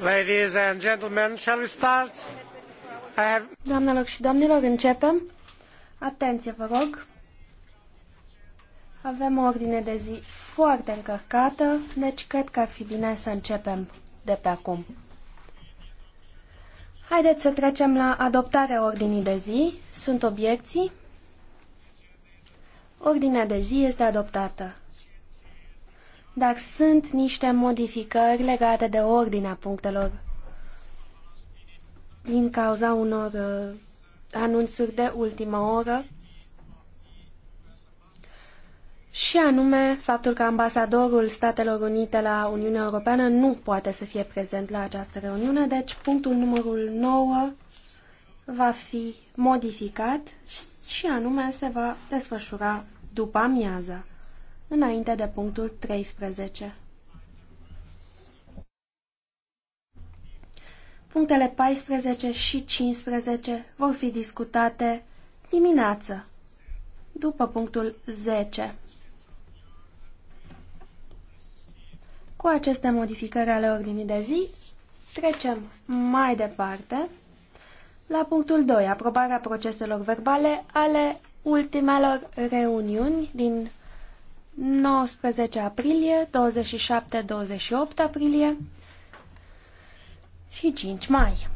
Ladies and gentlemen, shall we start? Doamnelor și domnilor, începem. Atenție, vă rog. Avem o ordine de zi foarte încărcată, deci cred că ar fi bine să începem de pe acum. Haideți să trecem la adoptarea ordinii de zi. Sunt obiecții? Ordinea de zi este adoptată. Dar sunt niște modificări legate de ordinea punctelor din cauza unor uh, anunțuri de ultimă oră și anume faptul că ambasadorul Statelor Unite la Uniunea Europeană nu poate să fie prezent la această reuniune, deci punctul numărul 9 va fi modificat și anume se va desfășura după amiază, înainte de punctul 13. Punctele 14 și 15 vor fi discutate dimineață, după punctul 10. Cu aceste modificări ale ordinii de zi, trecem mai departe la punctul 2, aprobarea proceselor verbale ale ultimelor reuniuni din 19 aprilie, 27-28 aprilie, și 5 mai.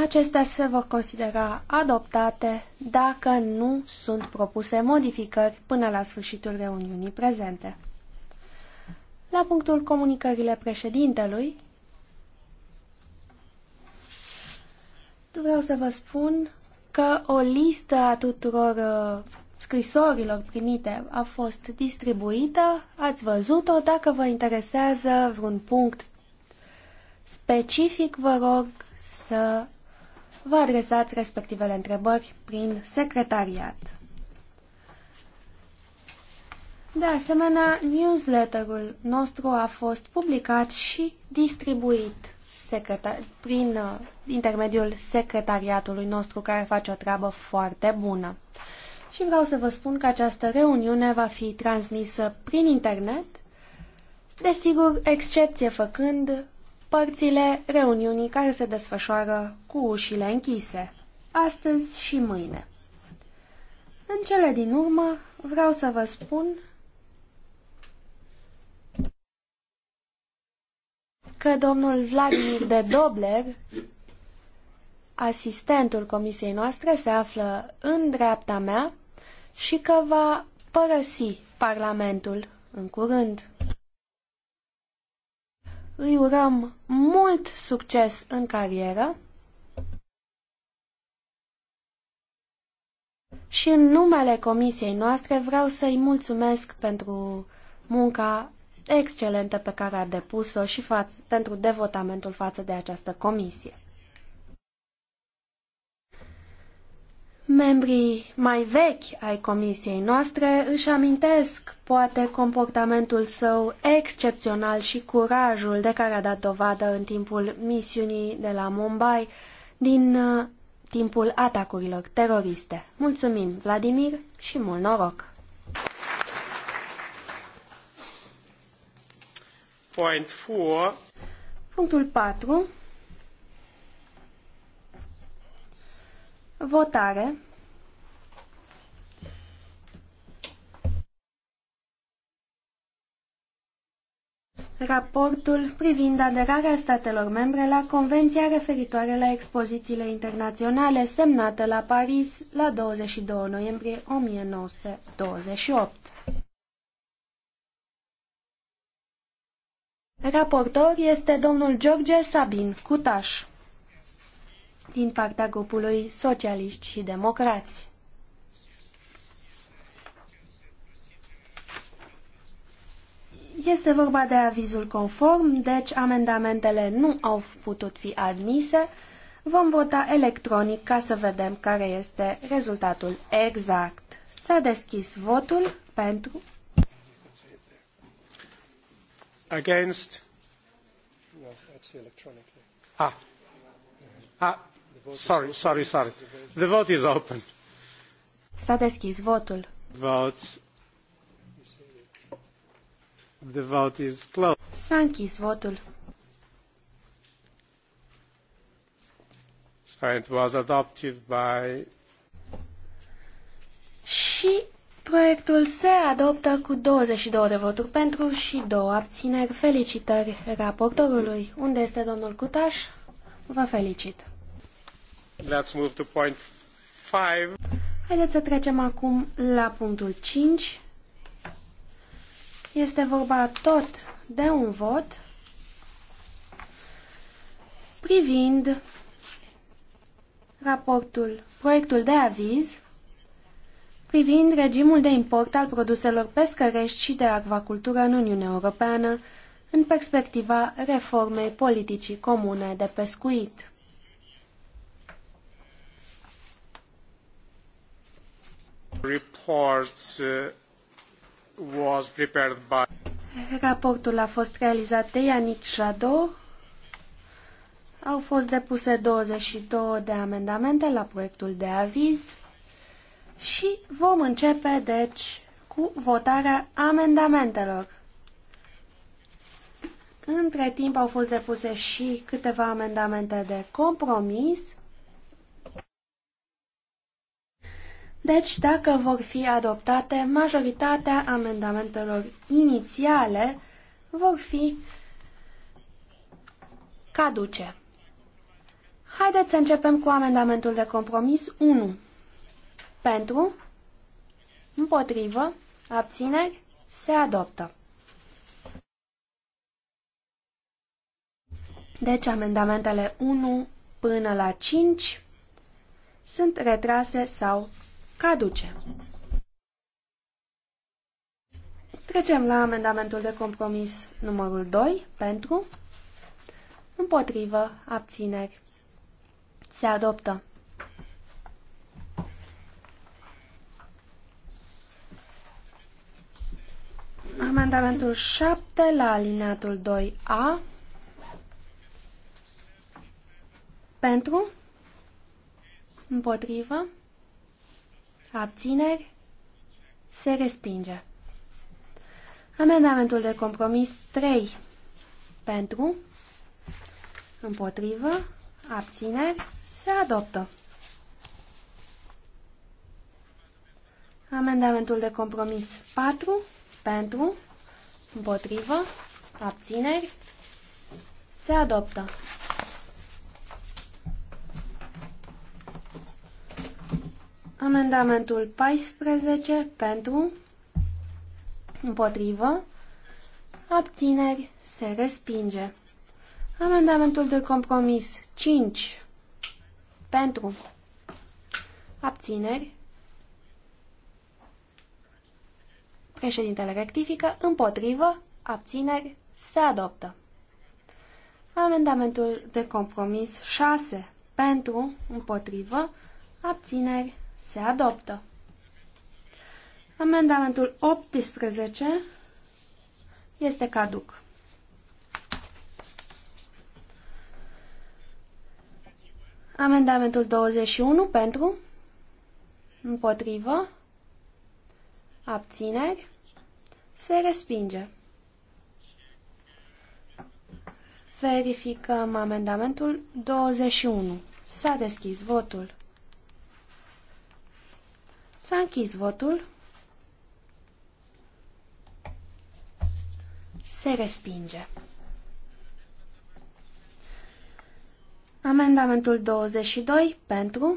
Acestea se vor considera adoptate dacă nu sunt propuse modificări până la sfârșitul reuniunii prezente. La punctul comunicările președintelui, vreau să vă spun că o listă a tuturor uh, scrisorilor primite a fost distribuită, ați văzut-o, dacă vă interesează vreun punct Specific vă rog să vă adresați respectivele întrebări prin secretariat. De asemenea, newsletterul nostru a fost publicat și distribuit prin uh, intermediul secretariatului nostru, care face o treabă foarte bună. Și vreau să vă spun că această reuniune va fi transmisă prin internet, desigur, excepție făcând părțile reuniunii care se desfășoară cu ușile închise, astăzi și mâine. În cele din urmă vreau să vă spun că domnul Vladimir de Dobler, asistentul comisiei noastre, se află în dreapta mea și că va părăsi Parlamentul în curând. Îi urăm mult succes în carieră și în numele comisiei noastre vreau să-i mulțumesc pentru munca excelentă pe care a depus-o și față, pentru devotamentul față de această comisie. Membrii mai vechi ai comisiei noastre își amintesc, poate, comportamentul său excepțional și curajul de care a dat dovadă în timpul misiunii de la Mumbai din uh, timpul atacurilor teroriste. Mulțumim, Vladimir, și mult noroc! Point Punctul 4. Votare. Raportul privind aderarea statelor membre la Convenția referitoare la expozițiile internaționale semnată la Paris la 22 noiembrie 1928. Raportor este domnul George Sabin Cutaș din partea grupului Socialiști și Democrați. Este vorba de avizul conform, deci amendamentele nu au putut fi admise. Vom vota electronic ca să vedem care este rezultatul exact. S-a deschis votul pentru. Against. No, that's Ah. Ah, Sorry, sorry, sorry. The vote is open. S-a deschis votul. Votes. The vote is closed. S-a închis votul. So it was adopted by... Și proiectul se adoptă cu 22 de voturi pentru și două abțineri. Felicitări raportorului. Unde este domnul Cutaș? Vă felicit. Let's move to point five. Haideți să trecem acum la punctul 5. Este vorba tot de un vot privind raportul, proiectul de aviz privind regimul de import al produselor pescărești și de acvacultură în Uniunea Europeană în perspectiva reformei politicii comune de pescuit. Reports, uh, was prepared by... Raportul a fost realizat de Yannick Jadot. Au fost depuse 22 de amendamente la proiectul de aviz și vom începe, deci, cu votarea amendamentelor. Între timp au fost depuse și câteva amendamente de compromis Deci, dacă vor fi adoptate, majoritatea amendamentelor inițiale vor fi caduce. Haideți să începem cu amendamentul de compromis 1. Pentru, împotrivă, abțineri, se adoptă. Deci amendamentele 1 până la 5 sunt retrase sau caduce. Trecem la amendamentul de compromis numărul 2, pentru, împotrivă, abțineri. Se adoptă. Amendamentul 7 la alineatul 2A. Pentru? Împotrivă? Abțineri? Se respinge. Amendamentul de compromis 3. Pentru? Împotrivă? Abțineri? Se adoptă. Amendamentul de compromis 4. Pentru? Împotrivă? Abțineri? Se adoptă. Amendamentul 14 pentru, împotrivă, abțineri, se respinge. Amendamentul de compromis 5 pentru, abțineri, președintele rectifică, împotrivă, abțineri, se adoptă. Amendamentul de compromis 6 pentru, împotrivă, abțineri, se adoptă. Amendamentul 18 este caduc. Amendamentul 21 pentru, împotrivă, abțineri, se respinge. Verificăm amendamentul 21. S-a deschis votul. S-a închis votul. Se respinge. Amendamentul 22 pentru,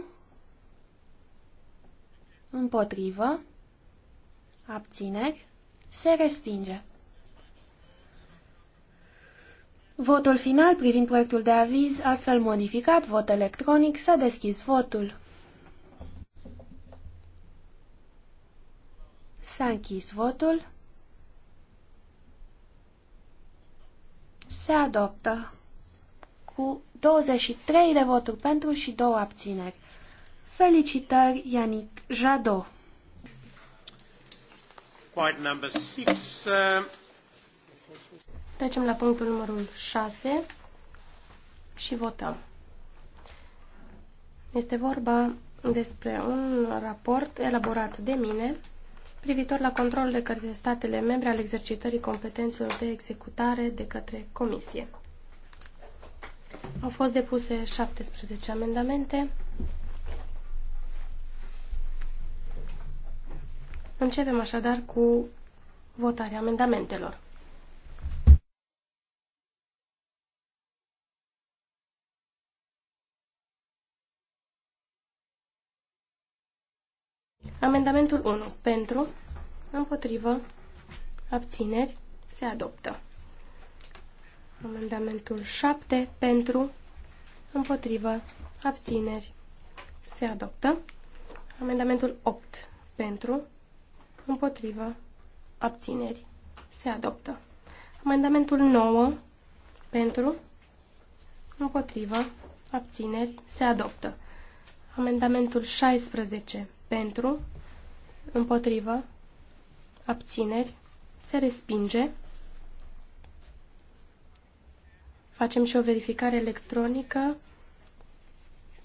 împotrivă, abțineri, se respinge. Votul final privind proiectul de aviz, astfel modificat, vot electronic, s-a deschis votul. S-a închis votul. Se adoptă cu 23 de voturi pentru și două abțineri. Felicitări, Ianic Jadot! Uh, Trecem la punctul numărul 6 și votăm. Este vorba despre un raport elaborat de mine privitor la controlul de către statele membre al exercitării competențelor de executare de către Comisie. Au fost depuse 17 amendamente. Începem așadar cu votarea amendamentelor. Amendamentul 1. Pentru, împotrivă, abțineri, se adoptă. Amendamentul 7. Pentru, împotrivă, abțineri, se adoptă. Amendamentul 8. Pentru, împotrivă, abțineri, se adoptă. Amendamentul 9. Pentru, împotrivă, abțineri, se adoptă. Amendamentul 16. Pentru, împotrivă, abțineri, se respinge. Facem și o verificare electronică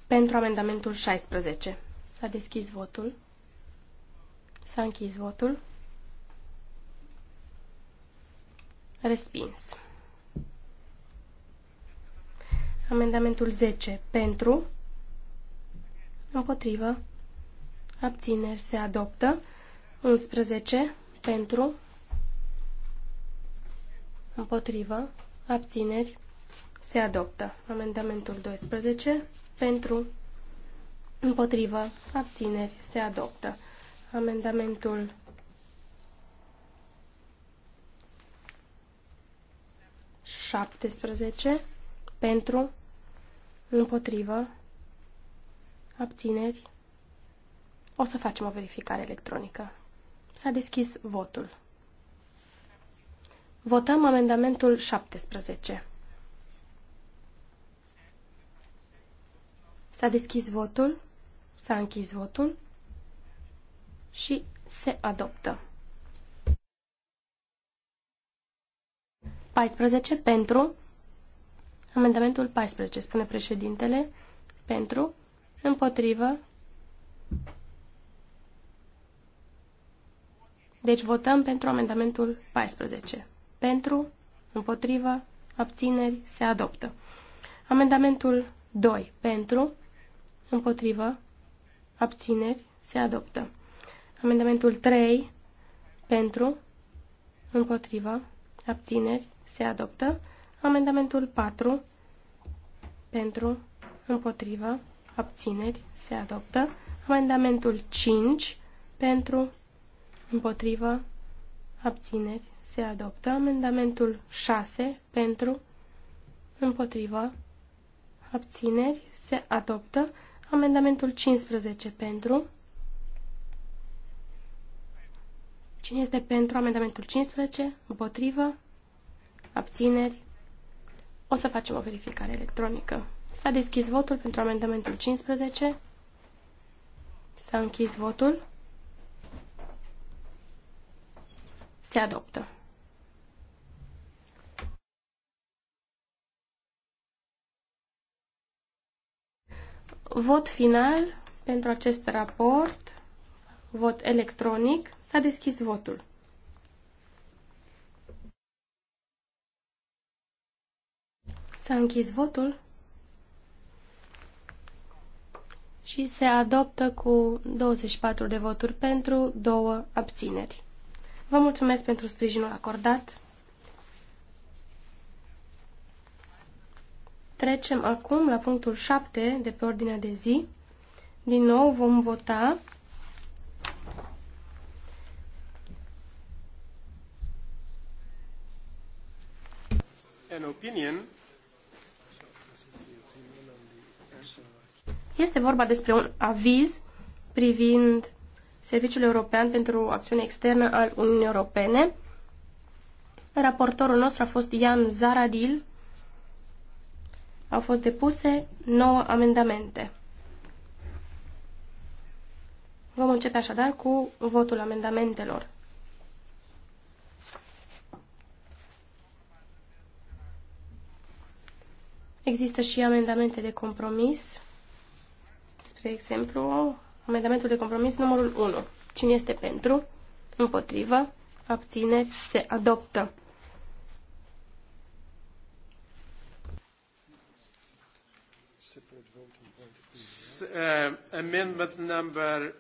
pentru amendamentul 16. S-a deschis votul. S-a închis votul. Respins. Amendamentul 10 pentru, împotrivă, Abțineri se adoptă. 11 pentru. Împotrivă. Abțineri se adoptă. Amendamentul 12 pentru. Împotrivă. Abțineri se adoptă. Amendamentul 17 pentru. Împotrivă. Abțineri o să facem o verificare electronică. S-a deschis votul. Votăm amendamentul 17. S-a deschis votul, s-a închis votul și se adoptă. 14 pentru, amendamentul 14, spune președintele, pentru, împotrivă, Deci votăm pentru amendamentul 14. Pentru, împotrivă, abțineri, se adoptă. Amendamentul 2. Pentru, împotrivă, abțineri, se adoptă. Amendamentul 3. Pentru, împotrivă, abțineri, se adoptă. Amendamentul 4. Pentru, împotrivă, abțineri, se adoptă. Amendamentul 5. Pentru, împotrivă, abțineri, se adoptă. Amendamentul 6 pentru, împotrivă, abțineri, se adoptă. Amendamentul 15 pentru. Cine este pentru amendamentul 15? Împotrivă? Abțineri? O să facem o verificare electronică. S-a deschis votul pentru amendamentul 15. S-a închis votul. Se adoptă. Vot final pentru acest raport, vot electronic, s-a deschis votul. S-a închis votul și se adoptă cu 24 de voturi pentru, două abțineri. Vă mulțumesc pentru sprijinul acordat. Trecem acum la punctul 7 de pe ordinea de zi. Din nou vom vota Este vorba despre un aviz privind Serviciul European pentru Acțiune Externă al Uniunii Europene. Raportorul nostru a fost Ian Zaradil. Au fost depuse 9 amendamente. Vom începe așadar cu votul amendamentelor. Există și amendamente de compromis. Spre exemplu, Amendamentul de compromis numărul 1. Cine este pentru? Împotrivă? Abțineri? Se adoptă. Eh, amendment number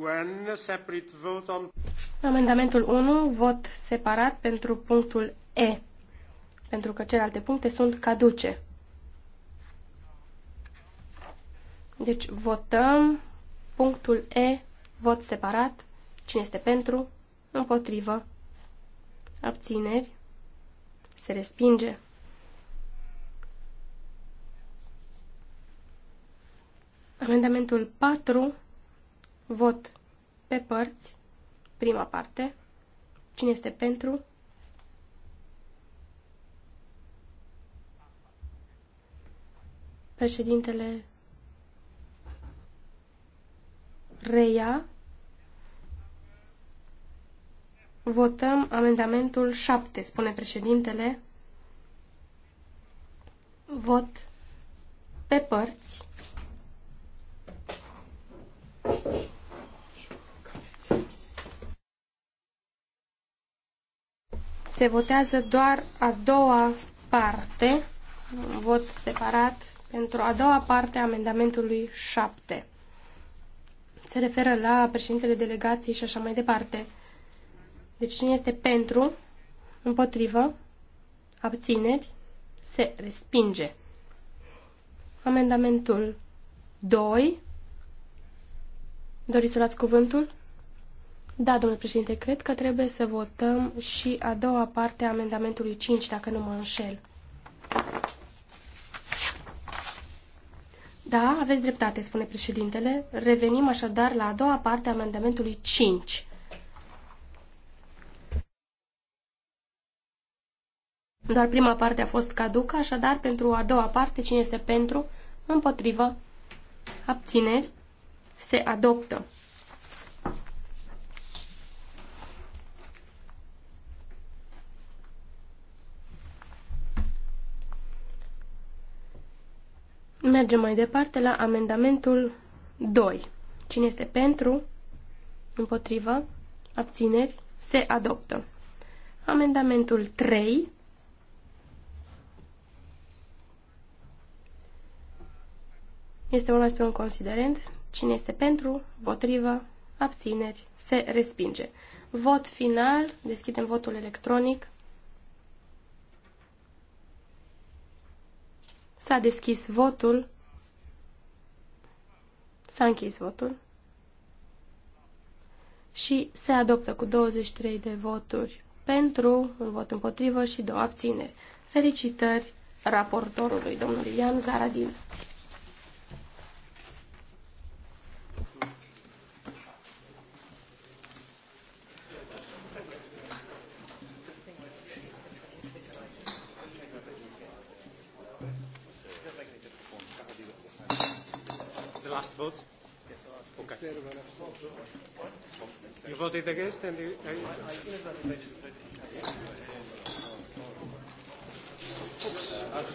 one, separate vote on... Amendamentul 1, vot separat pentru punctul E, pentru că celelalte puncte sunt caduce. Deci votăm Punctul E, vot separat. Cine este pentru? Împotrivă. Abțineri. Se respinge. Amendamentul 4, vot pe părți, prima parte. Cine este pentru? Președintele reia. Votăm amendamentul 7, spune președintele. Vot pe părți. Se votează doar a doua parte, vot separat, pentru a doua parte a amendamentului 7 se referă la președintele delegației și așa mai departe. Deci cine este pentru, împotrivă, abțineri, se respinge. Amendamentul 2. Doriți să luați cuvântul? Da, domnule președinte, cred că trebuie să votăm și a doua parte a amendamentului 5, dacă nu mă înșel. Da, aveți dreptate, spune președintele. Revenim așadar la a doua parte a amendamentului 5. Doar prima parte a fost caducă, așadar pentru a doua parte, cine este pentru, împotrivă, abțineri, se adoptă. Mergem mai departe la amendamentul 2. Cine este pentru, împotrivă, abțineri, se adoptă. Amendamentul 3. Este unul pe un considerent. Cine este pentru, împotrivă, abțineri, se respinge. Vot final. Deschidem votul electronic. S-a deschis votul. S-a închis votul. Și se adoptă cu 23 de voturi pentru, un vot împotrivă și două abțineri. Felicitări raportorului, domnului Ian Zaradin. vote? Okay. You voted against and you... Oops. That's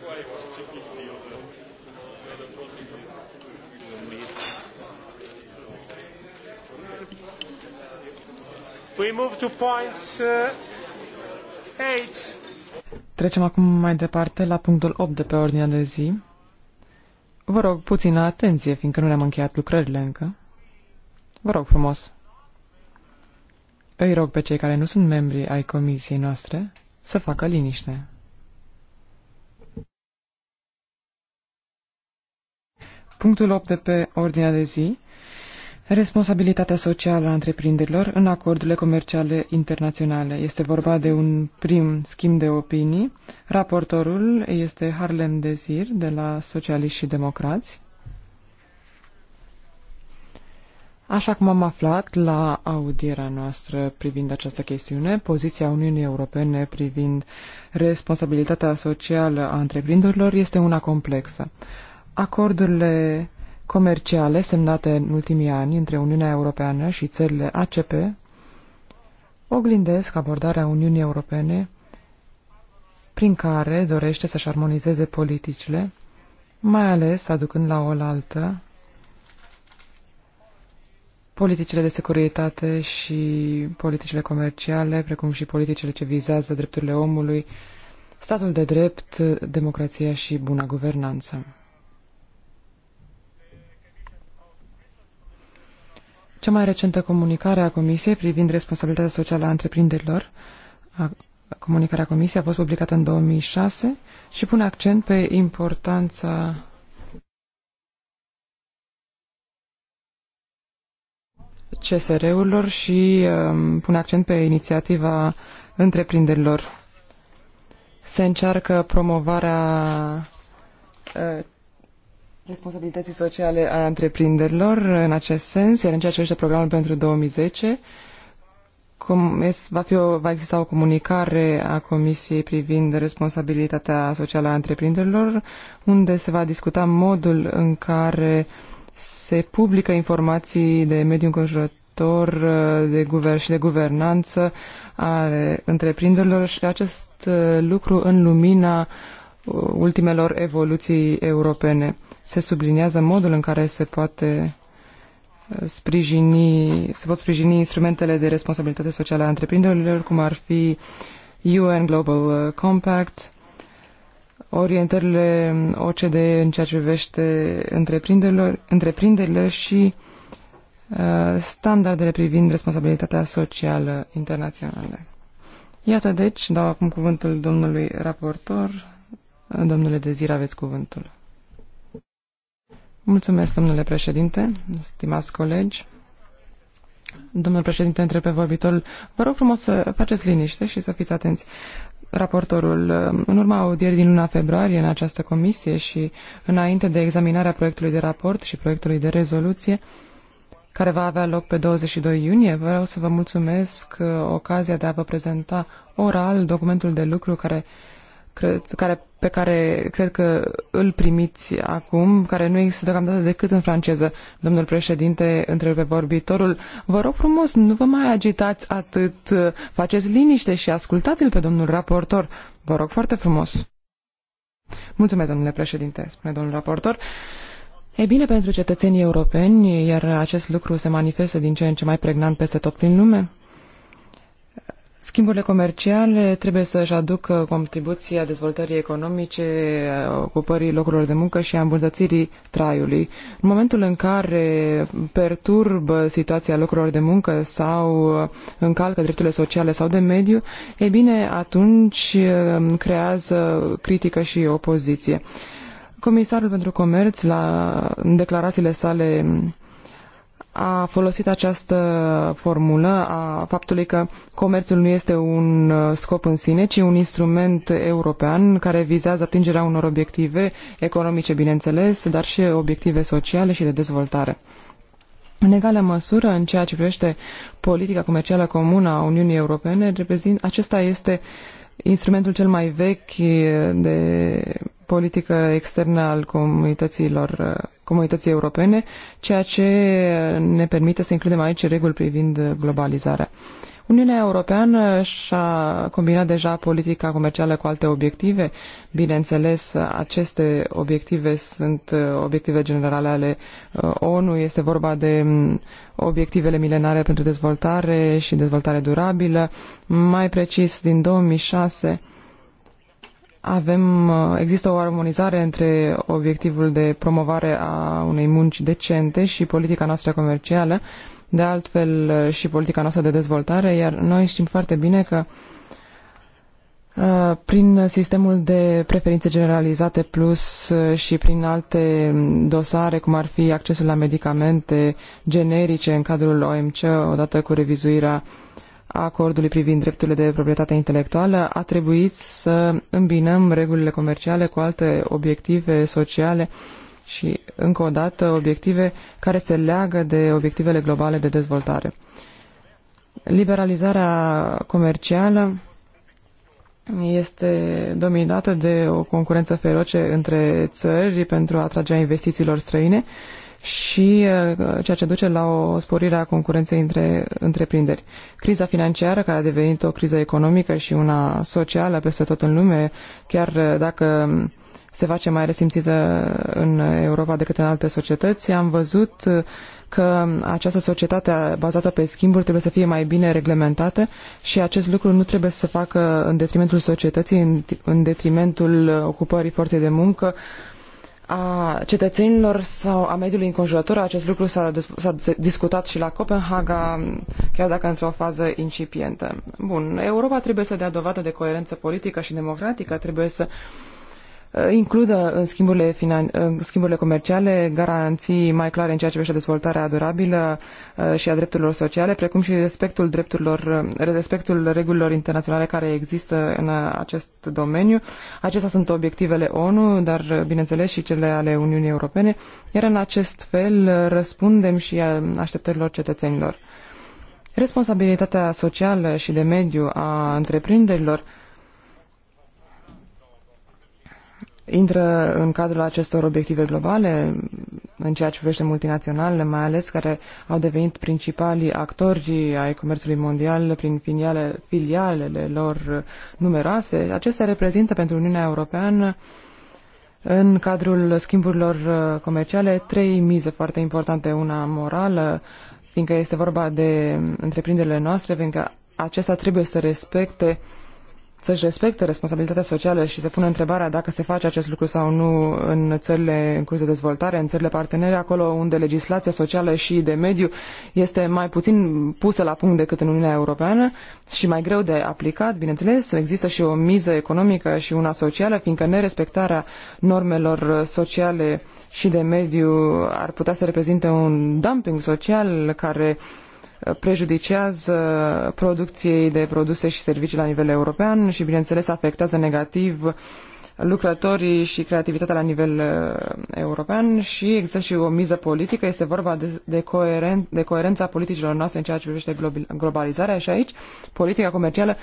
why it was particularly the, on the process. We move to points, uh, eight. Trecem acum mai departe la punctul 8 de pe ordinea de zi. Vă rog puțină atenție, fiindcă nu ne-am încheiat lucrările încă. Vă rog frumos. Îi rog pe cei care nu sunt membri ai comisiei noastre să facă liniște. Punctul 8 de pe ordinea de zi Responsabilitatea socială a întreprinderilor în acordurile comerciale internaționale. Este vorba de un prim schimb de opinii. Raportorul este Harlem Desir de la Socialiști și Democrați. Așa cum am aflat la audierea noastră privind această chestiune, poziția Uniunii Europene privind responsabilitatea socială a întreprinderilor este una complexă. Acordurile comerciale semnate în ultimii ani între Uniunea Europeană și țările ACP oglindesc abordarea Uniunii Europene prin care dorește să-și armonizeze politicile, mai ales aducând la oaltă politicile de securitate și politicile comerciale, precum și politicile ce vizează drepturile omului, statul de drept, democrația și buna guvernanță. Cea mai recentă comunicare a Comisiei privind responsabilitatea socială a întreprinderilor, a, comunicarea Comisiei a fost publicată în 2006 și pune accent pe importanța CSR-urilor și um, pune accent pe inițiativa întreprinderilor. Se încearcă promovarea responsabilității sociale a întreprinderilor în acest sens, iar în ceea ce este programul pentru 2010, cum va, fi o, va exista o comunicare a Comisiei privind responsabilitatea socială a întreprinderilor, unde se va discuta modul în care se publică informații de mediu înconjurător, de guvern și de guvernanță a întreprinderilor și acest uh, lucru în lumina uh, ultimelor evoluții europene se subliniază modul în care se poate uh, sprijini, se pot sprijini instrumentele de responsabilitate socială a întreprinderilor, cum ar fi UN Global uh, Compact, orientările OCDE în ceea ce privește întreprinderilor, întreprinderile și uh, standardele privind responsabilitatea socială internațională. Iată deci, dau acum cuvântul domnului raportor. Domnule Dezir, aveți cuvântul. Mulțumesc, domnule președinte, stimați colegi. Domnul președinte, întrebe vorbitorul, vă rog frumos să faceți liniște și să fiți atenți. Raportorul, în urma audierii din luna februarie în această comisie și înainte de examinarea proiectului de raport și proiectului de rezoluție, care va avea loc pe 22 iunie, vreau să vă mulțumesc uh, ocazia de a vă prezenta oral documentul de lucru care cred, care, pe care cred că îl primiți acum, care nu există deocamdată decât în franceză. Domnul președinte, întrerupe vorbitorul, vă rog frumos, nu vă mai agitați atât, faceți liniște și ascultați-l pe domnul raportor. Vă rog foarte frumos. Mulțumesc, domnule președinte, spune domnul raportor. E bine pentru cetățenii europeni, iar acest lucru se manifestă din ce în ce mai pregnant peste tot prin lume. Schimburile comerciale trebuie să-și aducă contribuția dezvoltării economice, ocupării locurilor de muncă și a îmbunătățirii traiului. În momentul în care perturbă situația locurilor de muncă sau încalcă drepturile sociale sau de mediu, e bine, atunci um, creează critică și opoziție. Comisarul pentru Comerț, la, în declarațiile sale a folosit această formulă a faptului că comerțul nu este un uh, scop în sine, ci un instrument european care vizează atingerea unor obiective economice, bineînțeles, dar și obiective sociale și de dezvoltare. În egală măsură, în ceea ce privește politica comercială comună a Uniunii Europene, reprezint, acesta este uh, instrumentul cel mai vechi de politică externă al comunităților, comunității europene, ceea ce ne permite să includem aici reguli privind globalizarea. Uh, Uniunea Europeană și-a combinat deja politica comercială cu alte obiective. Bineînțeles, aceste obiective sunt uh, obiective generale ale uh, ONU. Este vorba de mm, obiectivele milenare pentru dezvoltare și dezvoltare durabilă. Mai precis, din 2006 avem, uh, există o armonizare între obiectivul de promovare a unei munci decente și politica noastră comercială de altfel uh, și politica noastră de dezvoltare, iar noi știm foarte bine că uh, prin sistemul de preferințe generalizate plus uh, și prin alte mm, dosare, cum ar fi accesul la medicamente generice în cadrul OMC, odată cu revizuirea acordului privind drepturile de proprietate intelectuală, a trebuit să îmbinăm regulile comerciale cu alte obiective sociale uh, și, încă o dată, obiective care se leagă de obiectivele globale de dezvoltare. Liberalizarea comercială este dominată de o concurență feroce între țări pentru a atrage investițiilor străine și uh, ceea ce duce la o sporire a concurenței între întreprinderi. Criza financiară, care a devenit o criză economică și una socială peste tot în lume, chiar uh, dacă se face mai resimțită în Europa decât în alte societăți. Am văzut că această societate bazată pe schimburi trebuie să fie mai bine reglementată și acest lucru nu trebuie să se facă în detrimentul societății, în detrimentul ocupării forței de muncă, a cetățenilor sau a mediului înconjurător. Acest lucru s-a, discutat și la Copenhaga, chiar dacă într-o fază incipientă. Bun, Europa trebuie să dea dovadă de coerență politică și democratică, trebuie să uh, Uh, includă în schimburile, finan- în schimburile comerciale garanții mai clare în ceea ce privește dezvoltarea durabilă uh, și a drepturilor sociale, precum și respectul drepturilor, uh, respectul regulilor internaționale care există în acest domeniu. Acestea sunt obiectivele ONU, dar bineînțeles și cele ale Uniunii Europene, iar în acest fel răspundem și așteptărilor cetățenilor. Responsabilitatea socială și de mediu a întreprinderilor intră în cadrul acestor obiective globale, în ceea ce privește multinaționalele, mai ales care au devenit principalii actori ai comerțului mondial prin filiale, filialele lor numeroase, acestea reprezintă pentru Uniunea Europeană în cadrul schimburilor comerciale trei mize foarte importante, una morală, fiindcă este vorba de întreprinderile noastre, fiindcă acesta trebuie să respecte uh, să-și respecte responsabilitatea socială și se pune întrebarea dacă se face acest lucru sau nu în țările în curs de dezvoltare, în țările partenere, acolo unde legislația socială și de mediu este mai puțin pusă la punct decât în Uniunea Europeană și mai greu de aplicat, bineînțeles, există și o miză economică și una socială, fiindcă nerespectarea normelor sociale și de mediu ar putea să reprezinte un dumping social care uh, prejudicează producției de produse și servicii la nivel european și, bineînțeles, afectează negativ lucrătorii și creativitatea la nivel uh, european și există și o miză politică. Este vorba de, de, coeren, de coerența politicilor noastre în ceea ce privește globalizarea și aici politica comercială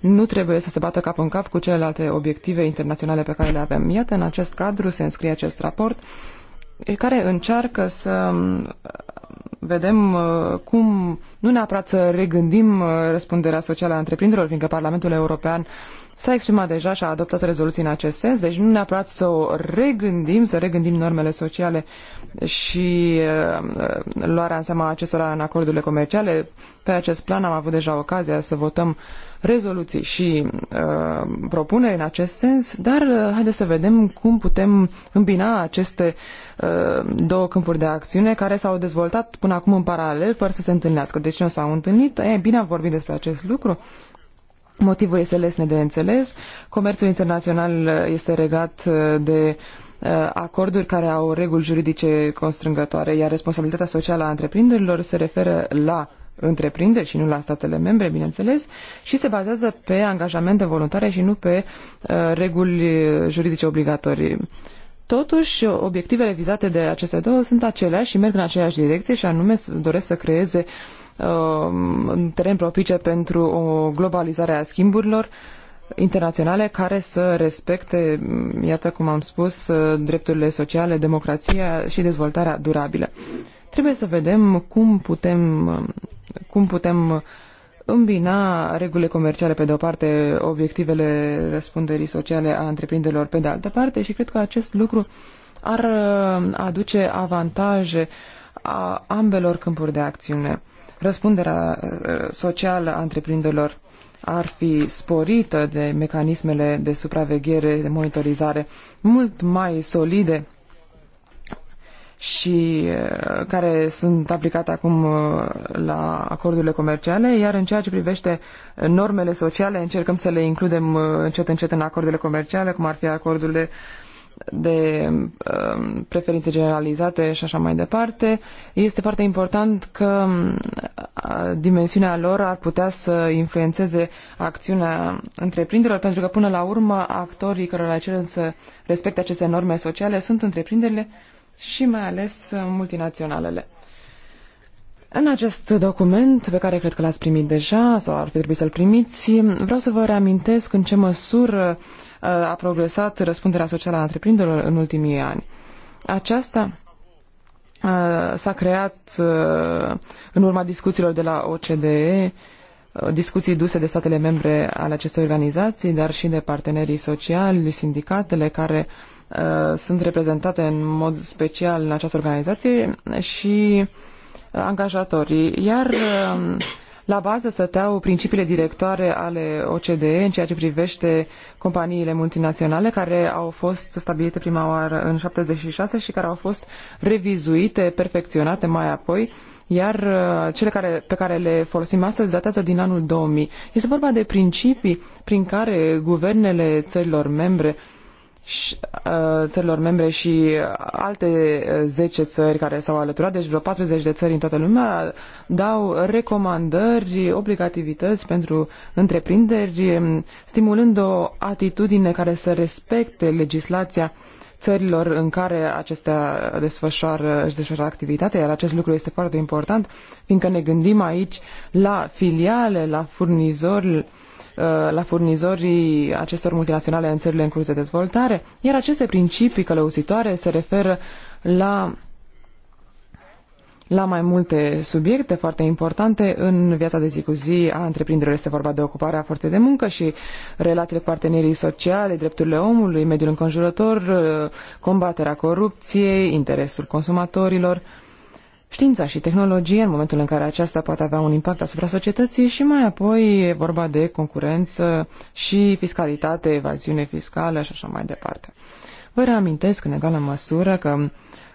nu trebuie să se bată cap în cap cu celelalte obiective internaționale pe care le avem. Iată, în acest cadru se înscrie acest raport care încearcă să vedem uh, cum nu neapărat să regândim uh, răspunderea socială a întreprinderilor, fiindcă Parlamentul European s-a exprimat deja și a adoptat rezoluții în acest sens, deci nu neapărat să o regândim, să regândim normele sociale și uh, luarea în seama acestora în acordurile comerciale. Pe acest plan am avut deja ocazia să votăm rezoluții și uh, propuneri în acest sens, dar uh, haideți să vedem cum putem îmbina aceste uh, două câmpuri de acțiune care s-au dezvoltat până acum în paralel, fără să se întâlnească. Deci nu s-au întâlnit, e bine am vorbit despre acest lucru. Motivul este lesne de înțeles. Comerțul internațional uh, este regat uh, de uh, acorduri care au reguli juridice constrângătoare, iar responsabilitatea socială a întreprinderilor se referă la întreprinderi și nu la statele membre, bineînțeles, și se bazează pe angajamente voluntare și nu pe uh, reguli juridice obligatorii. Totuși, obiectivele vizate de aceste două sunt aceleași și merg în aceeași direcție și anume doresc să creeze uh, um, un teren propice pentru o globalizare a schimburilor internaționale care să respecte, iată cum am spus, uh, drepturile sociale, democrația și dezvoltarea durabilă. Trebuie să vedem cum putem, cum putem îmbina regulile comerciale, pe de o parte, obiectivele răspunderii sociale a întreprinderilor, pe de altă parte, și cred că acest lucru ar uh, aduce avantaje a ambelor câmpuri de acțiune. Răspunderea uh, socială a întreprinderilor ar fi sporită de mecanismele de supraveghere, de monitorizare mult mai solide și care sunt aplicate acum la acordurile comerciale, iar în ceea ce privește normele sociale, încercăm să le includem încet încet în acordurile comerciale, cum ar fi acordurile de preferințe generalizate și așa mai departe. Este foarte important că dimensiunea lor ar putea să influențeze acțiunea întreprinderilor, pentru că până la urmă actorii care le cerem să respecte aceste norme sociale sunt întreprinderile și mai ales uh, multinaționalele. În acest document, pe care cred că l-ați primit deja sau ar fi trebuit să-l primiți, vreau să vă reamintesc în ce măsură uh, a progresat răspunderea socială a întreprinderilor în ultimii ani. Aceasta uh, s-a creat în urma discuțiilor de la OCDE, discuții duse de statele membre ale acestei organizații, dar și de partenerii sociali, sindicatele care uh, Uh, sunt reprezentate în mod special în această organizație și uh, angajatorii. Iar uh, la bază stăteau principiile directoare ale OCDE în ceea ce privește companiile multinaționale care au fost stabilite prima oară în 76 și care au fost revizuite, perfecționate mai apoi iar cele care, pe care le folosim astăzi datează din anul 2000. Este vorba de principii prin care guvernele țărilor membre uh, și, uh, țărilor membre și alte 10 uh, țări care s-au alăturat, deci vreo 40 de țări în toată lumea, dau recomandări, obligativități pentru întreprinderi, um, stimulând o atitudine care să respecte legislația țărilor în care acestea desfășoară, își desfășoară activitatea, iar acest lucru este foarte important, fiindcă ne gândim aici la filiale, la furnizori, Uh, la furnizorii acestor multinaționale în țările în curs de dezvoltare, iar aceste principii călăusitoare se referă la la mai multe subiecte foarte importante în viața de zi cu zi a întreprinderilor. Este vorba de ocuparea forței de muncă și relațiile cu partenerii sociale, drepturile omului, mediul înconjurător, uh, combaterea corupției, interesul consumatorilor știința și tehnologie în momentul în care aceasta poate avea un impact asupra societății și mai apoi e vorba de concurență și fiscalitate, evaziune fiscală și așa mai departe. Vă reamintesc în egală măsură că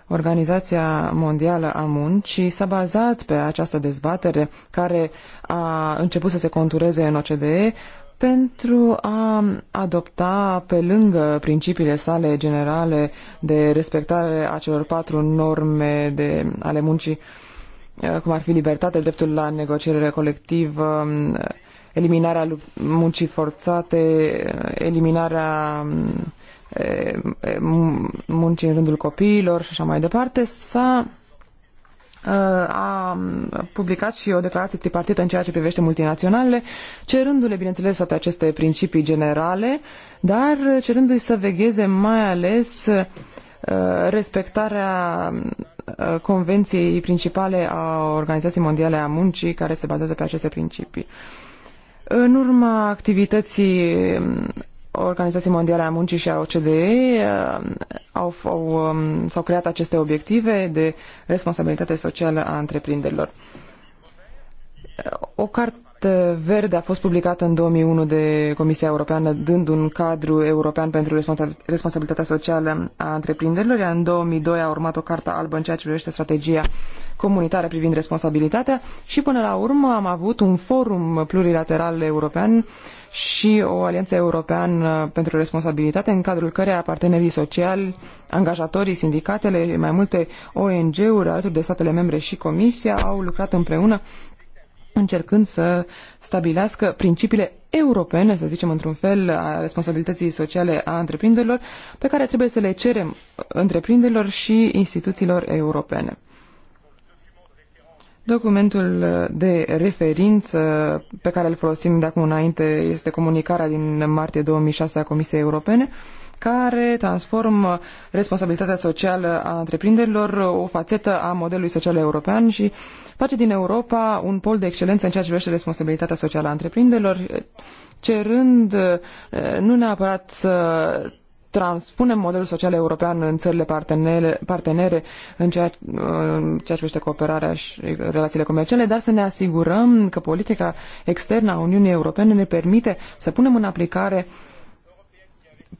Organizația Mondială a Muncii s-a bazat pe această dezbatere care a început să se contureze în OCDE pentru a adopta pe lângă principiile sale generale de respectare a celor patru norme de, ale muncii, eh, cum ar fi libertate, dreptul la negociere colectivă, eh, eliminarea muncii forțate, eh, eliminarea muncii în rândul copiilor și așa mai departe, s-a Uh, a publicat și o declarație tripartită în ceea ce privește multinaționalele, cerându-le, bineînțeles, toate aceste principii generale, dar cerându-i să vegheze mai ales uh, respectarea uh, convenției principale a Organizației Mondiale a Muncii, care se bazează pe aceste principii. În urma activității um, Organizației Mondiale a Muncii și a OCDE uh, au, au, um, s-au creat aceste obiective de responsabilitate socială a întreprinderilor. O carte verde a fost publicată în 2001 de Comisia Europeană, dând un cadru european pentru responsabilitatea socială a întreprinderilor, iar în 2002 a urmat o carte albă în ceea ce privește strategia comunitară privind responsabilitatea și până la urmă am avut un forum plurilateral european și o alianță europeană pentru responsabilitate în cadrul căreia partenerii sociali, angajatorii, sindicatele, mai multe ONG-uri alături de statele membre și Comisia au lucrat împreună încercând să stabilească principiile europene, să zicem într-un fel, a responsabilității sociale a întreprinderilor, pe care trebuie să le cerem întreprinderilor și instituțiilor europene. Documentul de referință pe care îl folosim de acum înainte este comunicarea din martie 2006 a Comisiei Europene, care transformă responsabilitatea socială a întreprinderilor, o fațetă a modelului social european și face din Europa un pol de excelență în ceea ce privește responsabilitatea socială a întreprinderilor, cerând eh, nu neapărat să transpunem modelul social european în țările partenere, partenere în ceea, în ceea ce privește cooperarea și relațiile comerciale, dar să ne asigurăm că politica externă a Uniunii Europene ne permite să punem în aplicare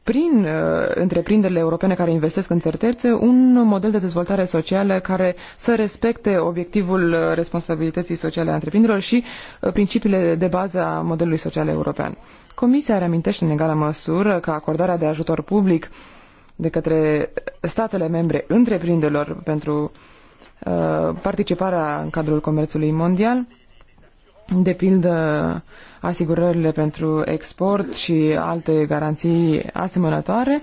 prin uh, întreprinderile europene care investesc în țări terțe un model de dezvoltare socială care să respecte obiectivul uh, responsabilității sociale a întreprinderilor și uh, principiile de bază a modelului social european. Comisia reamintește în egală măsură că acordarea de ajutor public de către statele membre întreprinderilor pentru uh, participarea în cadrul comerțului mondial, de pildă asigurările pentru export și alte garanții asemănătoare,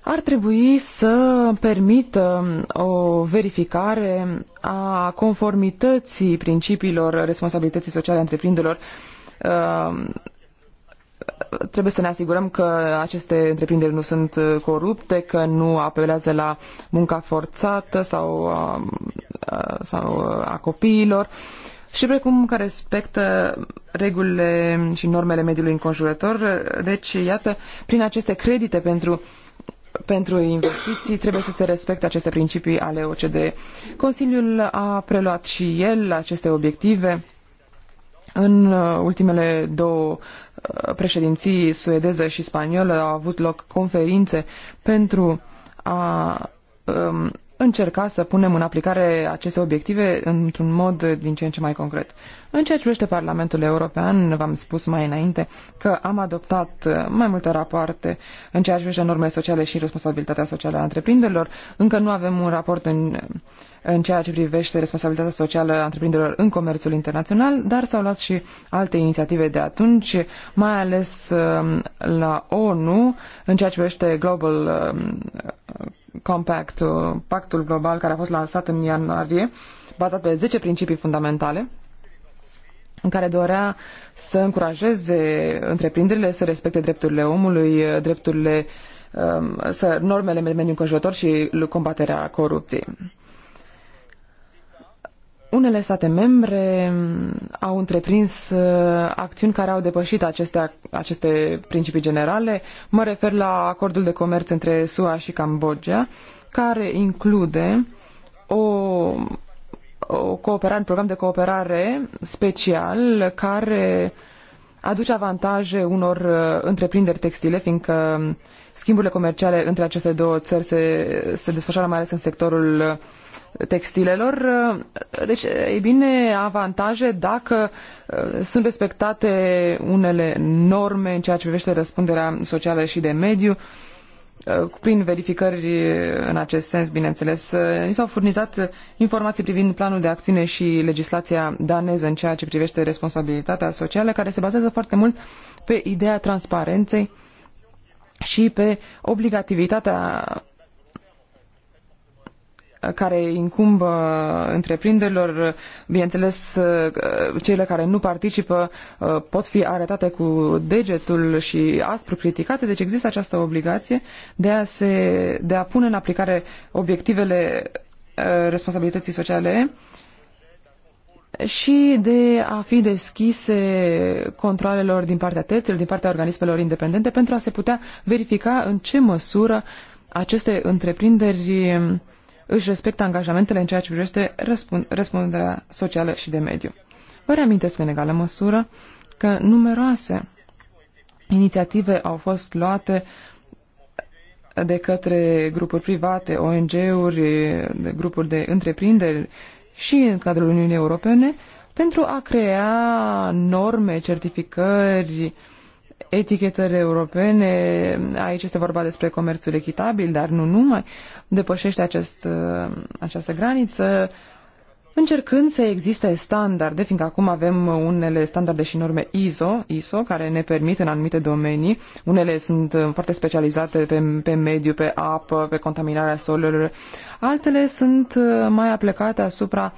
ar trebui să permită uh, o verificare a conformității principiilor responsabilității sociale a întreprinderilor uh, trebuie să ne asigurăm că aceste întreprinderi nu sunt uh, corupte, că nu apelează la munca forțată sau a, um, uh, sau uh, a copiilor și precum că respectă regulile și normele mediului înconjurător. Deci, iată, prin aceste credite pentru pentru investiții trebuie să se respecte aceste principii ale OCDE. Consiliul a preluat și el aceste obiective în ultimele două președinții suedeză și spaniolă au avut loc conferințe pentru a um, încerca să punem în aplicare aceste obiective într-un mod din ce în ce mai concret. În ceea ce privește Parlamentul European, v-am spus mai înainte că am adoptat uh, mai multe rapoarte în ceea ce privește normele sociale și responsabilitatea socială a întreprinderilor. Încă nu avem un raport în în ceea ce privește responsabilitatea socială a întreprinderilor în comerțul internațional, dar s-au luat și alte inițiative de atunci, mai ales um, la ONU, în ceea ce privește Global um, Compact, uh, pactul global care a fost lansat în ianuarie, bazat pe 10 principii fundamentale, în care dorea să încurajeze întreprinderile să respecte drepturile omului, drepturile um, să normele mediului înconjurător și combaterea corupției. Unele state membre mm, au întreprins uh, acțiuni care au depășit aceste, aceste principii generale. Mă refer la acordul de comerț între SUA și Cambodgia, care include o, o cooperare, un program de cooperare special care aduce avantaje unor uh, întreprinderi textile, fiindcă mm, schimburile comerciale între aceste două țări se, se desfășoară mai ales în sectorul textilelor. Uh, deci, e bine, avantaje dacă uh, sunt respectate unele norme în ceea ce privește răspunderea socială și de mediu, uh, prin verificări în acest sens, bineînțeles. Ni s-au furnizat informații privind planul de acțiune și legislația daneză în ceea ce privește responsabilitatea socială, care se bazează foarte mult pe ideea transparenței și pe obligativitatea care incumbă întreprinderilor, bineînțeles, uh, cele care nu participă uh, pot fi arătate cu degetul și aspru criticate, deci există această obligație de a, se, de a pune în aplicare obiectivele uh, responsabilității sociale și de a fi deschise controlelor din partea terților, din partea organismelor independente, pentru a se putea verifica în ce măsură aceste întreprinderi um, își respectă angajamentele în ceea ce privește răspunderea socială și de mediu. Vă reamintesc în egală măsură că numeroase inițiative au fost luate de către grupuri private, ONG-uri, grupuri de întreprinderi și în cadrul Uniunii Europene pentru a crea norme, certificări, etichetări europene, aici este vorba despre comerțul echitabil, dar nu numai, depășește acest, această graniță, încercând să existe standarde, fiindcă acum avem unele standarde și norme ISO, ISO care ne permit în anumite domenii, unele sunt foarte specializate pe, pe mediu, pe apă, pe contaminarea solurilor, altele sunt mai aplicate asupra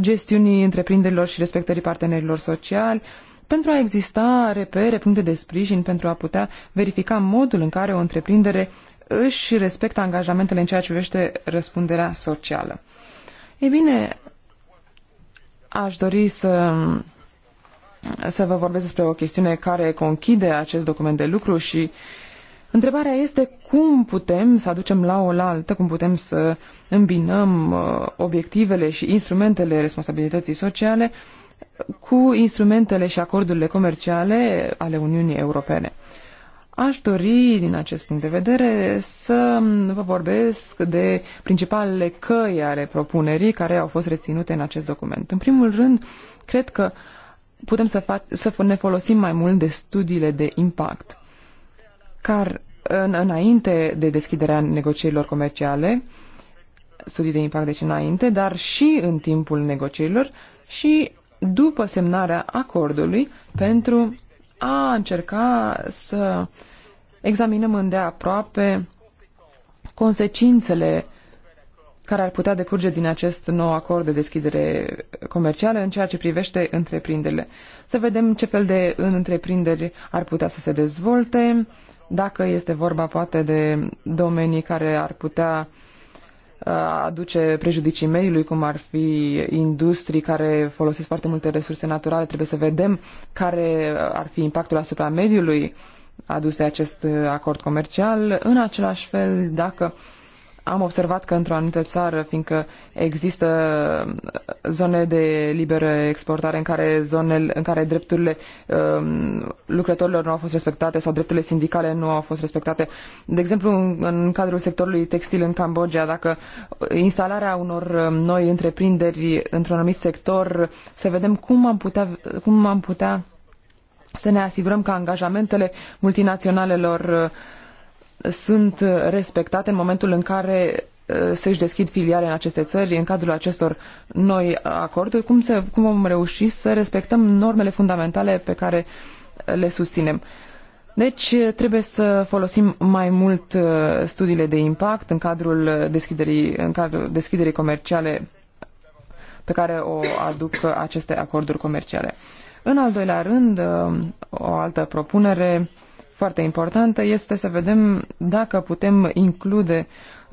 gestiunii întreprinderilor și respectării partenerilor sociali, uh, pentru a exista repere, puncte de sprijin, pentru a putea verifica modul în care o întreprindere își respectă angajamentele în ceea ce privește răspunderea socială. Ei bine, aș dori să, să vă vorbesc despre o chestiune care conchide acest document de lucru și întrebarea este cum putem să aducem la o la altă, cum putem să îmbinăm uh, obiectivele și instrumentele responsabilității sociale uh, cu instrumentele și acordurile comerciale ale Uniunii Europene. Aș dori, din acest punct de vedere, să vă vorbesc de principalele căi ale propunerii care au fost reținute în acest document. În primul rând, cred că putem să, fac, să ne folosim mai mult de studiile de impact, care în, înainte de deschiderea negocierilor comerciale, studii de impact deci înainte, dar și în timpul negocierilor și după semnarea acordului pentru a încerca să examinăm îndeaproape consecințele care ar putea decurge din acest nou acord de deschidere comercială în ceea ce privește întreprinderile. Să vedem ce fel de întreprinderi ar putea să se dezvolte, dacă este vorba poate de domenii care ar putea uh, aduce prejudicii mediului, cum ar fi industrii care folosesc foarte multe resurse naturale. Trebuie să vedem care ar fi impactul asupra mediului adus de acest acord comercial. În același fel, dacă uh, am observat că într-o anumită țară, fiindcă există uh, zone de liberă exportare în care, zonele, în care drepturile um, lucrătorilor nu au fost respectate sau drepturile sindicale nu au fost respectate. De exemplu, în, în cadrul sectorului textil în Cambodgia, dacă instalarea unor um, noi întreprinderi într-un anumit sector, să vedem cum am putea, cum am putea să ne asigurăm că angajamentele multinaționalelor uh, sunt respectate în momentul în care uh, să-și deschid filiale în aceste țări în cadrul acestor noi acorduri, cum, se, cum vom reuși să respectăm normele fundamentale pe care le susținem. Deci trebuie să folosim mai mult uh, studiile de impact în cadrul deschiderii, în cadrul deschiderii comerciale pe care o aduc aceste acorduri comerciale. În al doilea rând, uh, o altă propunere foarte importantă este să vedem dacă putem include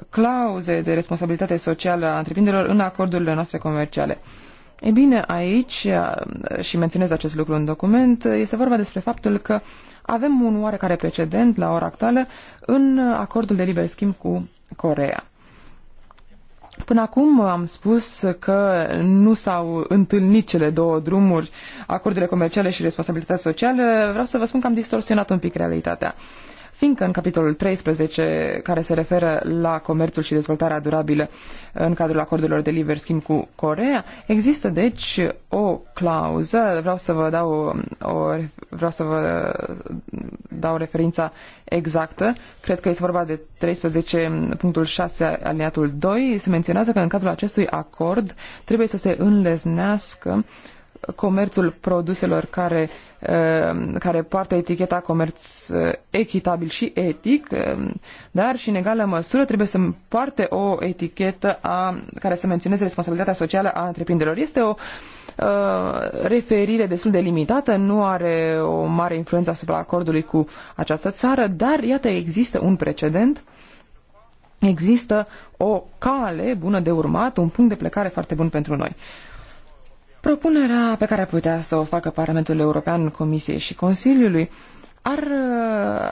clauze de responsabilitate socială a întreprinderilor în acordurile noastre comerciale. Ei bine, aici, și menționez acest lucru în document, este vorba despre faptul că avem un oarecare precedent la ora actuală în acordul de liber schimb cu Corea. Până acum am spus că nu s-au întâlnit cele două drumuri, acordurile comerciale și responsabilitatea socială. Vreau să vă spun că am distorsionat un pic realitatea. Uh, fiindcă în capitolul 13, care se referă la comerțul și dezvoltarea durabilă în cadrul acordurilor de liber schimb cu Corea, există deci o clauză, vreau să vă dau, o, vreau să vă dau referința exactă, cred că este vorba de 13.6 aliniatul 2, se menționează că în cadrul acestui acord trebuie să se înlesnească comerțul produselor care uh, Um, care poartă eticheta comerț uh, echitabil și etic, um, dar și în egală măsură trebuie să poarte o etichetă a, care să menționeze responsabilitatea socială a întreprinderilor. Este o uh, referire destul de limitată, nu are o mare influență asupra acordului cu această țară, dar iată există un precedent există o cale bună de urmat, un punct de plecare foarte bun pentru noi. Propunerea pe care putea să o facă Parlamentul European, Comisiei și Consiliului ar,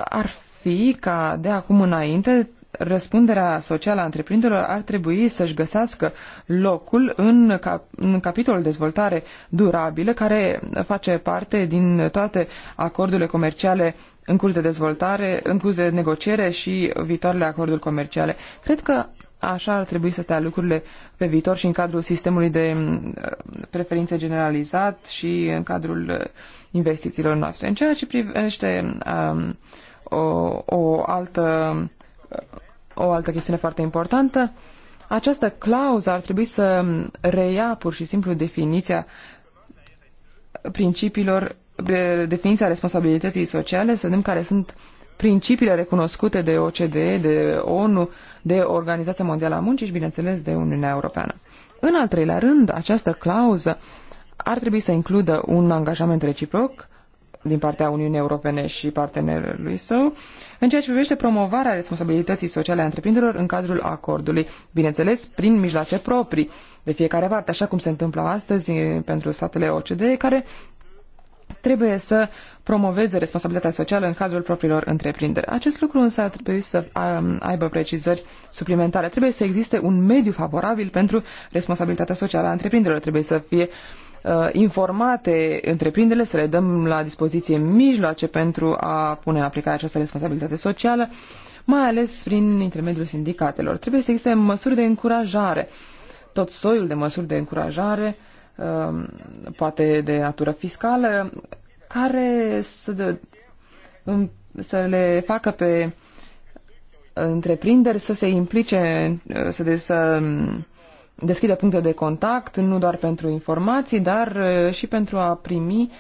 ar fi ca de acum înainte răspunderea socială a întreprinderilor ar trebui să-și găsească locul în, cap- în capitolul dezvoltare durabilă, care face parte din toate acordurile comerciale în curs de dezvoltare, în curs de negociere și viitoarele acorduri comerciale. Cred că așa ar trebui să stea lucrurile pe viitor și în cadrul sistemului de mm, preferințe generalizat și în cadrul uh, investițiilor noastre. În ceea ce privește um, o, o, altă, o altă chestiune foarte importantă, această clauză ar trebui să reia pur și simplu definiția principiilor, definiția responsabilității sociale, să vedem care sunt principiile recunoscute de OCDE, de ONU, de Organizația Mondială a Muncii și, bineînțeles, de Uniunea Europeană. În al treilea rând, această clauză ar trebui să includă un angajament reciproc din partea Uniunii Europene și partenerului său, în ceea ce privește promovarea responsabilității sociale a întreprinderilor în cadrul acordului, bineînțeles, prin mijloace proprii de fiecare parte, așa cum se întâmplă astăzi pentru statele OCDE, care trebuie să promoveze responsabilitatea socială în cadrul propriilor întreprinderi. Acest lucru însă ar trebui să aibă precizări suplimentare. Trebuie să existe un mediu favorabil pentru responsabilitatea socială a întreprinderilor. Trebuie să fie uh, informate întreprinderile, să le dăm la dispoziție mijloace pentru a pune în aplicare această responsabilitate socială, mai ales prin intermediul sindicatelor. Trebuie să existe măsuri de încurajare, tot soiul de măsuri de încurajare uh, Um, poate de natură fiscală, care să, de, um, să le facă pe întreprinderi să se implice, uh, să, de, să um, deschidă puncte de contact, nu doar pentru informații, dar uh, și pentru a primi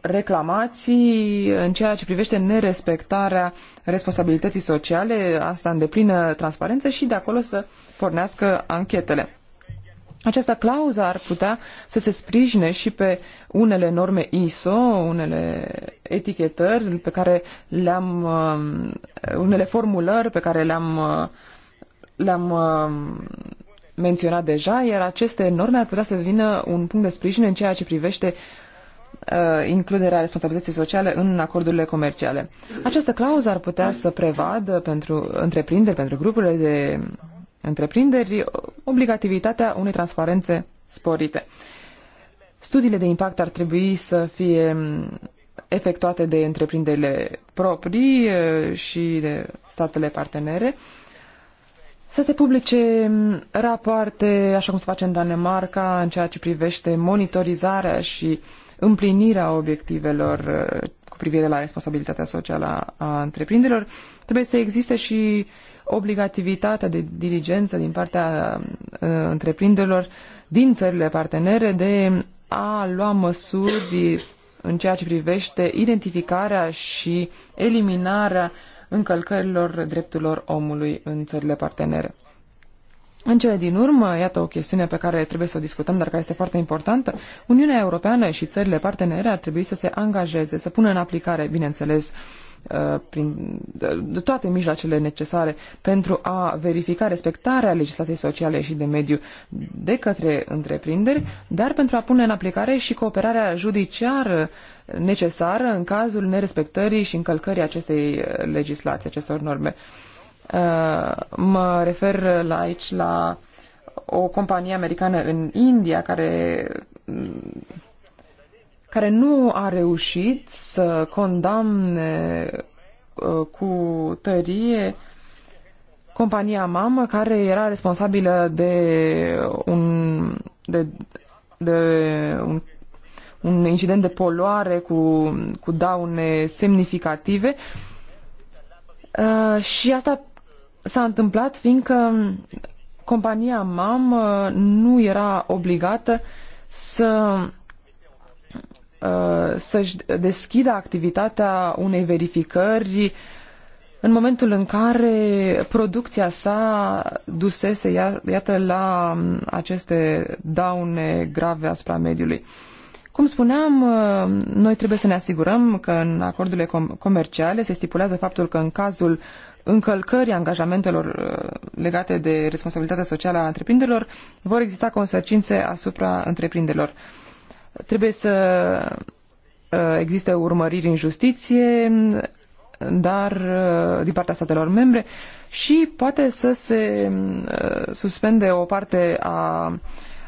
reclamații în ceea ce privește nerespectarea responsabilității sociale, asta în deplină transparență și de acolo să pornească anchetele. Această clauză ar putea să se sprijine și pe unele norme ISO, unele etichetări pe care le-am, uh, unele formulări pe care le-am, uh, le-am uh, menționat deja, iar aceste norme ar putea să devină un punct de sprijin în ceea ce privește includerea responsabilității sociale în acordurile comerciale. Această clauză ar putea să prevadă pentru întreprinderi, pentru grupurile de întreprinderi obligativitatea unei transparențe sporite. Studiile de impact ar trebui să fie efectuate de întreprinderile proprii eh, și de statele partenere, să se publice mm, rapoarte, așa cum se face în Danemarca, în ceea ce privește monitorizarea și împlinirea obiectivelor eh, cu privire la responsabilitatea socială a întreprinderilor. Trebuie să existe și uh, obligativitatea de diligență din partea uh, întreprinderilor din țările partenere de a lua măsuri în ceea ce privește identificarea și eliminarea încălcărilor drepturilor omului în țările partenere. În cele din urmă, iată o chestiune pe care trebuie să o discutăm, dar care este foarte importantă, Uniunea Europeană și țările partenere ar trebui să se angajeze, să pună în aplicare, bineînțeles, uh, Uh, prin, de toate mijloacele necesare pentru a verifica respectarea legislației sociale și de mediu de către întreprinderi, dar pentru a pune în aplicare și cooperarea judiciară necesară în cazul nerespectării și încălcării acestei legislații, acestor norme. Uh, mă refer la aici la o companie americană în India care care nu a reușit să condamne uh, cu tărie compania mamă care era responsabilă de un, de, de un, un incident de poluare cu, cu daune semnificative uh, și asta s-a întâmplat fiindcă compania mamă nu era obligată să Uh, să-și deschidă activitatea unei verificări în momentul în care producția sa dusese, ia, iată, la um, aceste daune grave asupra mediului. Cum spuneam, uh, noi trebuie să ne asigurăm că în acordurile com- comerciale se stipulează faptul că în cazul încălcării angajamentelor uh, legate de responsabilitatea socială a întreprinderilor vor exista consecințe asupra întreprinderilor. Trebuie să uh, existe urmăriri în justiție, dar uh, din partea statelor membre și poate să se uh, suspende o parte a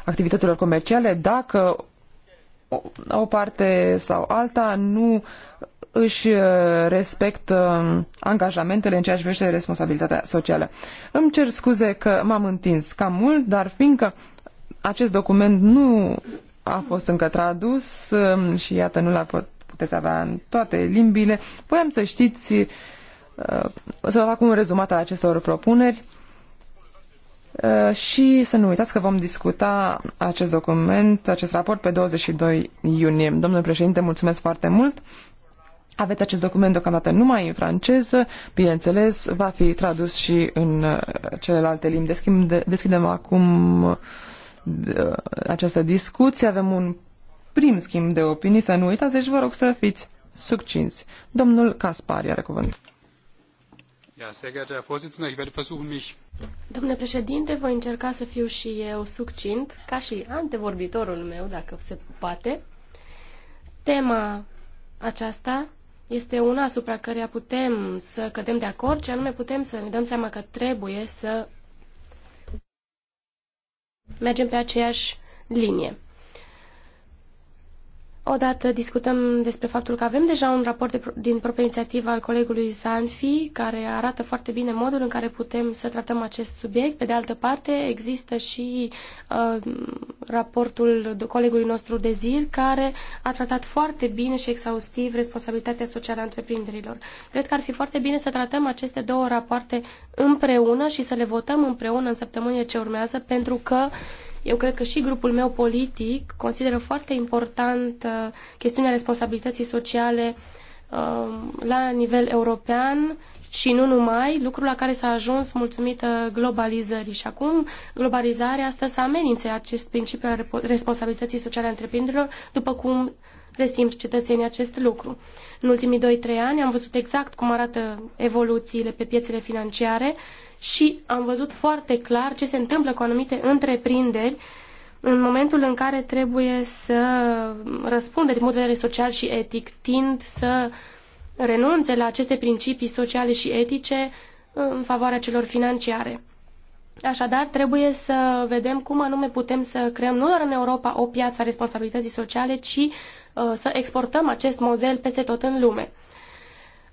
activităților comerciale dacă o parte sau alta nu își respectă angajamentele în ceea ce privește responsabilitatea socială. Îmi cer scuze că m-am întins cam mult, dar fiindcă acest document nu a fost încă tradus um, și iată nu l-a puteți avea în toate limbile. Voiam să știți, uh, să vă fac un rezumat al acestor propuneri uh, și să nu uitați că vom discuta acest document, acest raport pe 22 iunie. Domnule președinte, mulțumesc foarte mult. Aveți acest document deocamdată numai în franceză, bineînțeles, va fi tradus și în uh, celelalte limbi. Deschidem, deschidem acum această discuție, avem un prim schimb de opinii, să nu uitați, deci vă rog să fiți succinți. Domnul Caspar are cuvânt. Domnule președinte, voi încerca să fiu și eu succint, ca și antevorbitorul meu, dacă se poate. Tema aceasta este una asupra căreia putem să cădem de acord, ce anume putem să ne dăm seama că trebuie să mergem pe aceeași linie. Odată discutăm despre faptul că avem deja un raport de, din proprie inițiativă al colegului Sanfi, care arată foarte bine modul în care putem să tratăm acest subiect. Pe de altă parte, există și uh, raportul colegului nostru de zil, care a tratat foarte bine și exhaustiv responsabilitatea socială a întreprinderilor. Cred că ar fi foarte bine să tratăm aceste două rapoarte împreună și să le votăm împreună în săptămânile ce urmează, pentru că uh, eu cred că și grupul meu politic consideră foarte important chestiunea responsabilității sociale um, la nivel european și nu numai, lucru la care s-a ajuns mulțumită globalizării. Și acum globalizarea asta să amenințe acest principiu al responsabilității sociale a întreprinderilor, după cum resimt cetățenii acest lucru. În ultimii 2-3 ani am văzut exact cum arată evoluțiile pe piețele financiare și am văzut foarte clar ce se întâmplă cu anumite întreprinderi în momentul în care trebuie să răspundă din punct de vedere social și etic, tind să renunțe la aceste principii sociale și etice în favoarea celor financiare. Așadar, trebuie să vedem cum anume putem să creăm nu doar în Europa o piață a responsabilității sociale, ci uh, să exportăm acest model peste tot în lume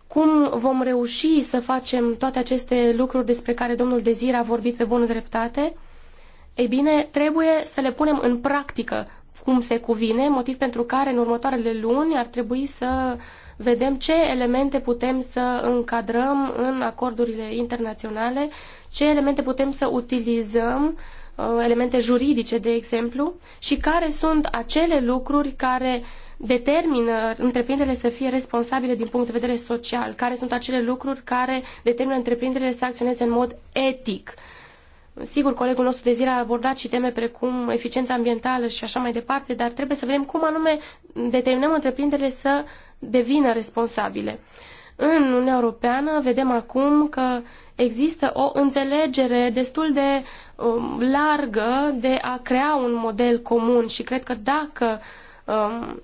cum vom reuși să facem toate aceste lucruri despre care domnul Dezir a vorbit pe bună dreptate? Ei bine, trebuie să le punem în practică cum se cuvine, motiv pentru care în următoarele luni ar trebui să vedem ce elemente putem să încadrăm în acordurile internaționale, ce elemente putem să utilizăm, uh, elemente juridice, de exemplu, și care sunt acele lucruri care determină întreprinderile să fie responsabile din punct de vedere social, care sunt acele lucruri care determină întreprinderile să acționeze în mod etic. Sigur, colegul nostru de zile a abordat și teme precum eficiența ambientală și așa mai departe, dar trebuie să vedem cum anume determinăm întreprinderile să devină responsabile. În Uniunea Europeană vedem acum că există o înțelegere destul de um, largă de a crea un model comun și cred că dacă um,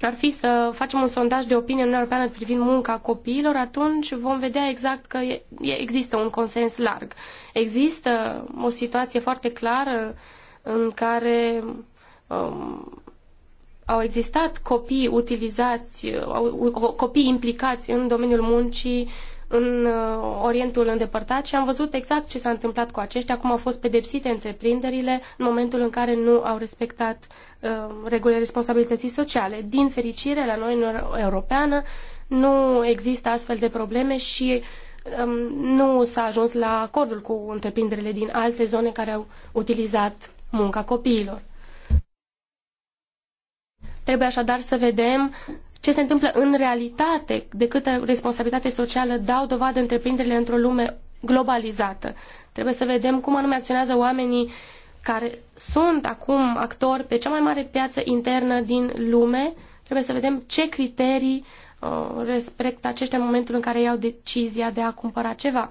ar fi să facem un sondaj de opinie în Uniunea Europeană privind munca copiilor, atunci vom vedea exact că există un consens larg. Există o situație foarte clară în care um, au existat copii utilizați, copii implicați în domeniul muncii uh, în uh, Orientul îndepărtat și am văzut exact ce s-a întâmplat cu aceștia, cum au fost pedepsite întreprinderile în momentul în care nu au respectat uh, regulile responsabilității sociale. Din fericire, la noi în Europeană nu există astfel de probleme și um, nu s-a ajuns la acordul cu întreprinderile din alte zone care au utilizat munca copiilor. Trebuie așadar să vedem ce se întâmplă în realitate, de câtă responsabilitate socială dau dovadă întreprinderile într-o lume globalizată. Trebuie să vedem cum anume acționează oamenii care sunt acum actori pe cea mai mare piață internă din lume. Trebuie să vedem ce criterii uh, respectă aceștia în momentul în care iau decizia de a cumpăra ceva.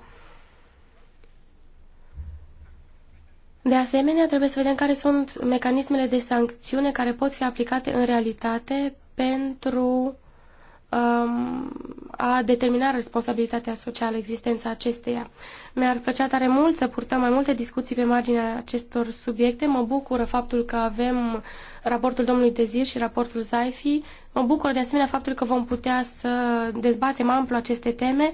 De asemenea, trebuie să vedem care sunt mecanismele de sancțiune care pot fi aplicate în realitate pentru um, a determina responsabilitatea socială, existența acesteia. Mi-ar plăcea tare mult să purtăm mai multe discuții pe marginea acestor subiecte. Mă bucură faptul că avem raportul domnului Dezir și raportul Zaifi. Mă bucură de asemenea faptul că vom putea să dezbatem amplu aceste teme.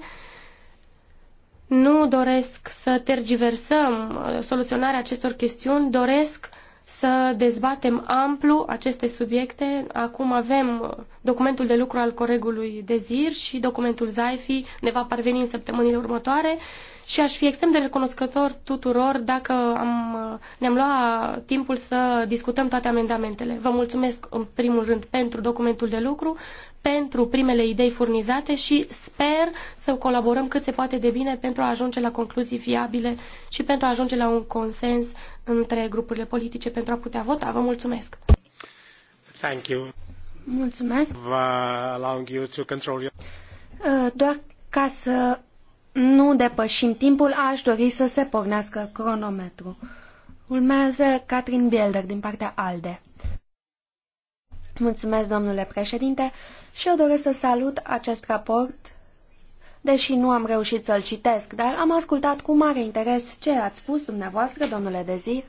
Nu doresc să tergiversăm uh, soluționarea acestor chestiuni, doresc să dezbatem amplu aceste subiecte. Acum avem documentul de lucru al coregului Dezir și documentul Zaifi ne va parveni în săptămânile următoare și aș fi extrem de recunoscător tuturor dacă am, ne-am luat timpul să discutăm toate amendamentele. Vă mulțumesc în primul rând pentru documentul de lucru, pentru primele idei furnizate și sper să colaborăm cât se poate de bine pentru a ajunge la concluzii viabile și pentru a ajunge la un consens între grupurile politice pentru a putea vota. Vă mulțumesc! Thank you. Mulțumesc! Vă allowing you to control your... Uh, doar ca să nu depășim timpul, aș dori să se pornească cronometru. Urmează Catherine Bielder din partea ALDE. Mulțumesc, domnule președinte, și eu doresc să salut acest raport, deși nu am reușit să-l citesc, dar am ascultat cu mare interes ce ați spus dumneavoastră, domnule Dezir.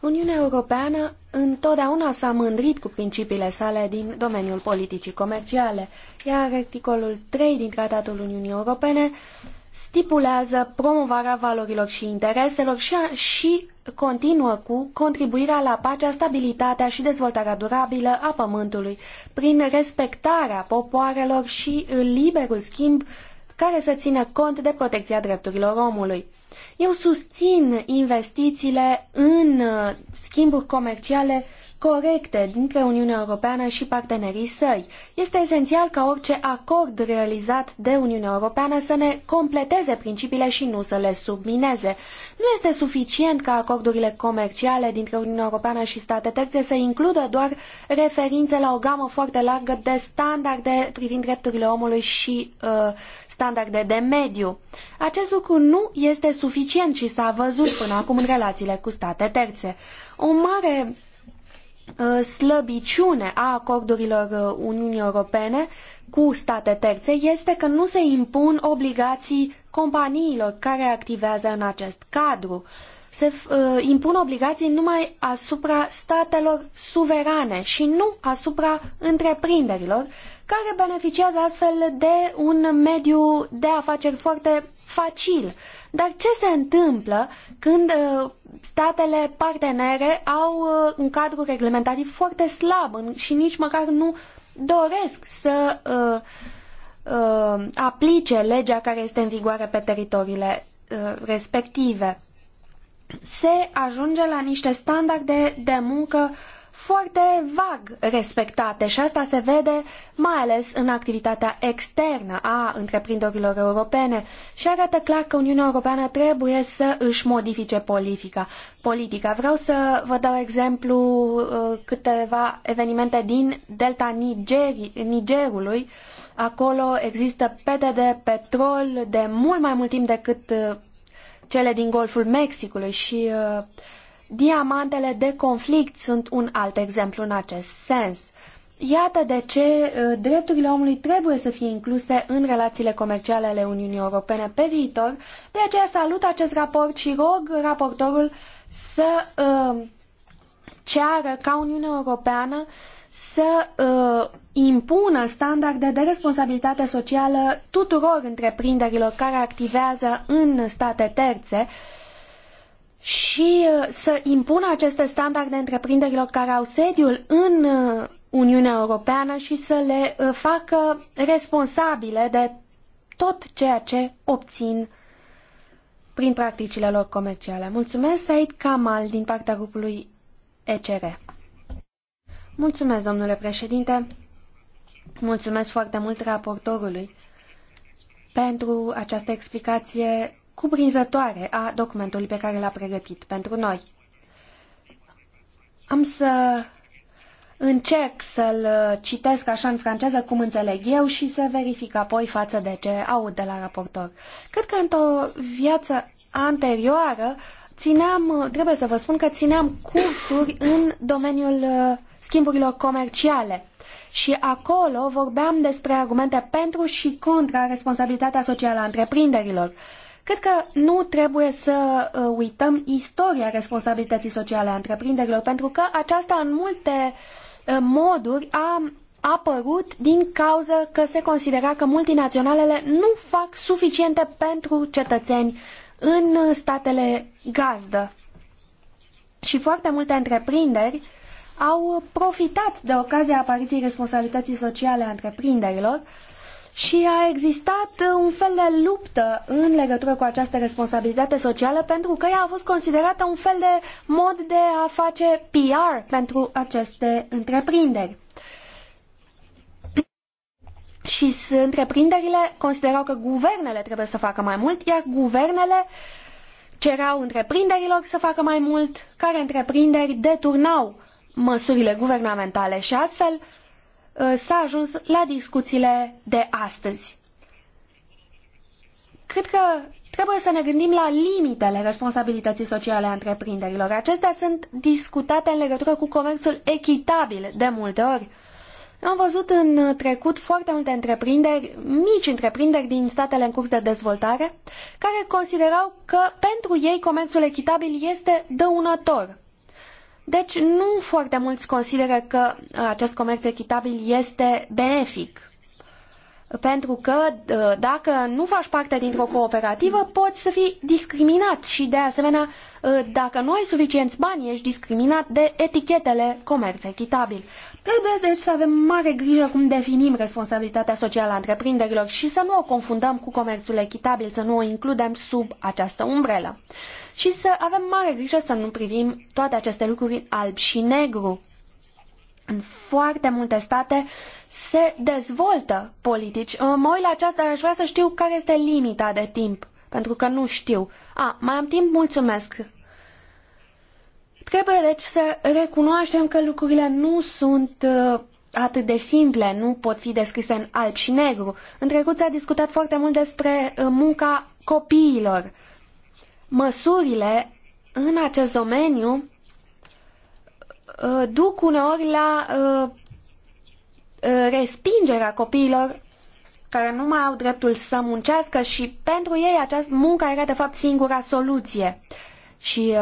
Uniunea Europeană întotdeauna s-a mândrit cu principiile sale din domeniul politicii comerciale, iar articolul 3 din Tratatul Uniunii Europene stipulează promovarea valorilor și intereselor și, a, și continuă cu contribuirea la pacea, stabilitatea și dezvoltarea durabilă a pământului prin respectarea popoarelor și liberul schimb care să țină cont de protecția drepturilor omului. Eu susțin investițiile în schimburi comerciale uh, corecte dintre Uniunea Europeană și partenerii săi. Este esențial ca orice acord realizat de Uniunea Europeană să ne completeze principiile și nu să le submineze. Nu este suficient ca acordurile comerciale dintre Uniunea Europeană și state terțe să includă doar referințe la o gamă foarte largă de standarde privind drepturile omului și uh, standarde de mediu. Acest lucru nu este suficient și s-a văzut până acum în relațiile cu state terțe. O mare Uh, slăbiciune a acordurilor uh, Uniunii Europene cu state terțe este că nu se impun obligații companiilor care activează în acest cadru. Se uh, impun obligații numai asupra statelor suverane și nu asupra întreprinderilor, care beneficiază astfel de un mediu de afaceri foarte facil. Dar ce se întâmplă când uh, statele partenere au uh, un cadru reglementativ foarte slab și nici măcar nu doresc să uh, aplice legea care este în vigoare pe teritoriile respective? Se ajunge la niște standarde de muncă foarte vag respectate și asta se vede mai ales în activitatea externă a întreprinderilor europene și arată clar că Uniunea Europeană trebuie să își modifice politica. politica. Vreau să vă dau exemplu uh, câteva evenimente din delta Nigerului. Acolo există pete de petrol de mult mai mult timp decât uh, cele din Golful Mexicului și uh, Diamantele de conflict sunt un alt exemplu în acest sens. Iată de ce uh, drepturile omului trebuie să fie incluse în relațiile comerciale ale Uniunii Europene pe viitor. De aceea salut acest raport și rog raportorul să uh, ceară ca Uniunea Europeană să uh, impună standarde de responsabilitate socială tuturor întreprinderilor care activează în state terțe uh, și uh, să impună aceste standarde întreprinderilor care au sediul în uh, Uniunea Europeană și să le uh, facă responsabile de tot ceea ce obțin prin practicile lor comerciale. Mulțumesc, Said Kamal, din partea grupului ECR. Mulțumesc, domnule președinte. Mulțumesc foarte mult raportorului pentru această explicație cuprinzătoare a documentului pe care l-a pregătit pentru noi. Am să încerc să-l citesc așa în franceză cum înțeleg eu și să verific apoi față de ce aud de la raportor. Cred că într-o viață anterioară țineam, trebuie să vă spun că țineam cursuri în domeniul uh, schimburilor comerciale. Și acolo vorbeam despre argumente pentru și contra responsabilitatea socială a întreprinderilor. Uh, Cred că nu trebuie să uh, uităm istoria responsabilității sociale a întreprinderilor, pentru că aceasta în multe uh, moduri a apărut din cauza că se considera că multinaționalele nu fac suficiente pentru cetățeni în statele gazdă. Și foarte multe întreprinderi au profitat de ocazia apariției responsabilității sociale a întreprinderilor uh, și a existat uh, un fel de luptă în legătură cu această responsabilitate socială pentru că ea a fost considerată un fel de mod de a face PR pentru aceste întreprinderi. Și întreprinderile considerau că guvernele trebuie să facă mai mult, iar guvernele cereau întreprinderilor să facă mai mult, care întreprinderi deturnau măsurile guvernamentale și astfel Uh, s-a ajuns la discuțiile de astăzi. Cred că trebuie să ne gândim la limitele responsabilității sociale a întreprinderilor. Acestea sunt discutate în legătură cu comerțul echitabil de multe ori. Am văzut în trecut foarte multe întreprinderi, mici întreprinderi din statele în curs de dezvoltare, care considerau că pentru ei comerțul echitabil este dăunător. Deci nu foarte mulți consideră că uh, acest comerț echitabil este benefic. Pentru că uh, dacă nu faci parte dintr-o cooperativă, poți să fii discriminat și de asemenea, uh, dacă nu ai suficienți bani, ești discriminat de etichetele comerț echitabil. Trebuie deci să avem mare grijă cum definim responsabilitatea socială a întreprinderilor și să nu o confundăm cu comerțul echitabil, să nu o includem sub această umbrelă. Și să avem mare grijă să nu privim toate aceste lucruri în alb și negru. În foarte multe state se dezvoltă politici. Mă uit la aceasta, dar aș vrea să știu care este limita de timp, pentru că nu știu. A, mai am timp, mulțumesc. Trebuie deci să recunoaștem că lucrurile nu sunt uh, atât de simple, nu pot fi descrise în alb și negru. În trecut s-a discutat foarte mult despre uh, munca copiilor. Măsurile în acest domeniu uh, duc uneori la respingerea copiilor care nu mai au dreptul să muncească și pentru ei această muncă era de fapt singura soluție. Și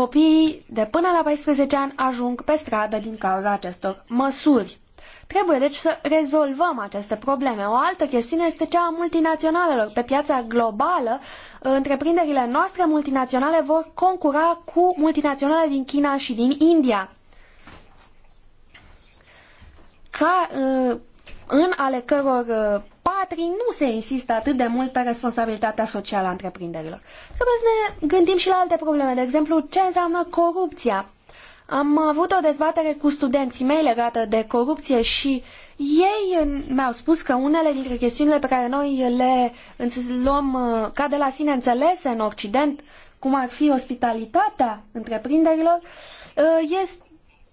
Copiii de până la 14 ani ajung pe stradă din cauza acestor măsuri. Trebuie deci să rezolvăm aceste probleme. O altă chestiune este cea a multinaționalelor. Pe piața globală, întreprinderile noastre multinaționale vor concura cu multinaționale din China și din India. Ca, uh, în ale căror uh, patrii nu se insistă atât de mult pe responsabilitatea socială a întreprinderilor. Trebuie să ne gândim și la alte probleme, de exemplu, ce înseamnă corupția. Am avut o dezbatere cu studenții mei legată de corupție și ei mi-au spus că unele dintre chestiunile pe care noi le luăm uh, ca de la sine înțelese în Occident, cum ar fi ospitalitatea întreprinderilor, uh, este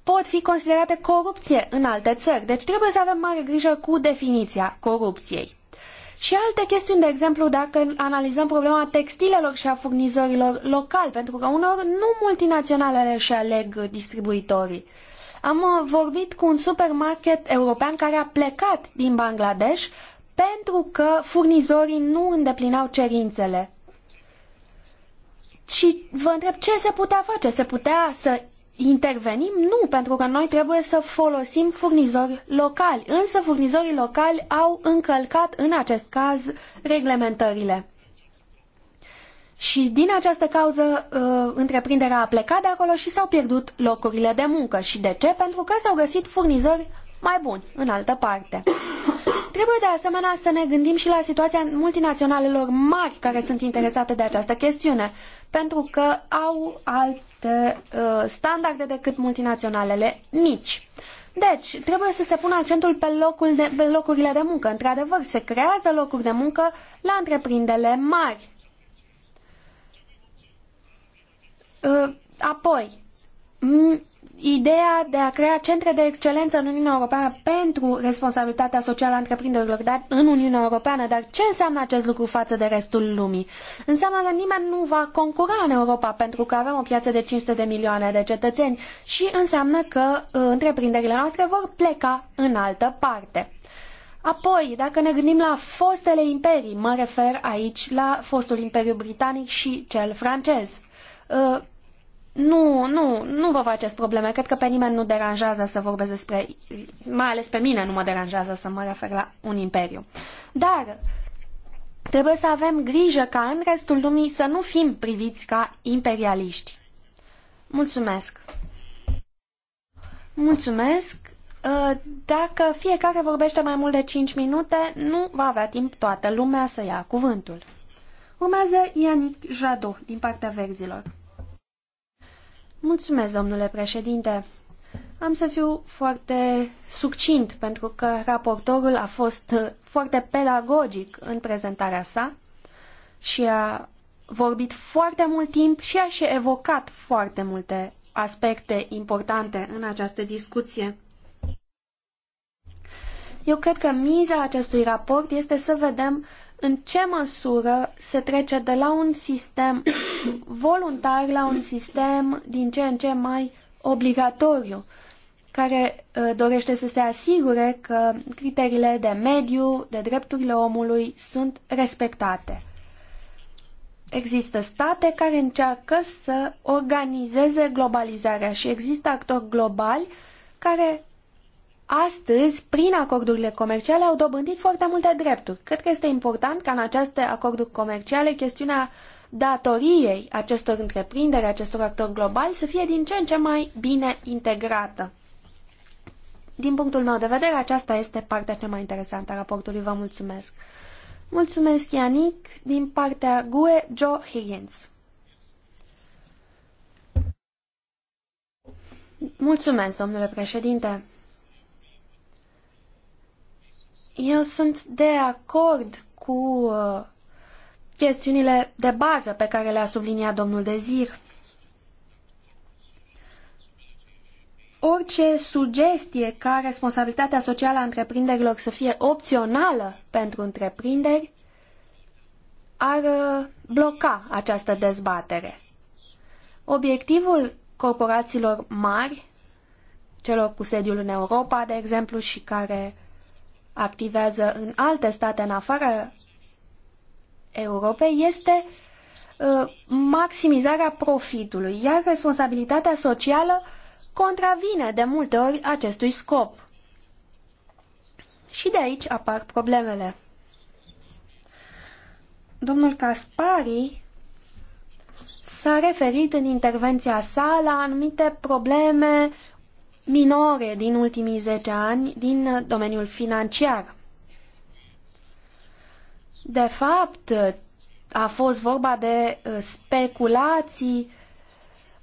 pot fi considerate corupție în alte țări. Deci trebuie să avem mare grijă cu definiția corupției. Și alte chestiuni, de exemplu, dacă analizăm problema textilelor și a furnizorilor locali, pentru că unor nu multinaționalele și aleg distribuitorii. Am uh, vorbit cu un supermarket european care a plecat din Bangladesh pentru că furnizorii nu îndeplineau cerințele. Și vă întreb ce se putea face? Se putea să intervenim? Nu, pentru că noi trebuie să folosim furnizori locali. Însă furnizorii locali au încălcat în acest caz reglementările. Și din această cauză, uh, întreprinderea a plecat de acolo și s-au pierdut locurile de muncă. Și de ce? Pentru că s-au găsit furnizori mai buni în altă parte. Trebuie de asemenea să ne gândim și la situația multinaționalelor mari care sunt interesate de această chestiune, pentru că au alte uh, standarde decât multinaționalele mici. Deci, trebuie să se pună accentul pe, locul de, pe locurile de muncă. Într-adevăr, se creează locuri de muncă la întreprinderile mari. Uh, apoi, Ideea de a crea centre de excelență în Uniunea Europeană pentru responsabilitatea socială a întreprinderilor dar în Uniunea Europeană, dar ce înseamnă acest lucru față de restul lumii? Înseamnă că nimeni nu va concura în Europa pentru că avem o piață de 500 de milioane de cetățeni și înseamnă că uh, întreprinderile noastre vor pleca în altă parte. Apoi, dacă ne gândim la fostele imperii, mă refer aici la fostul Imperiu Britanic și cel francez. Uh, nu, nu, nu vă faceți probleme. Cred că pe nimeni nu deranjează să vorbesc despre... Mai ales pe mine nu mă deranjează să mă refer la un imperiu. Dar trebuie să avem grijă ca în restul lumii să nu fim priviți ca imperialiști. Mulțumesc! Mulțumesc! Uh, dacă fiecare vorbește mai mult de 5 minute, nu va avea timp toată lumea să ia cuvântul. Urmează Ianic Jado din partea verzilor. Mulțumesc, domnule președinte. Am să fiu foarte succint, pentru că raportorul a fost foarte pedagogic în prezentarea sa și a vorbit foarte mult timp și a și evocat foarte multe aspecte importante în această discuție. Eu cred că miza acestui raport este să vedem în ce măsură se trece de la un sistem voluntar la un sistem din ce în ce mai obligatoriu, care uh, dorește să se asigure că criteriile de mediu, de drepturile omului sunt respectate. Există state care încearcă să organizeze globalizarea și există actori globali care astăzi, prin acordurile comerciale, au dobândit foarte multe drepturi. Cred că este important ca în aceste acorduri comerciale chestiunea datoriei acestor întreprinderi, acestor actori globali, să fie din ce în ce mai bine integrată. Din punctul meu de vedere, aceasta este partea cea mai interesantă a raportului. Vă mulțumesc! Mulțumesc, Ianic, din partea GUE, Joe Higgins. Mulțumesc, domnule președinte. Eu sunt de acord cu uh, chestiunile de bază pe care le-a subliniat domnul Dezir. Orice sugestie ca responsabilitatea socială a întreprinderilor să fie opțională pentru întreprinderi ar uh, bloca această dezbatere. Obiectivul corporațiilor mari, celor cu sediul în Europa, de exemplu, și care activează în alte state în afara Europei este uh, maximizarea profitului, iar responsabilitatea socială contravine de multe ori acestui scop. Și de aici apar problemele. Domnul Caspari s-a referit în intervenția sa la anumite probleme minore din ultimii 10 ani din domeniul financiar. De fapt, a fost vorba de uh, speculații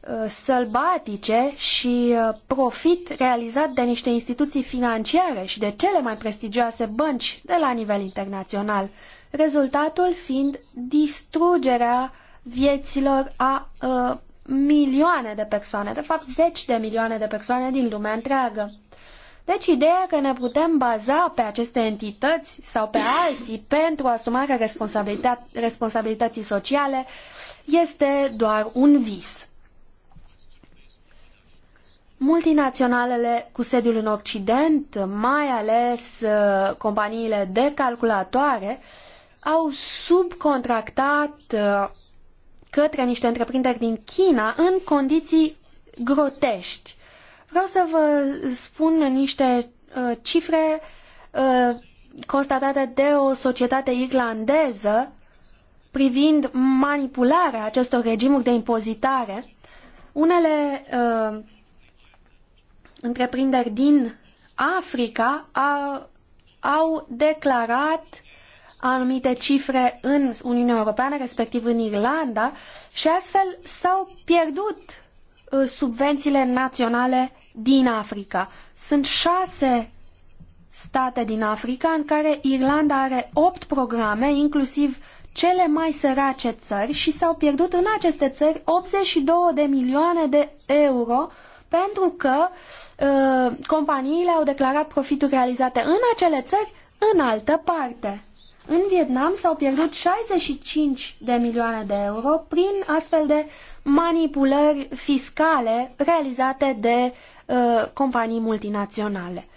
uh, sălbatice și uh, profit realizat de niște instituții financiare și de cele mai prestigioase bănci de la nivel internațional, rezultatul fiind distrugerea vieților a, a milioane de persoane, de fapt zeci de milioane de persoane din lumea întreagă. Deci ideea că ne putem baza pe aceste entități sau pe alții pentru asumarea responsabilității sociale este doar un vis. Multinaționalele cu sediul în Occident, mai ales uh, companiile de calculatoare, au subcontractat uh, către niște întreprinderi din China în condiții grotești. Vreau să vă spun niște uh, cifre uh, constatate de o societate irlandeză privind manipularea acestor regimuri de impozitare. Unele uh, întreprinderi din Africa a, au declarat anumite cifre în Uniunea Europeană, respectiv în Irlanda, și astfel s-au pierdut uh, subvențiile naționale din Africa. Sunt șase state din Africa în care Irlanda are opt programe, inclusiv cele mai sărace țări și s-au pierdut în aceste țări 82 de milioane de euro pentru că uh, companiile au declarat profituri realizate în acele țări în altă parte. În Vietnam s-au pierdut 65 de milioane de euro prin astfel de manipulări fiscale realizate de uh, companii multinaționale.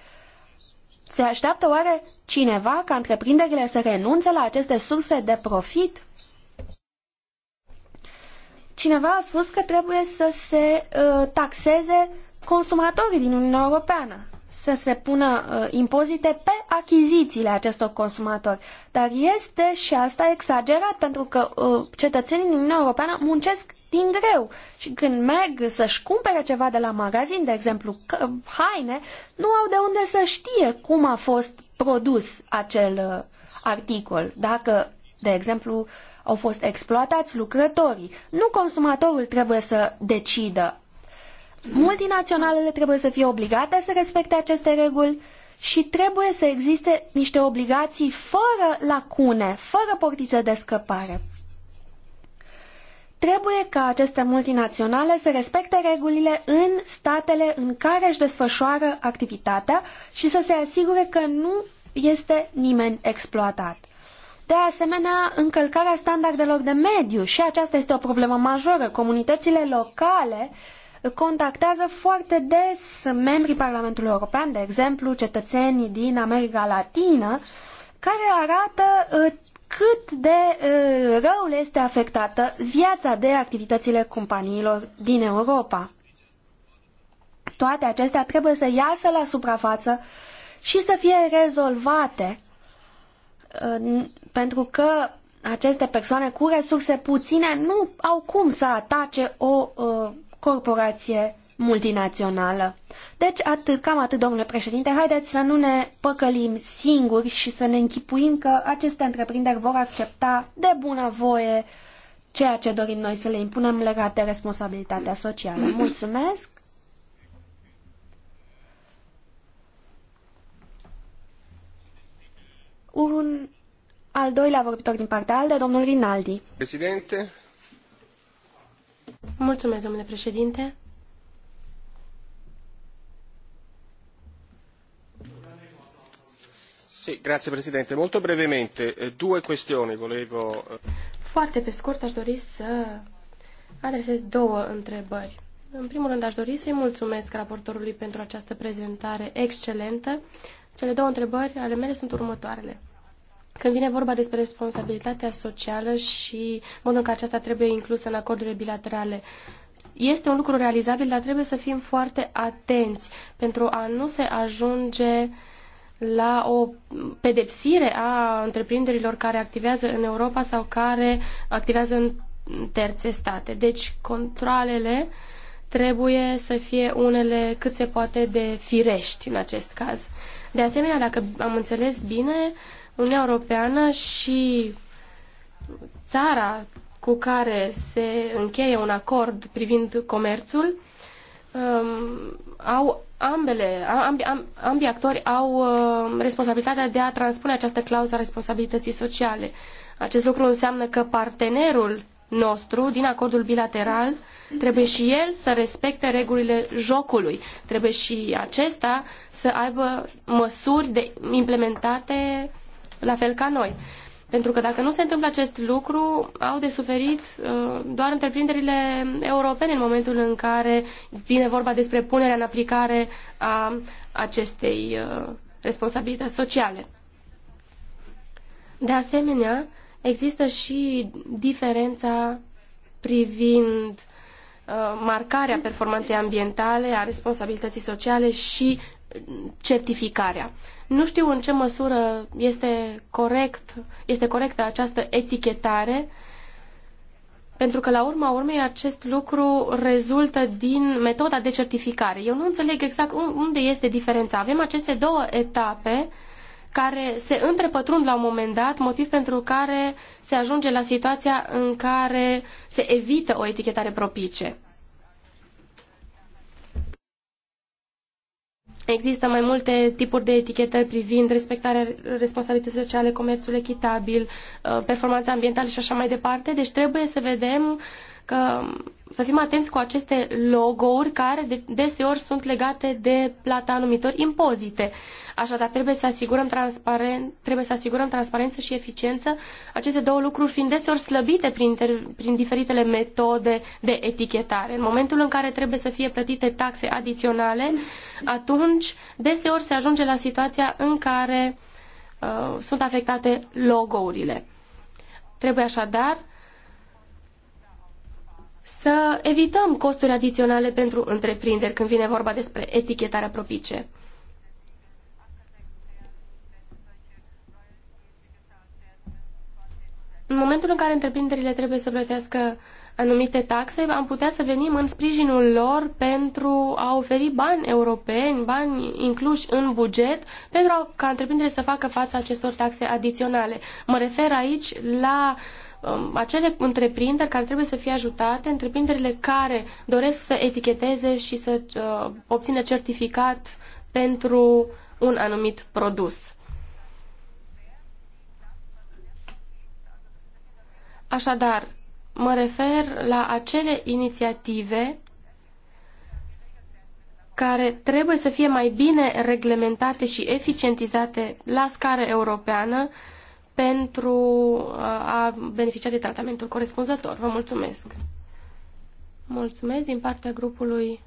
Se așteaptă oare cineva ca întreprinderile să renunțe la aceste surse de profit? Cineva a spus că trebuie să se uh, taxeze consumatorii din Uniunea Europeană să se pună uh, impozite pe achizițiile acestor consumatori. Dar este și asta exagerat, pentru că uh, cetățenii din Uniunea Europeană muncesc din greu și când merg să-și cumpere ceva de la magazin, de exemplu că, haine, nu au de unde să știe cum a fost produs acel uh, articol. Dacă, de exemplu, au fost exploatați lucrătorii. Nu consumatorul trebuie să decidă Multinaționalele trebuie să fie obligate să respecte aceste reguli și trebuie să existe niște obligații fără lacune, fără portițe de scăpare. Trebuie ca aceste multinaționale să respecte regulile în statele în care își desfășoară activitatea și să se asigure că nu este nimeni exploatat. De asemenea, încălcarea standardelor de mediu și aceasta este o problemă majoră. Comunitățile locale uh, contactează foarte des membrii Parlamentului European, de exemplu cetățenii din America Latină, care arată uh, cât de uh, rău le este afectată viața de activitățile companiilor din Europa. Toate acestea trebuie să iasă la suprafață și să fie rezolvate, uh, pentru că aceste persoane cu resurse puține nu au cum să atace o corporație multinațională. Deci, atât, cam atât, domnule președinte, haideți să nu ne păcălim singuri și să ne închipuim că aceste întreprinderi vor accepta de voie ceea ce dorim noi să le impunem legat de responsabilitatea socială. Mulțumesc! Un al doilea vorbitor din partea ALDE, domnul Rinaldi. Președinte, Mulțumesc, domnule președinte. Sì, grazie Presidente. Molto brevemente, eh, due questioni volevo... Eh. Foarte pe scurt aș dori să adresez două întrebări. În primul rând aș dori să-i mulțumesc raportorului pentru această prezentare excelentă. Cele două întrebări ale mele sunt următoarele. Când vine vorba despre responsabilitatea socială și modul în care aceasta trebuie inclusă în acordurile bilaterale, este un lucru realizabil, dar trebuie să fim foarte atenți pentru a nu se ajunge la o pedepsire a întreprinderilor care activează în Europa sau care activează în terțe state. Deci, controlele trebuie să fie unele cât se poate de firești în acest caz. De asemenea, dacă am înțeles bine, Uniunea Europeană și țara cu care se încheie un acord privind comerțul um, au ambele, ambi, ambii actori au uh, responsabilitatea de a transpune această clauză a responsabilității sociale. Acest lucru înseamnă că partenerul nostru din acordul bilateral trebuie și el să respecte regulile jocului. Trebuie și acesta să aibă măsuri de implementate la fel ca noi. Pentru că dacă nu se întâmplă acest lucru, au de suferit uh, doar întreprinderile europene în momentul în care vine vorba despre punerea în aplicare a acestei uh, responsabilități sociale. De asemenea, există și diferența privind uh, marcarea performanței ambientale, a responsabilității sociale și certificarea. Nu știu în ce măsură este, corect, este corectă această etichetare, pentru că la urma urmei acest lucru rezultă din metoda de certificare. Eu nu înțeleg exact unde este diferența. Avem aceste două etape care se întrepătrund la un moment dat, motiv pentru care se ajunge la situația în care se evită o etichetare propice. Există mai multe tipuri de etichetări privind respectarea responsabilității sociale, comerțul echitabil, uh, performanța ambientală și așa mai departe. Deci trebuie să vedem că să fim atenți cu aceste logo-uri care deseori sunt legate de plata anumitor impozite. Uh, Așadar, trebuie să asigurăm, transparen... trebuie să asigurăm transparență și eficiență, aceste două lucruri fiind deseori slăbite prin, prin diferitele metode de etichetare. În momentul în care trebuie să fie plătite taxe adiționale, atunci deseori se ajunge la situația în care uh, sunt afectate logourile. Trebuie așadar să evităm costuri adiționale pentru întreprinderi când vine vorba despre etichetarea propice. În momentul în care întreprinderile trebuie să plătească anumite taxe, am putea să venim în sprijinul lor pentru a oferi bani europeni, bani incluși în buget, pentru a, ca întreprinderile să facă față acestor taxe adiționale. Mă refer aici la um, acele întreprinderi care trebuie să fie ajutate, întreprinderile care doresc să eticheteze și să uh, obțină certificat pentru un anumit produs. Așadar, mă refer la acele inițiative care trebuie să fie mai bine reglementate și eficientizate la scară europeană pentru uh, a beneficia de tratamentul corespunzător. Vă mulțumesc! Mulțumesc din partea grupului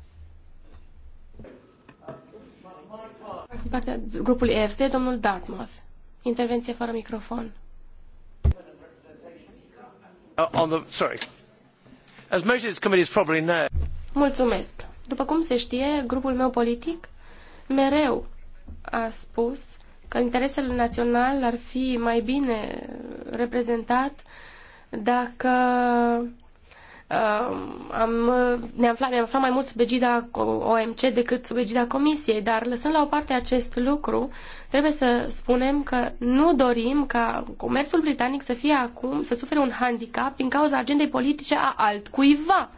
din partea grupului EFT, domnul Dartmouth. Intervenție fără microfon. Uh, Mulțumesc. După cum se știe, grupul meu politic mereu a spus că interesele național ar fi mai bine reprezentat dacă am, ne, afla, ne afla mai mult sub egida OMC decât sub egida Comisiei, dar lăsând la o parte acest lucru, trebuie să spunem că nu dorim ca comerțul britanic să fie acum, să sufere un handicap din cauza agendei politice a altcuiva.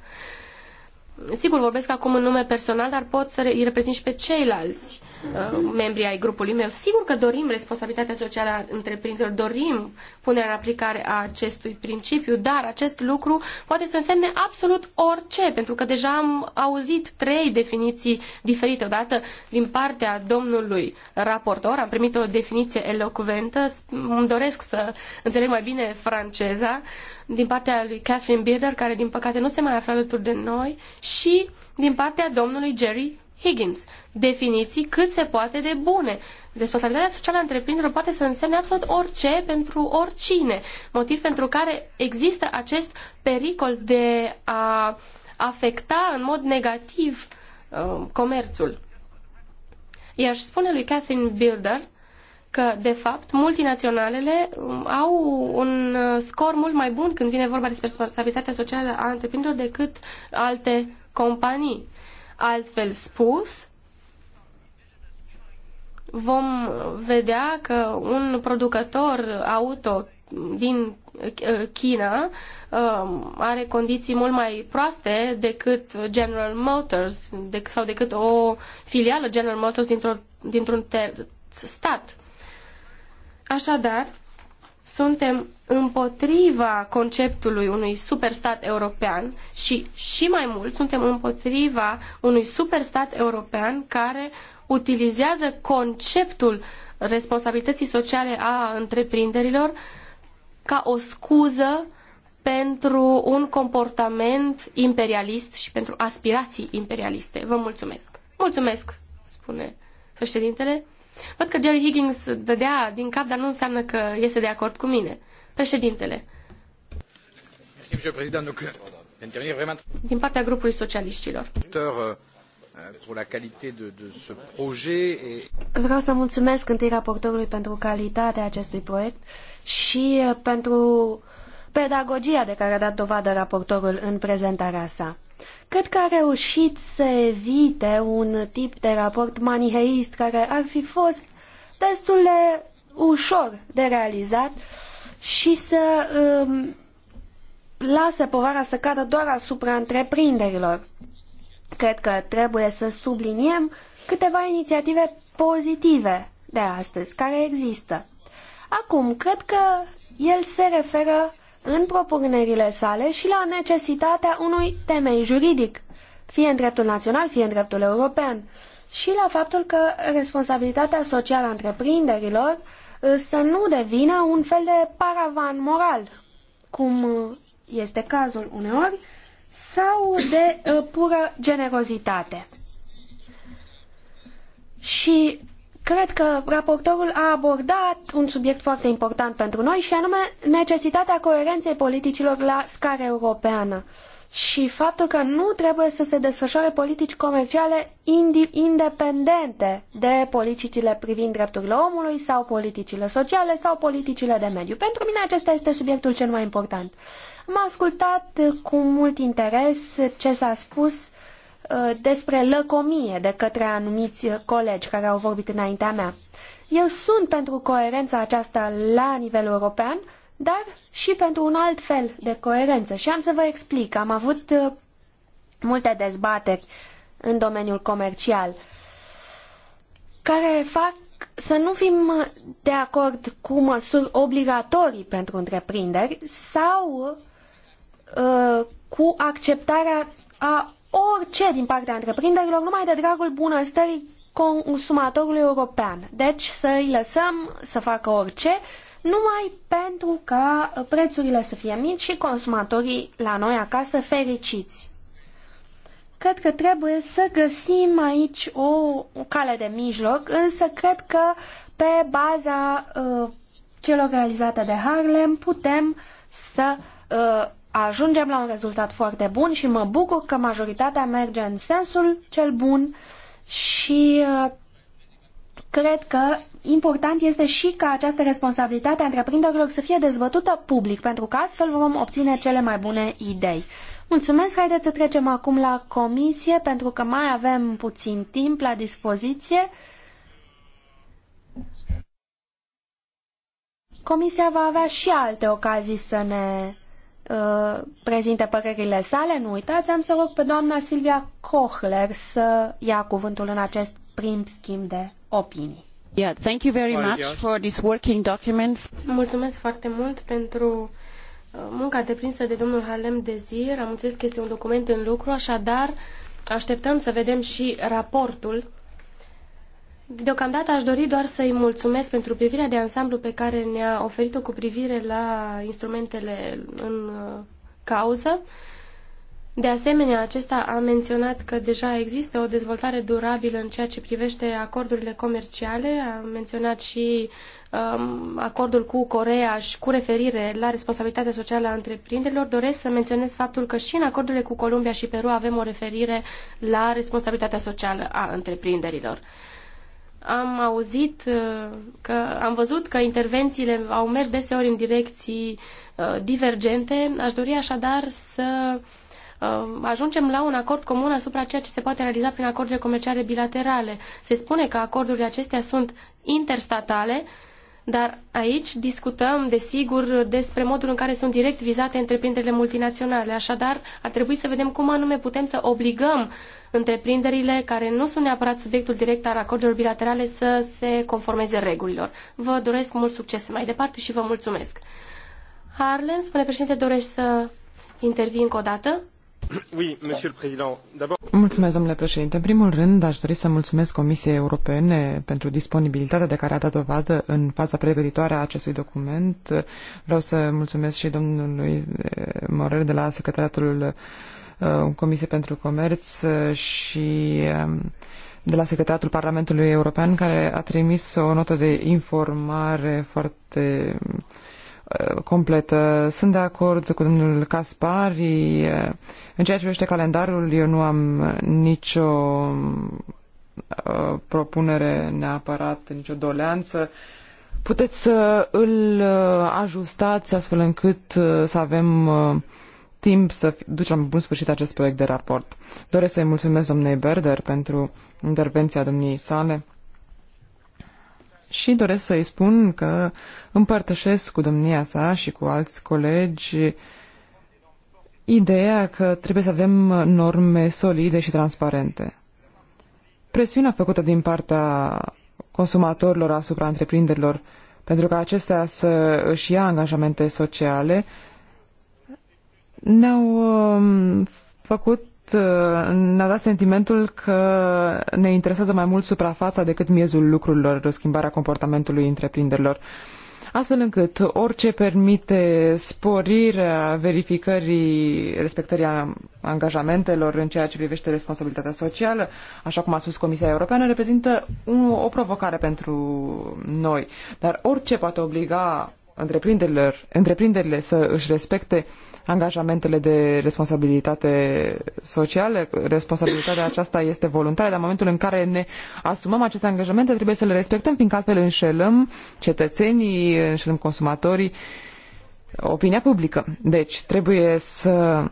Sigur, vorbesc acum în nume personal, dar pot să îi reprezint și pe ceilalți. Uh, membrii ai grupului meu. Sigur că dorim responsabilitatea socială a întreprinderilor, dorim punerea în aplicare a acestui principiu, dar acest lucru poate să însemne absolut orice, pentru că deja am auzit trei definiții diferite. Odată din partea domnului raportor am primit o definiție elocventă, îmi doresc să înțeleg mai bine franceza, din partea lui Catherine Bearder, care din păcate nu se mai află alături de noi, și din partea domnului Jerry Higgins. Definiții cât se poate de bune. Responsabilitatea socială a întreprinderilor poate să însemne absolut orice pentru oricine, motiv pentru care există acest pericol de a afecta în mod negativ uh, comerțul. I-aș spune lui Catherine Builder că, de fapt, multinaționalele um, au un uh, scor mult mai bun când vine vorba despre responsabilitatea socială a întreprinderilor decât alte companii. Altfel spus, vom vedea că un producător auto din uh, China um, are condiții mult mai proaste decât General Motors sau decât o filială General Motors dintr-un dintr, stat. Așadar, suntem împotriva conceptului unui superstat european și, și mai mult, suntem împotriva unui superstat european care utilizează conceptul responsabilității sociale a întreprinderilor ca o scuză pentru un comportament imperialist și pentru aspirații imperialiste. Vă mulțumesc. Mulțumesc, spune președintele. Văd că Jerry Higgins dădea din cap, dar nu înseamnă că este de acord cu mine. Președintele. Euh, Din partea grupului socialiștilor. Euh, Vreau să mulțumesc întâi raportorului pentru calitatea acestui proiect și uh, pentru pedagogia de care a dat dovadă raportorul în prezentarea sa. Cred că a reușit să evite un tip de raport maniheist care ar fi fost destul de ușor de realizat și să um, lase povara să cadă doar asupra întreprinderilor. Cred că trebuie să subliniem câteva inițiative pozitive de astăzi care există. Acum, cred că el se referă în propunerile sale și la necesitatea unui temei juridic, fie în dreptul național, fie în dreptul european, și la faptul că responsabilitatea socială a întreprinderilor Uh, să nu devină un fel de paravan moral, cum uh, este cazul uneori, sau de uh, pură generozitate. Și cred că raportorul a abordat un subiect foarte important pentru noi și anume necesitatea coerenței politicilor la scară europeană. Uh, și faptul că nu trebuie să se desfășoare politici comerciale independente de politicile privind drepturile omului sau politicile sociale sau politicile de mediu. Pentru mine acesta este subiectul cel mai important. Am ascultat cu mult interes ce s-a spus uh, despre lăcomie de către anumiți colegi care au vorbit înaintea mea. Eu sunt pentru coerența aceasta la nivel european, dar și pentru un alt fel de coerență. Și am să vă explic. Am avut uh, multe dezbateri în domeniul comercial care fac să nu fim de acord cu măsuri obligatorii pentru întreprinderi sau uh, cu acceptarea a orice din partea întreprinderilor numai de dragul bunăstării consumatorului european. Deci să îi lăsăm să facă orice, numai pentru ca prețurile să fie mici și consumatorii la noi acasă fericiți. Cred că trebuie să găsim aici o, cale de mijloc, însă cred că pe baza uh, celor realizate de Harlem putem să uh, ajungem la un rezultat foarte bun și mă bucur că majoritatea merge în sensul cel bun și uh, cred că important este și ca această responsabilitate a întreprinderilor să fie dezbătută public, pentru că astfel vom obține cele mai bune idei. Mulțumesc, haideți să trecem acum la comisie, pentru că mai avem puțin timp la dispoziție. Comisia va avea și alte ocazii să ne uh, prezinte părerile sale. Nu uitați, am să rog pe doamna Silvia Kohler să ia cuvântul în acest prim schimb de opinii. Yeah, thank you very much for this working document. Mulțumesc foarte mult pentru uh, munca deprinsă de domnul Harlem Dezir. Am înțeles că este un document în lucru, așadar așteptăm să vedem și raportul. Deocamdată aș dori doar să-i mulțumesc pentru privirea de ansamblu pe care ne-a oferit-o cu privire la instrumentele în uh, cauză. De asemenea, acesta a menționat că deja există o dezvoltare durabilă în ceea ce privește acordurile comerciale, a menționat și um, acordul cu Corea și cu referire la responsabilitatea socială a întreprinderilor. Doresc să menționez faptul că și în acordurile cu Columbia și Peru avem o referire la responsabilitatea socială a întreprinderilor am auzit uh, că am văzut că intervențiile au mers deseori în direcții uh, divergente. Aș dori așadar să Uh, ajungem la un acord comun asupra ceea ce se poate realiza prin acorduri comerciale bilaterale. Se spune că acordurile acestea sunt interstatale, dar aici discutăm, desigur, despre modul în care sunt direct vizate întreprinderile multinaționale. Așadar, ar trebui să vedem cum anume putem să obligăm întreprinderile care nu sunt neapărat subiectul direct al acordurilor bilaterale să se conformeze regulilor. Vă doresc mult succes mai departe și vă mulțumesc. Harlem, spune președinte, doresc să intervii încă o dată? Mulțumesc, domnule președinte. În primul rând, aș dori să mulțumesc Comisiei Europene pentru disponibilitatea de care a dat dovadă în fața pregătitoare acestui document. Vreau să mulțumesc și domnului eh, Morel de la Secretariatul eh, Comisiei pentru Comerț eh, și de la Secretariatul Parlamentului European, care a trimis o notă de informare foarte Uh, completă. Uh, sunt de acord cu domnul Caspari. Uh, în ceea ce privește calendarul, eu nu am nicio propunere neapărat, nicio doleanță. Puteți să îl ajustați astfel încât să avem timp să ducem la bun sfârșit acest proiect de raport. Doresc să-i mulțumesc domnei Berder pentru intervenția domniei sale și doresc să-i spun că împărtășesc cu domnia sa și cu alți colegi ideea că trebuie să avem norme solide și transparente. Presiunea făcută din partea consumatorilor asupra întreprinderilor pentru ca acestea să își ia angajamente sociale ne-au um, făcut ne-a dat sentimentul că ne interesează mai mult suprafața decât miezul lucrurilor, schimbarea comportamentului întreprinderilor astfel încât orice permite sporirea verificării respectării angajamentelor în ceea ce privește responsabilitatea socială, așa cum a spus Comisia Europeană, reprezintă o, o provocare pentru noi. Dar orice poate obliga întreprinderile să își respecte angajamentele de responsabilitate socială. Responsabilitatea aceasta este voluntară, dar în momentul în care ne asumăm aceste angajamente trebuie să le respectăm, fiindcă altfel înșelăm cetățenii, înșelăm consumatorii, opinia publică. Deci trebuie să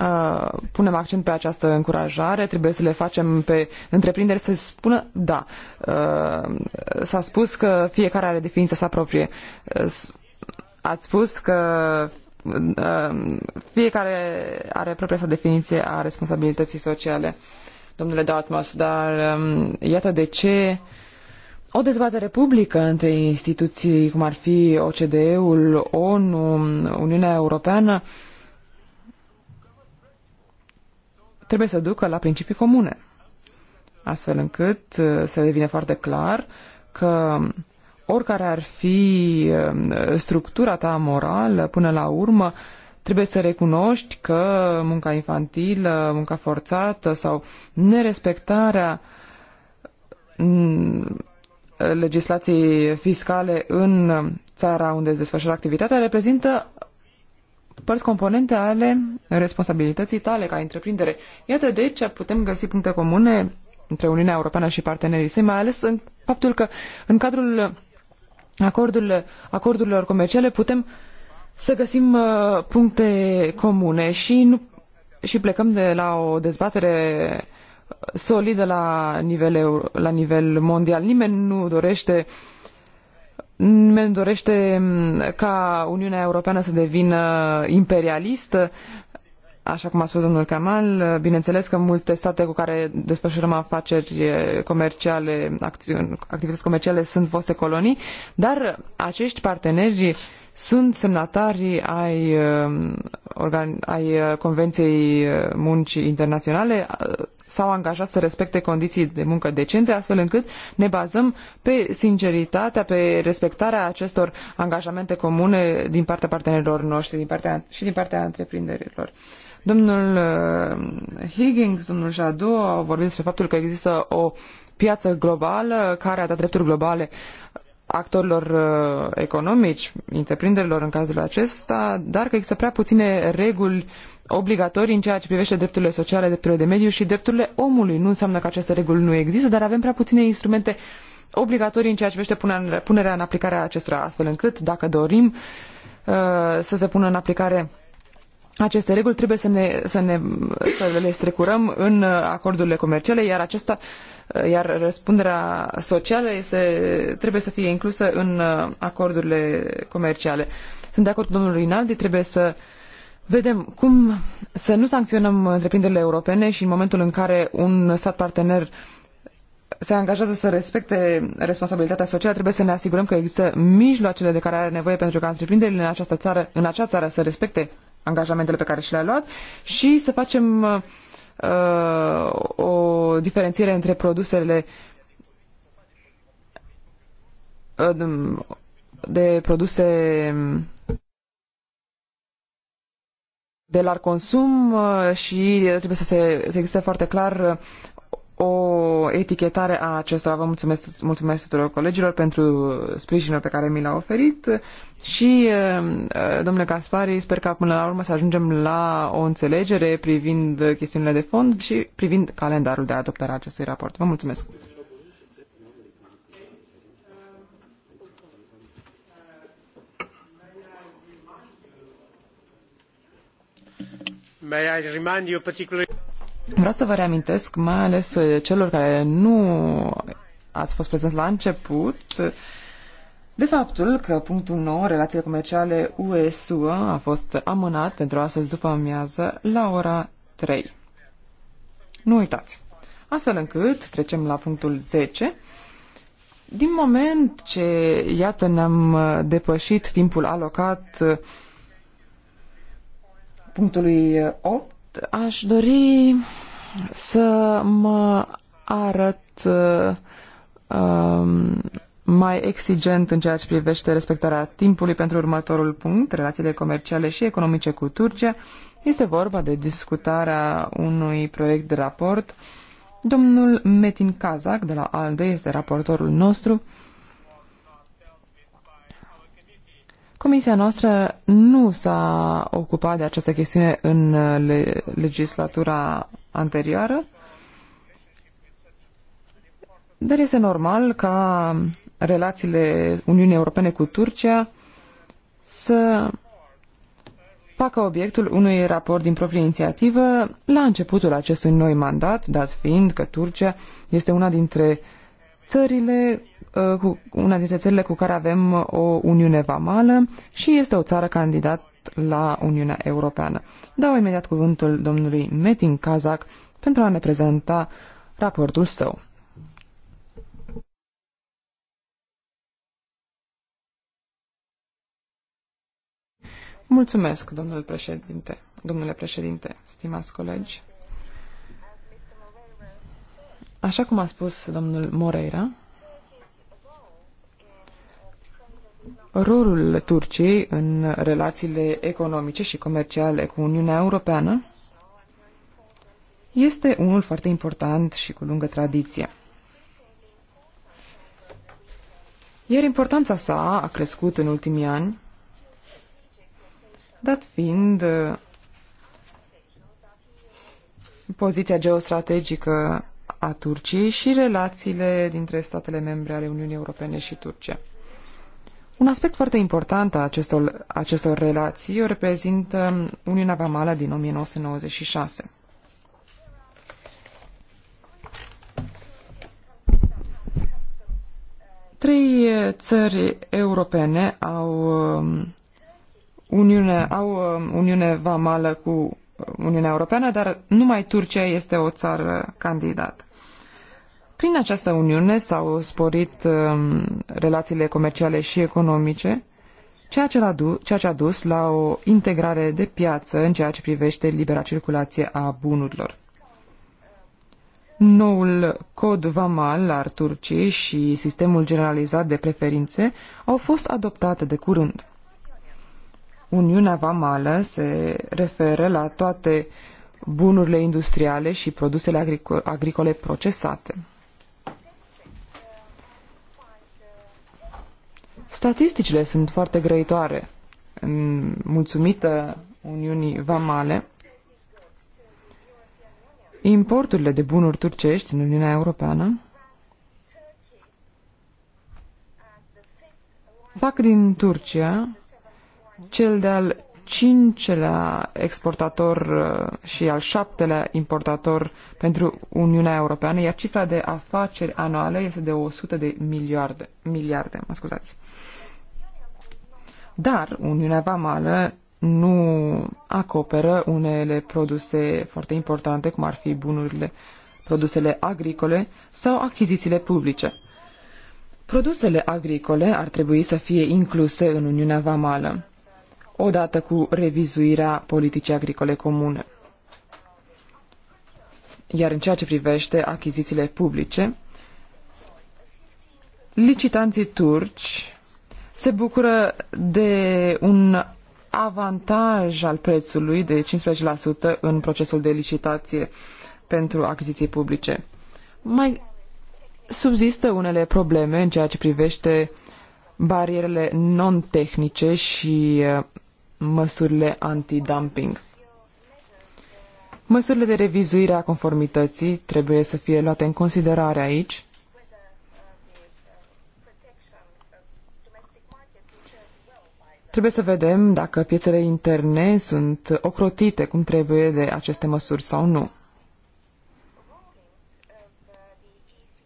Uh, punem accent pe această încurajare, trebuie să le facem pe întreprinderi să spună da. Uh, s-a spus că fiecare are definiția sa proprie. Uh, ați spus că Ehm, fiecare are propria sa definiție a responsabilității sociale, domnule Dartmouth, dar ehm, iată de ce o dezbatere publică între instituții cum ar fi OCDE-ul, ONU, Uniunea Europeană, trebuie să ducă la principii comune, astfel încât eh, să devine foarte clar că oricare ar fi um, structura ta morală, până la urmă, trebuie să recunoști că munca infantilă, munca forțată sau nerespectarea mm, legislației fiscale în țara unde îți desfășoară activitatea reprezintă părți componente ale responsabilității tale ca întreprindere. Iată de ce putem găsi puncte comune între Uniunea Europeană și partenerii săi, mai ales în faptul că în cadrul acordurile, acordurilor comerciale putem să găsim uh, puncte comune și, nu, și plecăm de la o dezbatere solidă la nivel, la nivel mondial. Nimeni nu dorește nimeni dorește mm, ca Uniunea Europeană să devină imperialistă, Așa cum a spus domnul Kamal, bineînțeles că multe state cu care desfășurăm afaceri eh, comerciale, acțiuni, activități comerciale sunt foste colonii, dar acești parteneri sunt semnatari ai, eh, ai eh, Convenției Muncii Internaționale, s-au angajat să respecte condiții de muncă decente, astfel încât ne bazăm pe sinceritatea, pe respectarea acestor angajamente comune din partea partenerilor noștri din partea, și din partea întreprinderilor. Uh, Domnul uh, Higgins, domnul Jadu au vorbit despre faptul că există o piață globală care a dat drepturi globale actorilor uh, economici, întreprinderilor în cazul acesta, dar că există prea puține reguli obligatorii în ceea ce privește drepturile sociale, drepturile de mediu și drepturile omului. Nu înseamnă că aceste reguli nu există, dar avem prea puține instrumente obligatorii în ceea ce privește punerea în aplicare a acestora, astfel încât, dacă dorim uh, să se pună în aplicare aceste reguli trebuie să, ne, să, ne, să le strecurăm în acordurile comerciale, iar acesta iar răspunderea socială este, trebuie să fie inclusă în acordurile comerciale. Sunt de acord cu domnul Rinaldi, trebuie să vedem cum să nu sancționăm întreprinderile europene și în momentul în care un stat partener uh, se angajează să respecte responsabilitatea socială, trebuie să ne asigurăm că există mijloacele de care are nevoie pentru ca întreprinderile în această țară, în acea țară să respecte angajamentele pe care și le-a luat și să facem uh, uh o diferențiere între produsele uh, de produse de larg consum uh, și trebuie să, se, să existe foarte clar uh, o etichetare a acestora. Vă mulțumesc, mulțumesc tuturor colegilor pentru sprijinul pe care mi l-a oferit și, uh, uh, domnule Caspari, sper că până la urmă să ajungem la o înțelegere privind chestiunile de fond și privind calendarul de adoptare a acestui raport. Vă mulțumesc! May I remind you particularly... Vreau să vă reamintesc, mai ales eh, celor care nu ați fost prezenți la început, de faptul că punctul 9, relațiile comerciale U.S.U a fost amânat pentru astăzi după amiază la ora 3. Nu uitați! Astfel încât trecem la punctul 10. Din moment ce, iată, ne-am eh, depășit timpul alocat eh, punctului 8, Aș dori să mă arăt um, mai exigent în ceea ce privește respectarea timpului pentru următorul punct, relațiile comerciale și economice cu Turcia. Este vorba de discutarea unui proiect de raport. Domnul Metin Kazak de la ALDE este raportorul nostru. Comisia noastră nu s-a ocupat de această chestiune în uh, le legislatura anterioară, dar este normal ca relațiile Uniunii Europene cu Turcia să facă obiectul unui raport din proprie inițiativă la începutul acestui noi mandat, dat fiind că Turcia este una dintre uh, țările, uh, cu una dintre țările cu care avem uh, o uniune vamală și este o țară candidat la Uniunea Europeană. Dau imediat cuvântul domnului Metin Kazak pentru a ne prezenta raportul său. Mulțumesc, domnule președinte, domnule președinte, stimați colegi. Așa cum a spus domnul Moreira, rolul Turciei în relațiile economice și comerciale cu Uniunea Europeană este unul foarte important și cu lungă tradiție. Iar importanța sa a crescut în ultimii ani, dat fiind uh, poziția geostrategică a Turciei și relațiile dintre statele membre ale Uniunii Europene și Turcia. Un aspect foarte important a acestor, acestor relații o reprezintă Uniunea Vamală din 1996. Trei țări europene au um, Uniune, au um, Uniune Vamală cu Uniunea Europeană, dar numai Turcia este o țară candidat. Prin această uniune s-au sporit um, relațiile comerciale și economice, ceea ce, a ceea ce a dus la o integrare de piață în ceea ce privește libera circulație a bunurilor. Noul cod vamal al Turciei și sistemul generalizat de preferințe au fost adoptate de curând. Uniunea vamală se referă la toate bunurile industriale și produsele agricole procesate. Statisticile sunt foarte grăitoare. Mulțumită Uniunii Vamale, importurile de bunuri turcești în Uniunea Europeană fac din Turcia cel de-al cincelea exportator uh, și al șaptelea importator pentru Uniunea Europeană, iar cifra de afaceri anuale este de 100 de miliarde. miliarde mă scuzați. Dar Uniunea Vamală nu acoperă unele produse foarte importante, cum ar fi bunurile, produsele agricole sau achizițiile publice. Produsele agricole ar trebui să fie incluse în Uniunea Vamală, odată cu revizuirea politicii agricole comune. Iar în ceea ce privește achizițiile publice, licitanții turci se bucură de un avantaj al prețului de 15% în procesul de licitație pentru achiziții publice. Mai subzistă unele probleme în ceea ce privește barierele non-tehnice și uh, măsurile anti-dumping. Măsurile de revizuire a conformității trebuie să fie luate în considerare aici Trebuie să vedem dacă piețele interne sunt ocrotite cum trebuie de aceste măsuri sau nu.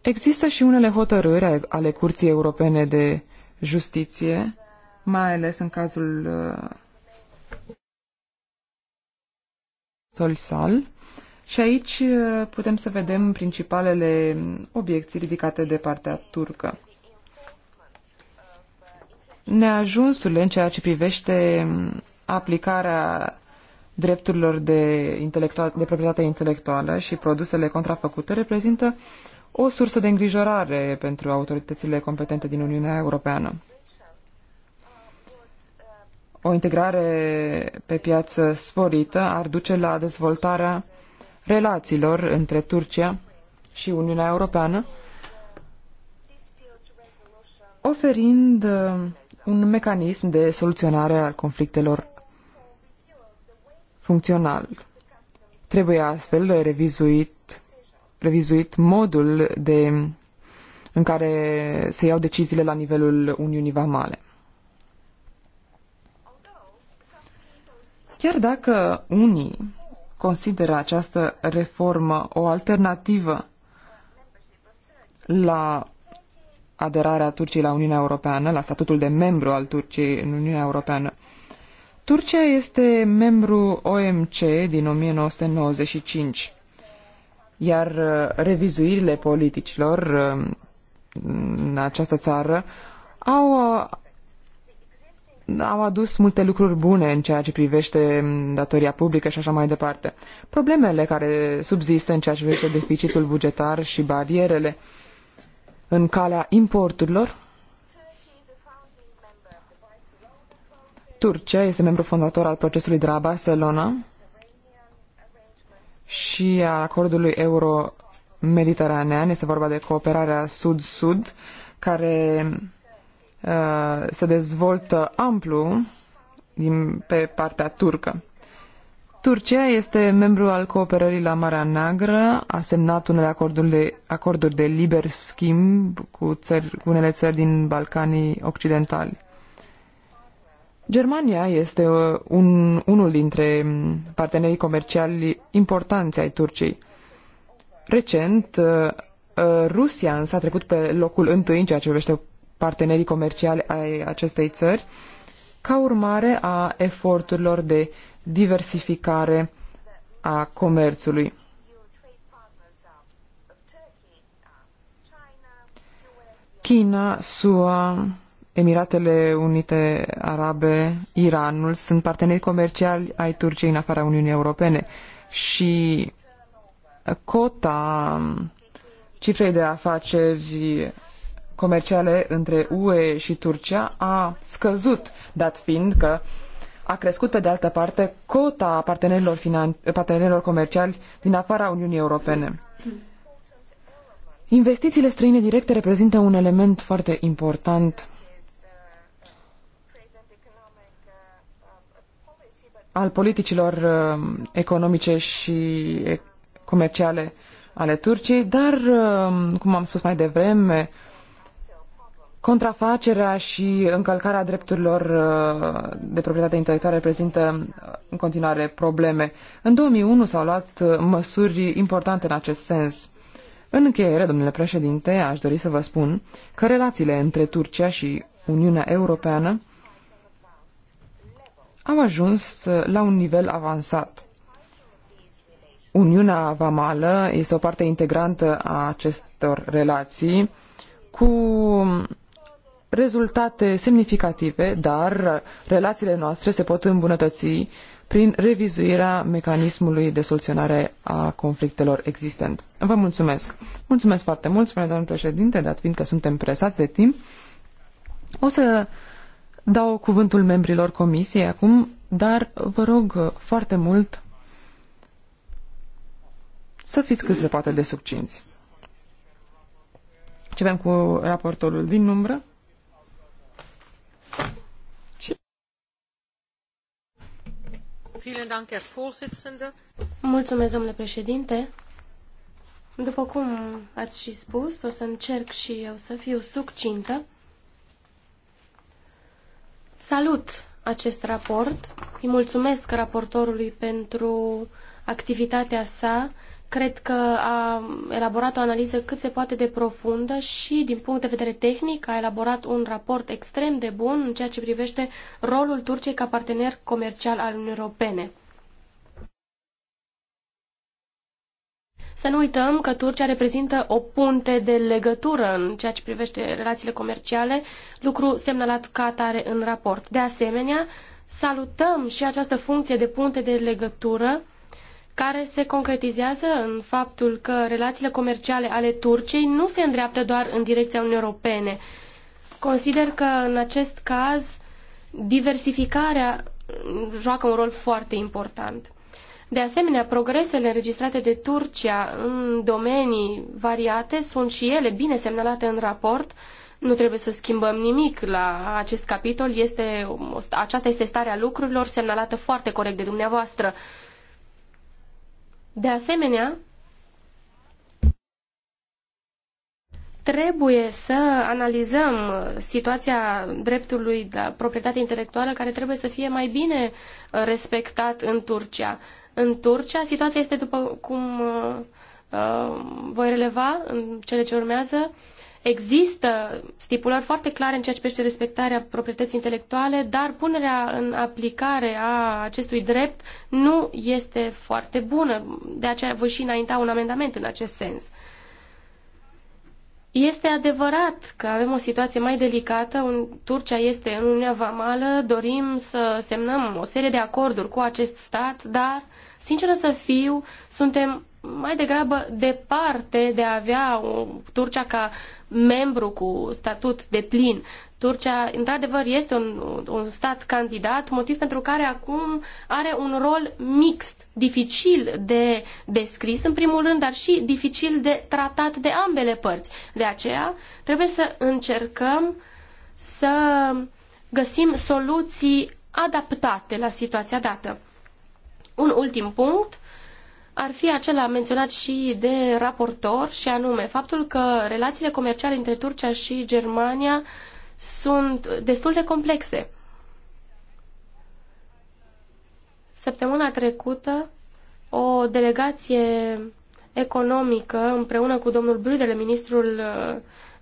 Există și unele hotărâri ale Curții Europene de Justiție, mai ales în cazul uh, Solsal. Și aici uh, putem să vedem principalele obiecții ridicate de partea turcă neajunsurile în ceea ce privește aplicarea drepturilor de, intelectual, de proprietate intelectuală și produsele contrafăcute reprezintă o sursă de îngrijorare pentru autoritățile competente din Uniunea Europeană. O integrare pe piață sporită ar duce la dezvoltarea relațiilor între Turcia și Uniunea Europeană, oferind un mecanism de soluționare al conflictelor funcțional. Trebuie astfel revizuit, revizuit modul de, în care se iau deciziile la nivelul Uniunii Vamale. Chiar dacă unii consideră această reformă o alternativă la aderarea Turciei la Uniunea Europeană, la statutul de membru al Turciei în Uniunea Europeană. Turcia este membru OMC din 1995, iar uh, revizuirile politicilor uh, în această țară au, uh, au adus multe lucruri bune în ceea ce privește um, datoria publică și așa mai departe. Problemele care subzistă în ceea ce privește deficitul bugetar și barierele în calea importurilor. Turcia este membru fondator al procesului de la Barcelona și al acordului euro-mediteranean. Este vorba de cooperarea sud-sud, care uh, se dezvoltă amplu din, pe partea turcă. Turcia este membru al cooperării la Marea Neagră, a semnat unele acorduri de, acorduri de liber schimb cu, țări, cu unele țări din Balcanii Occidentali. Germania este uh, un, unul dintre mm, partenerii comerciali importanți ai Turciei. Recent, uh, uh, Rusia însă a trecut pe locul întâi în ceea ce privește partenerii comerciali ai acestei țări, ca urmare a eforturilor de diversificare a comerțului. China, SUA, Emiratele Unite Arabe, Iranul sunt parteneri comerciali ai Turciei în afara Uniunii Europene și cota cifrei de afaceri comerciale între UE și Turcia a scăzut, dat fiind că uh, a crescut, pe de altă parte, cota partenerilor, finan- partenerilor comerciali din afara Uniunii Europene. Investițiile străine directe reprezintă un element foarte important al politicilor uh, economice și comerciale ale Turciei, dar, uh, cum am spus mai devreme, Contrafacerea și încălcarea drepturilor uh, de proprietate intelectuală reprezintă uh, în continuare probleme. În 2001 s-au luat uh, măsuri importante în acest sens. În încheiere, domnule președinte, aș dori să vă spun că relațiile între Turcia și Uniunea Europeană au ajuns la un nivel avansat. Uniunea Vamală este o parte integrantă a acestor relații cu rezultate semnificative, dar relațiile noastre se pot îmbunătăți prin revizuirea mecanismului de soluționare a conflictelor existent. Vă mulțumesc! Mulțumesc foarte mult, spune domnul președinte, dat fiindcă suntem presați de timp. O să dau cuvântul membrilor comisiei acum, dar vă rog foarte mult să fiți cât se poate de succinți. Începem cu raportorul din umbră, Mulțumesc, domnule președinte. După cum ați și spus, o să încerc și eu să fiu succintă. Salut acest raport. Îi mulțumesc raportorului pentru activitatea sa Cred că a elaborat o analiză cât se poate de profundă și, din punct de vedere tehnic, a elaborat un raport extrem de bun în ceea ce privește rolul Turciei ca partener comercial al Uniunii Europene. Să nu uităm că Turcia reprezintă o punte de legătură în ceea ce privește relațiile comerciale, lucru semnalat ca atare în raport. De asemenea, salutăm și această funcție de punte de legătură care se concretizează în faptul că relațiile comerciale ale Turciei nu se îndreaptă doar în direcția Uniunii Europene. Consider că în acest caz diversificarea joacă un rol foarte important. De asemenea, progresele înregistrate de Turcia în domenii variate sunt și ele bine semnalate în raport. Nu trebuie să schimbăm nimic la acest capitol. Este, aceasta este starea lucrurilor semnalată foarte corect de dumneavoastră. Uh, de asemenea, trebuie să analizăm situația dreptului la proprietate intelectuală care trebuie să fie mai bine uh, respectat în Turcia. În Turcia situația este după cum uh, uh voi releva în cele ce urmează uh, Există stipulări foarte clare în ceea ce privește respectarea proprietății intelectuale, dar punerea în aplicare a acestui drept nu este foarte bună. De aceea voi și înainta un amendament în acest sens. Este adevărat că avem o situație mai delicată. În Turcia este în Uniunea Vamală, dorim să semnăm o serie de acorduri cu acest stat, dar, sinceră să fiu, suntem mai degrabă departe de a avea o, Turcia ca membru cu statut de plin. Turcia, într-adevăr, este un, un stat candidat, motiv pentru care acum are un rol mixt, dificil de descris, în primul rând, dar și dificil de tratat de ambele părți. De aceea, trebuie să încercăm să găsim soluții adaptate la situația dată. Un ultim punct ar fi acela menționat și de raportor, și anume faptul că relațiile comerciale între Turcia și Germania sunt destul de complexe. Săptămâna trecută, o delegație economică împreună cu domnul Brudele, ministrul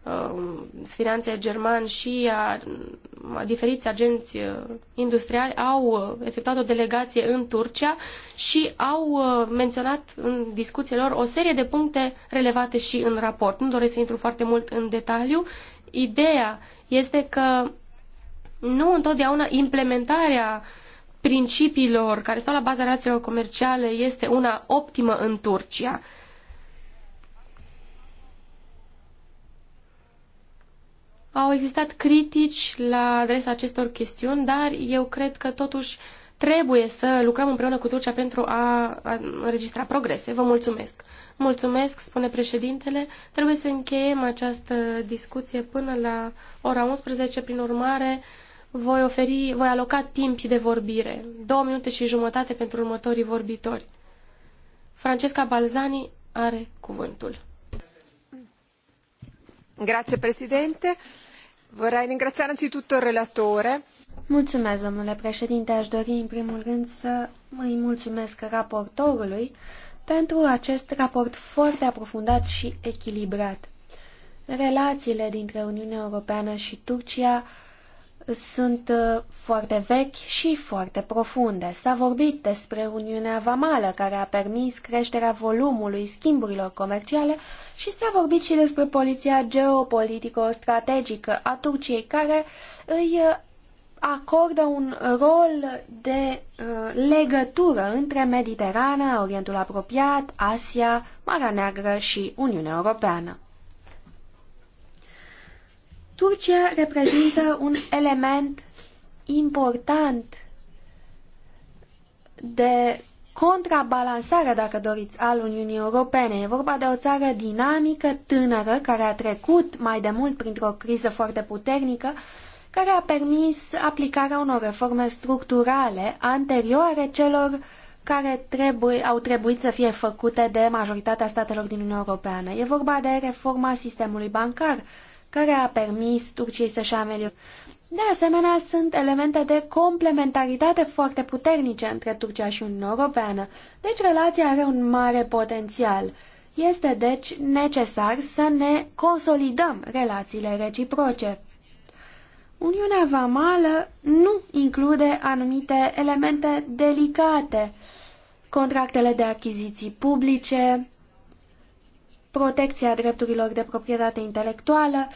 Uh, finanțe germani și a, a diferiți agenți uh, industriali au uh, efectuat o delegație în Turcia și au menționat în discuțiile lor o serie de puncte relevate și în raport. Nu doresc să intru foarte mult în detaliu. Ideea este că nu întotdeauna implementarea principiilor care stau la baza relațiilor comerciale este una optimă în Turcia. Au existat critici la adresa acestor chestiuni, dar eu cred că totuși trebuie să lucrăm împreună cu Turcia pentru a înregistra progrese. Vă mulțumesc! Mulțumesc, spune președintele. Trebuie să încheiem această discuție până la ora 11. Prin urmare, voi, oferi, voi aloca timp de vorbire. Două minute și jumătate pentru următorii vorbitori. Francesca Balzani are cuvântul. Grazie, președinte. Vorrei ringraziare anzitutto il relatore. Mulțumesc, domnule președinte. Aș dori, în primul rând, să îi mulțumesc raportorului pentru acest raport foarte aprofundat și echilibrat. Relațiile dintre Uniunea Europeană și Turcia sunt uh, foarte vechi și foarte profunde. S-a vorbit despre Uniunea Vamală, care a permis creșterea volumului schimburilor comerciale și s-a vorbit și despre poliția geopolitico-strategică a Turciei, care îi uh, acordă un rol de uh, legătură între Mediterana, Orientul Apropiat, Asia, Marea Neagră și Uniunea Europeană. Turcia reprezintă un element important de contrabalansare, dacă doriți, al Uniunii Europene. E vorba de o țară dinamică, tânără, care a trecut mai de mult printr-o criză foarte puternică, care a permis aplicarea unor reforme structurale anterioare celor care trebuie, au trebuit să fie făcute de majoritatea statelor din Uniunea Europeană. E vorba de reforma sistemului bancar, care a permis Turciei să-și ameliu. De asemenea, sunt elemente de complementaritate foarte puternice între Turcia și Uniunea Europeană, deci relația are un mare potențial. Este deci necesar să ne consolidăm relațiile reciproce. Uniunea Vamală nu include anumite elemente delicate, contractele de achiziții publice, protecția drepturilor de proprietate intelectuală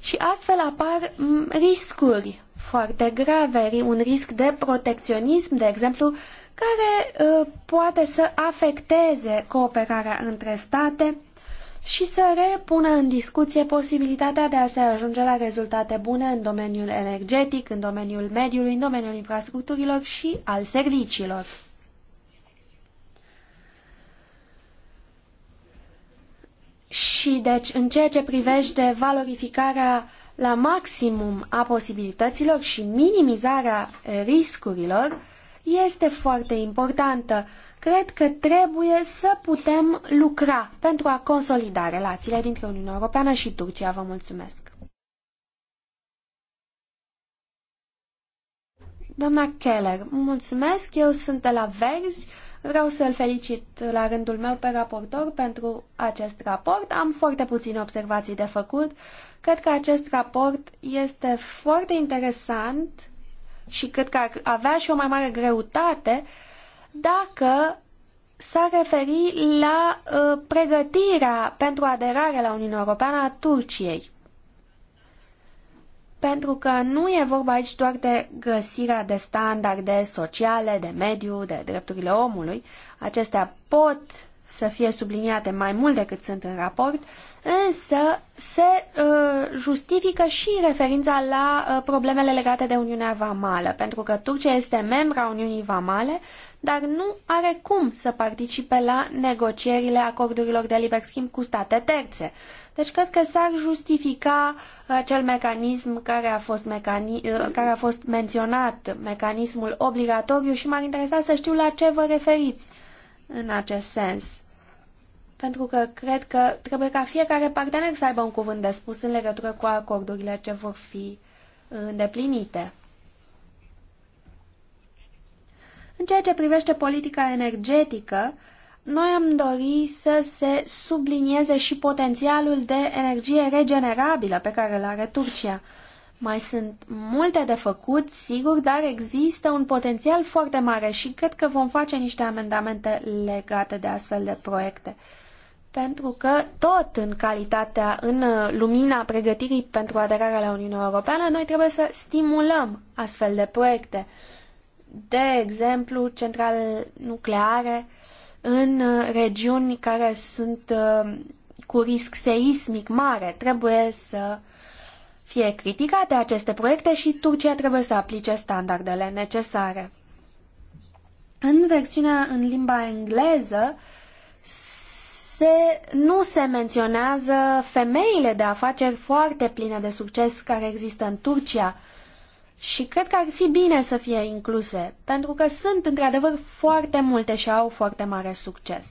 și astfel apar riscuri foarte grave, un risc de protecționism, de exemplu, care uh, poate să afecteze cooperarea între state și să repună în discuție posibilitatea de a se ajunge la rezultate bune în domeniul energetic, în domeniul mediului, în domeniul infrastructurilor și al serviciilor. Și deci, în ceea ce privește valorificarea la maximum a posibilităților și minimizarea riscurilor, este foarte importantă. Cred că trebuie să putem lucra pentru a consolida relațiile dintre Uniunea Europeană și Turcia. Vă mulțumesc! Doamna Keller, mulțumesc, eu sunt de la Verzi Vreau să-l felicit la rândul meu pe raportor pentru acest raport. Am foarte puține observații de făcut. Cred că acest raport este foarte interesant și cred că ar avea și o mai mare greutate dacă s-a referit la uh, pregătirea pentru aderare la Uniunea Europeană a Turciei pentru că nu e vorba aici doar de găsirea de standarde sociale, de mediu, de drepturile omului. Acestea pot să fie subliniate mai mult decât sunt în raport, însă se uh, justifică și referința la uh, problemele legate de Uniunea Vamală, pentru că Turcia este membra Uniunii Vamale, dar nu are cum să participe la negocierile acordurilor de liber schimb cu state terțe. Deci cred că s-ar justifica uh, acel mecanism care a, fost mecani- uh, care a fost menționat, mecanismul obligatoriu și m-ar interesa să știu la ce vă referiți. Uh, în acest sens. Pentru că cred că trebuie ca fiecare partener să aibă un cuvânt de spus în legătură cu acordurile ce vor fi îndeplinite. În ceea ce privește politica energetică, noi am dori să se sublinieze și potențialul de energie regenerabilă pe care îl are Turcia. Mai sunt multe de făcut, sigur, dar există un potențial foarte mare și cred că vom face niște amendamente legate de astfel de proiecte. Pentru că tot în calitatea, în uh, lumina pregătirii pentru aderarea la Uniunea Europeană, noi trebuie să stimulăm astfel de proiecte. De exemplu, centrale nucleare în uh, regiuni care sunt uh, cu risc seismic mare. Trebuie să uh, fie criticate aceste proiecte și Turcia trebuie să aplice standardele necesare. În versiunea în limba engleză se, nu se menționează femeile de afaceri foarte pline de succes care există în Turcia și cred că ar fi bine să fie incluse, pentru că sunt într-adevăr foarte multe și au foarte mare succes.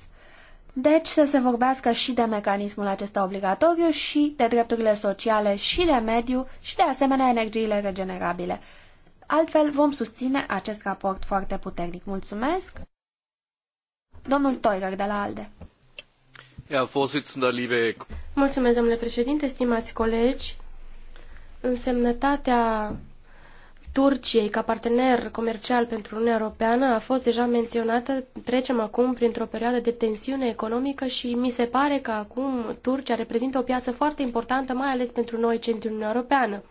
Deci să se vorbească și de mecanismul acesta obligatoriu și de drepturile sociale și de mediu și de asemenea energiile regenerabile. Altfel vom susține acest raport foarte puternic. Mulțumesc! Domnul Toirer de la ALDE. Mulțumesc, domnule președinte, stimați colegi. Însemnătatea Turciei ca partener comercial pentru Uniunea Europeană a fost deja menționată. Trecem acum printr-o perioadă de tensiune economică și mi se pare că acum Turcia reprezintă o piață foarte importantă, mai ales pentru noi, cei din Uniunea Europeană.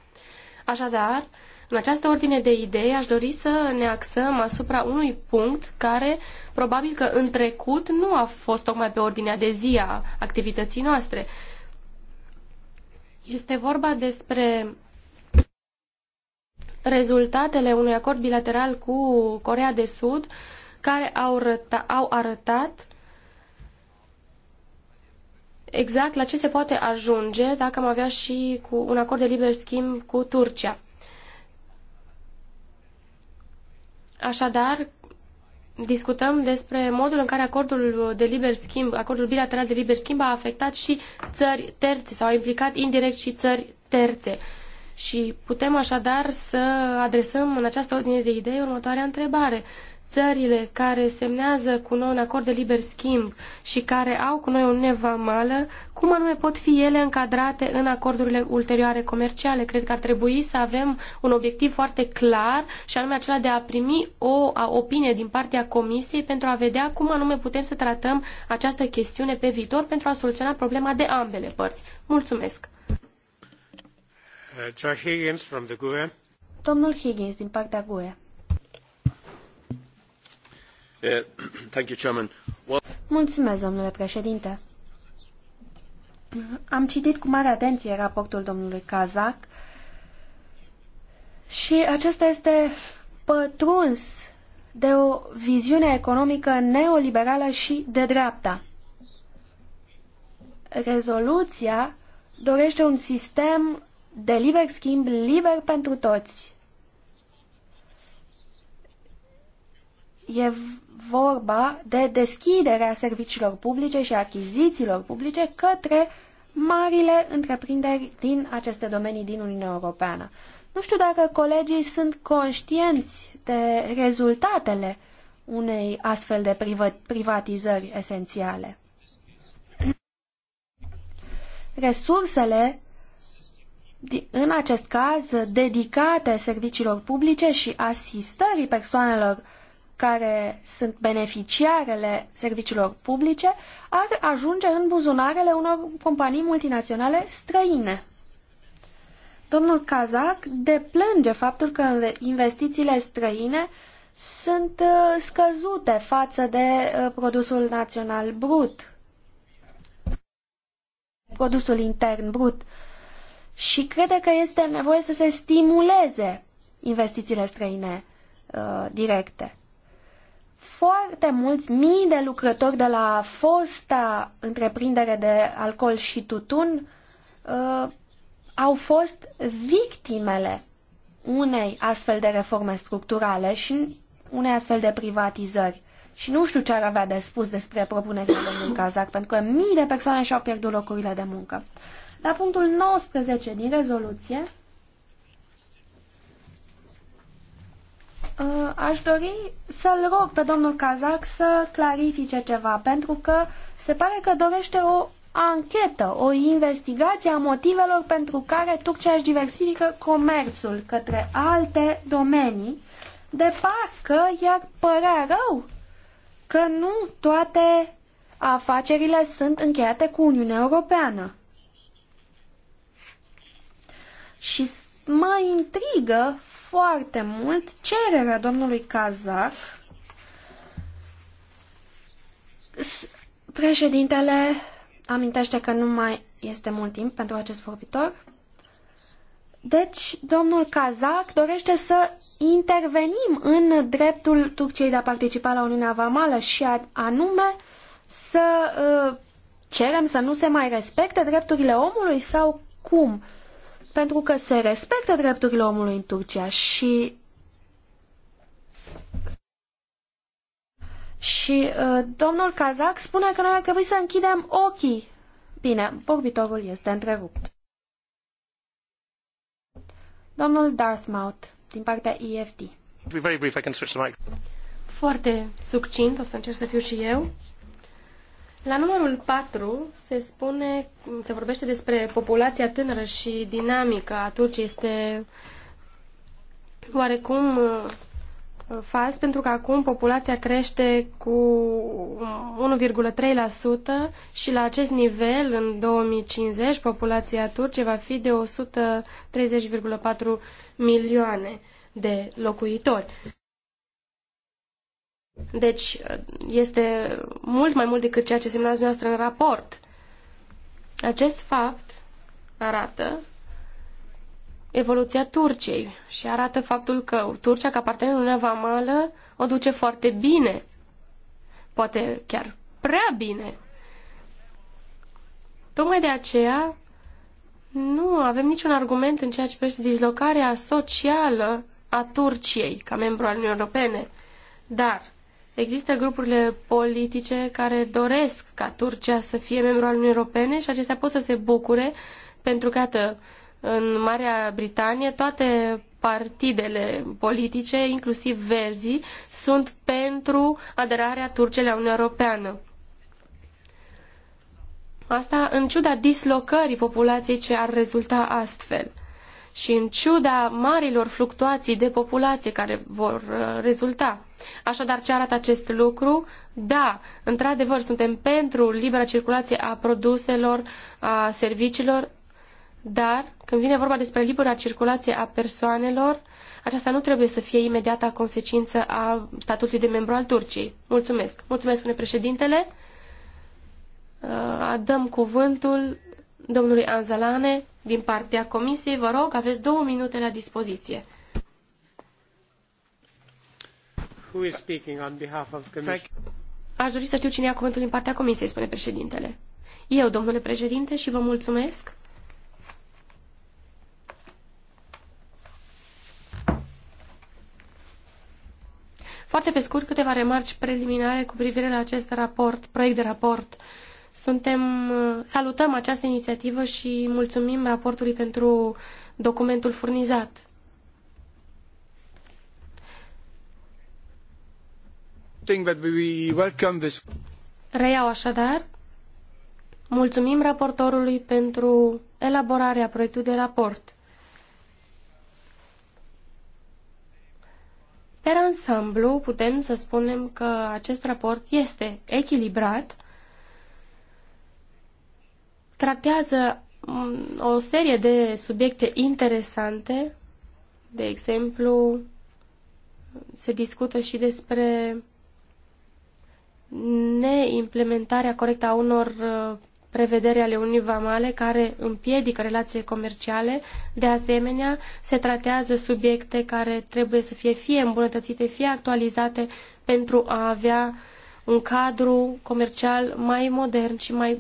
Așadar, în această ordine de idei aș dori să ne axăm asupra unui punct care probabil că în trecut nu a fost tocmai pe ordinea de zi a activității noastre. Este vorba despre rezultatele unui acord bilateral cu Corea de Sud care au, răta, au arătat exact la ce se poate ajunge dacă am avea și cu un acord de liber schimb cu Turcia. Așadar, discutăm despre modul în care acordul de liber schimb, acordul bilateral de liber schimb a afectat și țări terțe sau a implicat indirect și țări terțe. Și putem așadar să adresăm în această ordine de idei următoarea întrebare. Țările care semnează cu noi un acord de liber schimb și care au cu noi o nevamală, cum anume pot fi ele încadrate în acordurile ulterioare comerciale? Cred că ar trebui să avem un obiectiv foarte clar și anume acela de a primi o opinie din partea Comisiei pentru a vedea cum anume putem să tratăm această chestiune pe viitor pentru a soluționa problema de ambele părți. Mulțumesc! Uh, Joe Higgins from the GUE. Domnul Higgins din partea GUE. Thank you, Chairman. Well... Mulțumesc, domnule președinte. Am citit cu mare atenție raportul domnului Kazak și acesta este pătruns de o viziune economică neoliberală și de dreapta. Rezoluția dorește un sistem de liber schimb, liber pentru toți. E vorba de deschiderea serviciilor publice și achizițiilor publice către marile întreprinderi din aceste domenii din Uniunea Europeană. Nu știu dacă colegii sunt conștienți de rezultatele unei astfel de privatizări esențiale. Resursele în acest caz dedicate serviciilor publice și asistării persoanelor care sunt beneficiarele serviciilor publice ar ajunge în buzunarele unor companii multinaționale străine. Domnul Kazak deplânge faptul că investițiile străine sunt uh, scăzute față de uh, produsul național brut, produsul intern brut și crede că este nevoie să se stimuleze investițiile străine uh, directe. Foarte mulți mii de lucrători de la fosta întreprindere de alcool și tutun uh, au fost victimele unei astfel de reforme structurale și unei astfel de privatizări. Și nu știu ce ar avea de spus despre propunerile de muncă Cazac, pentru că mii de persoane și-au pierdut locurile de muncă. La punctul 19 din rezoluție, uh, aș dori să-l rog pe domnul Cazac să clarifice ceva, pentru că se pare că dorește o anchetă, o investigație a motivelor pentru care Turcia își diversifică comerțul către alte domenii, de parcă i-ar părea rău că nu toate afacerile sunt încheiate cu Uniunea Europeană și mă intrigă foarte mult cererea domnului Kazak Președintele amintește că nu mai este mult timp pentru acest vorbitor. Deci, domnul Kazak dorește să intervenim în dreptul Turciei de a participa la Uniunea Vamală și anume să uh, cerem să nu se mai respecte drepturile omului sau cum? Uh, pentru că se respectă drepturile omului în Turcia și și uh, domnul Kazak spune că noi ar trebui să închidem ochii. Bine, vorbitorul este întrerupt. Domnul Darthmouth, din partea EFT Foarte succint, o să încerc să fiu și eu. La numărul 4 se spune, se vorbește despre populația tânără și dinamică a Turciei. Este oarecum uh, fals, pentru că acum populația crește cu 1,3% și la acest nivel, în 2050, populația Turciei va fi de 130,4 milioane de locuitori. Deci este mult mai mult decât ceea ce semnați noastră în raport. Acest fapt arată evoluția Turciei și arată faptul că Turcia, ca în Uniunea Vamală, o duce foarte bine. Poate chiar prea bine. Tocmai de aceea nu avem niciun argument în ceea ce privește dislocarea socială a Turciei ca membru al Uniunii Europene. Dar Există grupurile politice care doresc ca Turcia să fie membru al Uniunii Europene și acestea pot să se bucure pentru că, iată, în Marea Britanie toate partidele politice, inclusiv verzii, sunt pentru aderarea Turciei la Uniunea Europeană. Asta în ciuda dislocării populației ce ar rezulta astfel și în ciuda marilor fluctuații de populație care vor uh, rezulta. Așadar, ce arată acest lucru? Da, într-adevăr, suntem pentru libera circulație a produselor, a serviciilor, dar când vine vorba despre libera circulație a persoanelor, aceasta nu trebuie să fie imediata consecință a statutului de membru al Turciei. Mulțumesc. Mulțumesc, spune președintele. Uh, dăm cuvântul domnului Anzalane din partea comisiei. Vă rog, aveți două minute la dispoziție. Who is speaking on behalf of commission? Aș dori să știu cine ia cuvântul din partea comisiei, spune președintele. Eu, domnule președinte, și vă mulțumesc. Foarte pe scurt, câteva remarci preliminare cu privire la acest raport, proiect de raport. Suntem, salutăm această inițiativă și mulțumim raportului pentru documentul furnizat. Reiau așadar. Mulțumim raportorului pentru elaborarea proiectului de raport. Per ansamblu, putem să spunem că acest raport este echilibrat, tratează mm, o serie de subiecte interesante, de exemplu, se discută și despre neimplementarea corectă a unor uh, prevederi ale unii vamale care împiedică relațiile comerciale. De asemenea, se tratează subiecte care trebuie să fie fie îmbunătățite, fie actualizate pentru a avea un cadru comercial mai modern și mai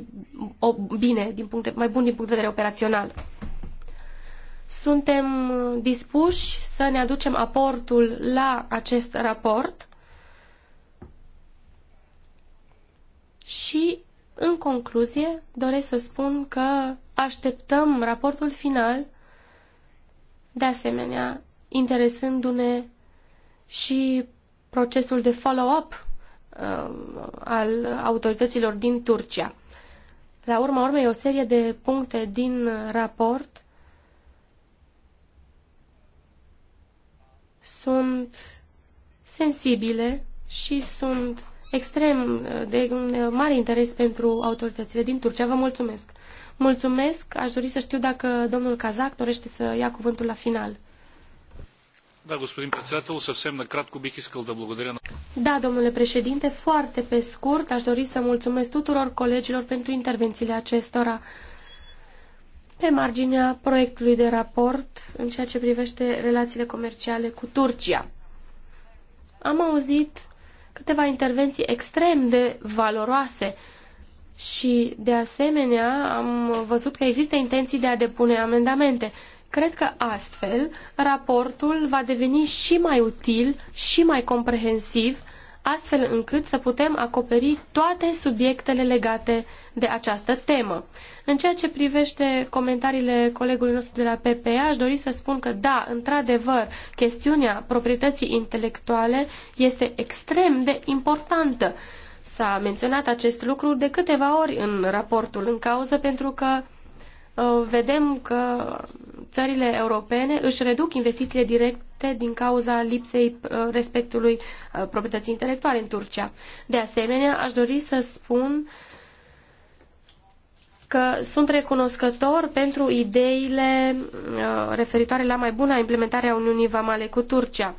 bine, din punct de, mai bun din punct de vedere operațional. Suntem dispuși să ne aducem aportul la acest raport Și, în concluzie, doresc să spun că așteptăm raportul final, de asemenea, interesându-ne și procesul de follow-up um, al autorităților din Turcia. La urma urmei, o serie de puncte din raport sunt sensibile și sunt extrem de uh, mare interes pentru autoritățile din Turcia. Vă mulțumesc! Mulțumesc! Aș dori să știu dacă domnul Kazak dorește să ia cuvântul la final. Da, господин председател, съвсем накратко бих искал да благодаря Da, domnule președinte, foarte pe scurt aș dori să mulțumesc tuturor colegilor pentru intervențiile acestora pe marginea proiectului de raport în ceea ce privește relațiile comerciale cu Turcia. Am auzit câteva intervenții extrem de valoroase și, de asemenea, am văzut că există intenții de a depune amendamente. Cred că astfel raportul va deveni și mai util și mai comprehensiv astfel încât să putem acoperi toate subiectele legate de această temă. În ceea ce privește comentariile colegului nostru de la PPA, aș dori să spun că, da, într-adevăr, chestiunea proprietății intelectuale este extrem de importantă. S-a menționat acest lucru de câteva ori în raportul în cauză pentru că Uh, vedem că țările europene își reduc investițiile directe din cauza lipsei uh, respectului uh, proprietății intelectuale în Turcia. De asemenea, aș dori să spun că sunt recunoscător pentru ideile referitoare la mai bună implementare a Uniunii Vamale cu Turcia.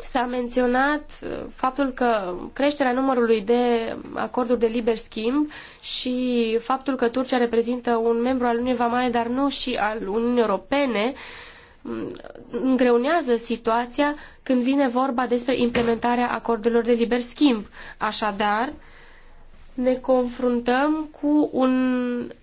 S-a menționat uh, faptul că creșterea numărului de acorduri de liber schimb și faptul că Turcia reprezintă un membru al Uniunii Vamale, dar nu și al Uniunii Europene, mm, îngreunează situația când vine vorba despre implementarea acordurilor de liber schimb. Așadar, ne confruntăm cu un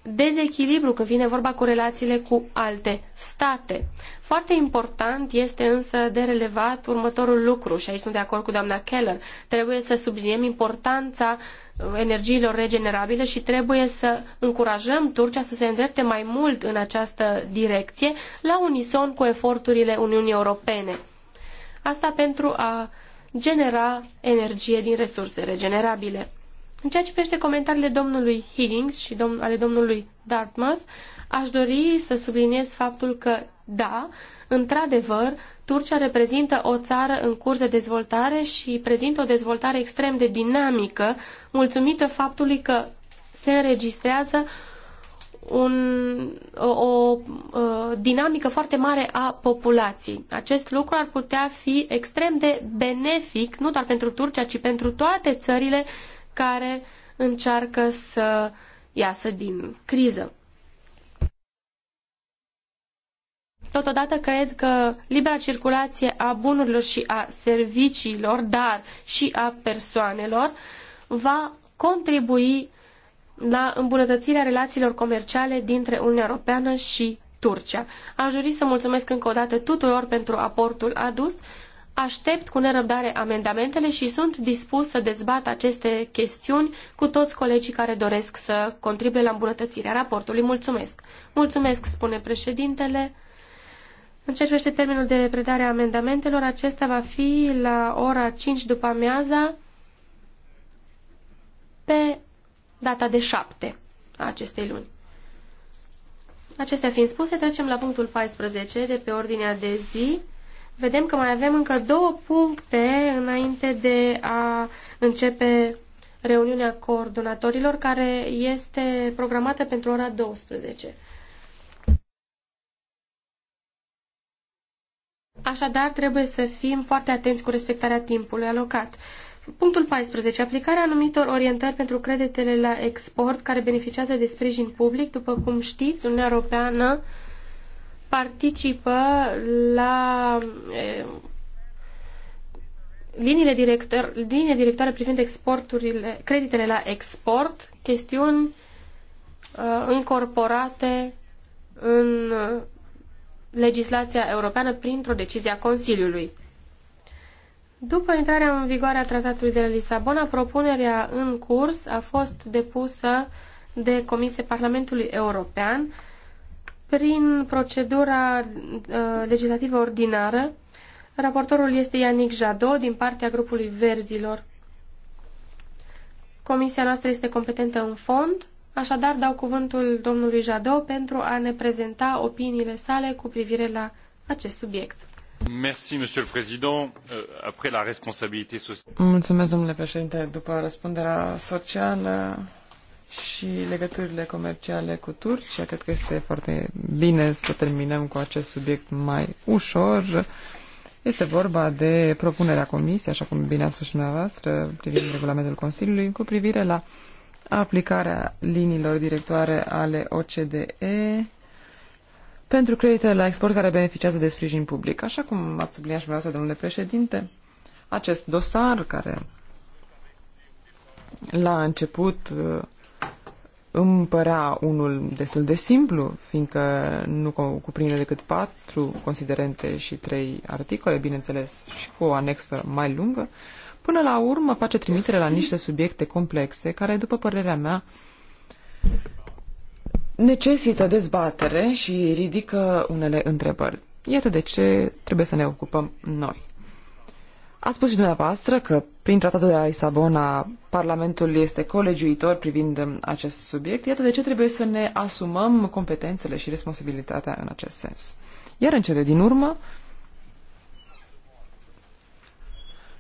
dezechilibru când vine vorba cu relațiile cu alte state. Foarte important este însă de relevat următorul lucru și aici sunt de acord cu doamna Keller. Trebuie să subliniem importanța energiilor regenerabile și trebuie să încurajăm Turcia să se îndrepte mai mult în această direcție la unison cu eforturile Uniunii Europene. Asta pentru a genera energie din resurse regenerabile. În ceea ce privește comentariile domnului Higgins și ale domnului Dartmouth, aș dori să subliniez faptul că da, într-adevăr, Turcia reprezintă o țară în curs de dezvoltare și prezintă o dezvoltare extrem de dinamică, mulțumită faptului că se înregistrează un, o, o, uh, dinamică foarte mare a populației. Acest lucru ar putea fi extrem de benefic, nu doar pentru Turcia, ci pentru toate țările care încearcă să iasă din criză. Totodată cred că libera circulație a bunurilor și a serviciilor, dar și a persoanelor, va contribui la îmbunătățirea relațiilor comerciale dintre Uniunea Europeană și Turcia. Aș dori să mulțumesc încă o dată tuturor pentru aportul adus. Aștept cu nerăbdare amendamentele și sunt dispus să dezbat aceste chestiuni cu toți colegii care doresc să contribuie la îmbunătățirea raportului. Mulțumesc! Mulțumesc, spune președintele. În ceea ce privește termenul de predare a amendamentelor, acesta va fi la ora 5 după amiaza pe data de 7 a acestei luni. Acestea fiind spuse, trecem la punctul 14 de pe ordinea de zi. Vedem că mai avem încă două puncte înainte de a începe reuniunea coordonatorilor, care este programată pentru ora 12. Așadar, trebuie să fim foarte atenți cu respectarea timpului alocat. Punctul 14. Aplicarea anumitor orientări pentru creditele la export care beneficiază de sprijin public. După cum știți, Uniunea Europeană participă la e, liniile director, linie directoare privind exporturile, creditele la export, chestiuni uh, incorporate în legislația europeană printr-o decizie a Consiliului. După intrarea în vigoare a Tratatului de la Lisabona, propunerea în curs a fost depusă de Comisia Parlamentului European prin procedura uh, legislativă ordinară. Raportorul este Ianic Jadot din partea grupului Verzilor. Comisia noastră este competentă în fond Așadar, dau cuvântul domnului Jadot pentru a ne prezenta opiniile sale cu privire la acest subiect. Euh, Mulțumesc, domnule președinte. După răspunderea socială și legăturile comerciale cu Turcia, cred că este foarte bine să terminăm cu acest subiect mai ușor. Este vorba de propunerea Comisiei, așa cum bine a spus și dumneavoastră, privind regulamentul Consiliului, cu privire la aplicarea liniilor directoare ale OCDE pentru creditele la export care beneficiază de sprijin public. Așa cum ați subliniat și vreau domnule președinte, acest dosar care la început uh, împărea unul destul de simplu, fiindcă nu cuprinde decât patru considerente și trei articole, bineînțeles, și cu o anexă mai lungă, Până la urmă face trimitere la niște subiecte complexe care, după părerea mea, necesită dezbatere și ridică unele întrebări. Iată de ce trebuie să ne ocupăm noi. A spus și dumneavoastră că prin tratatul de la Lisabona Parlamentul este colegiuitor privind acest subiect. Iată de ce trebuie să ne asumăm competențele și responsabilitatea în acest sens. Iar în cele din urmă,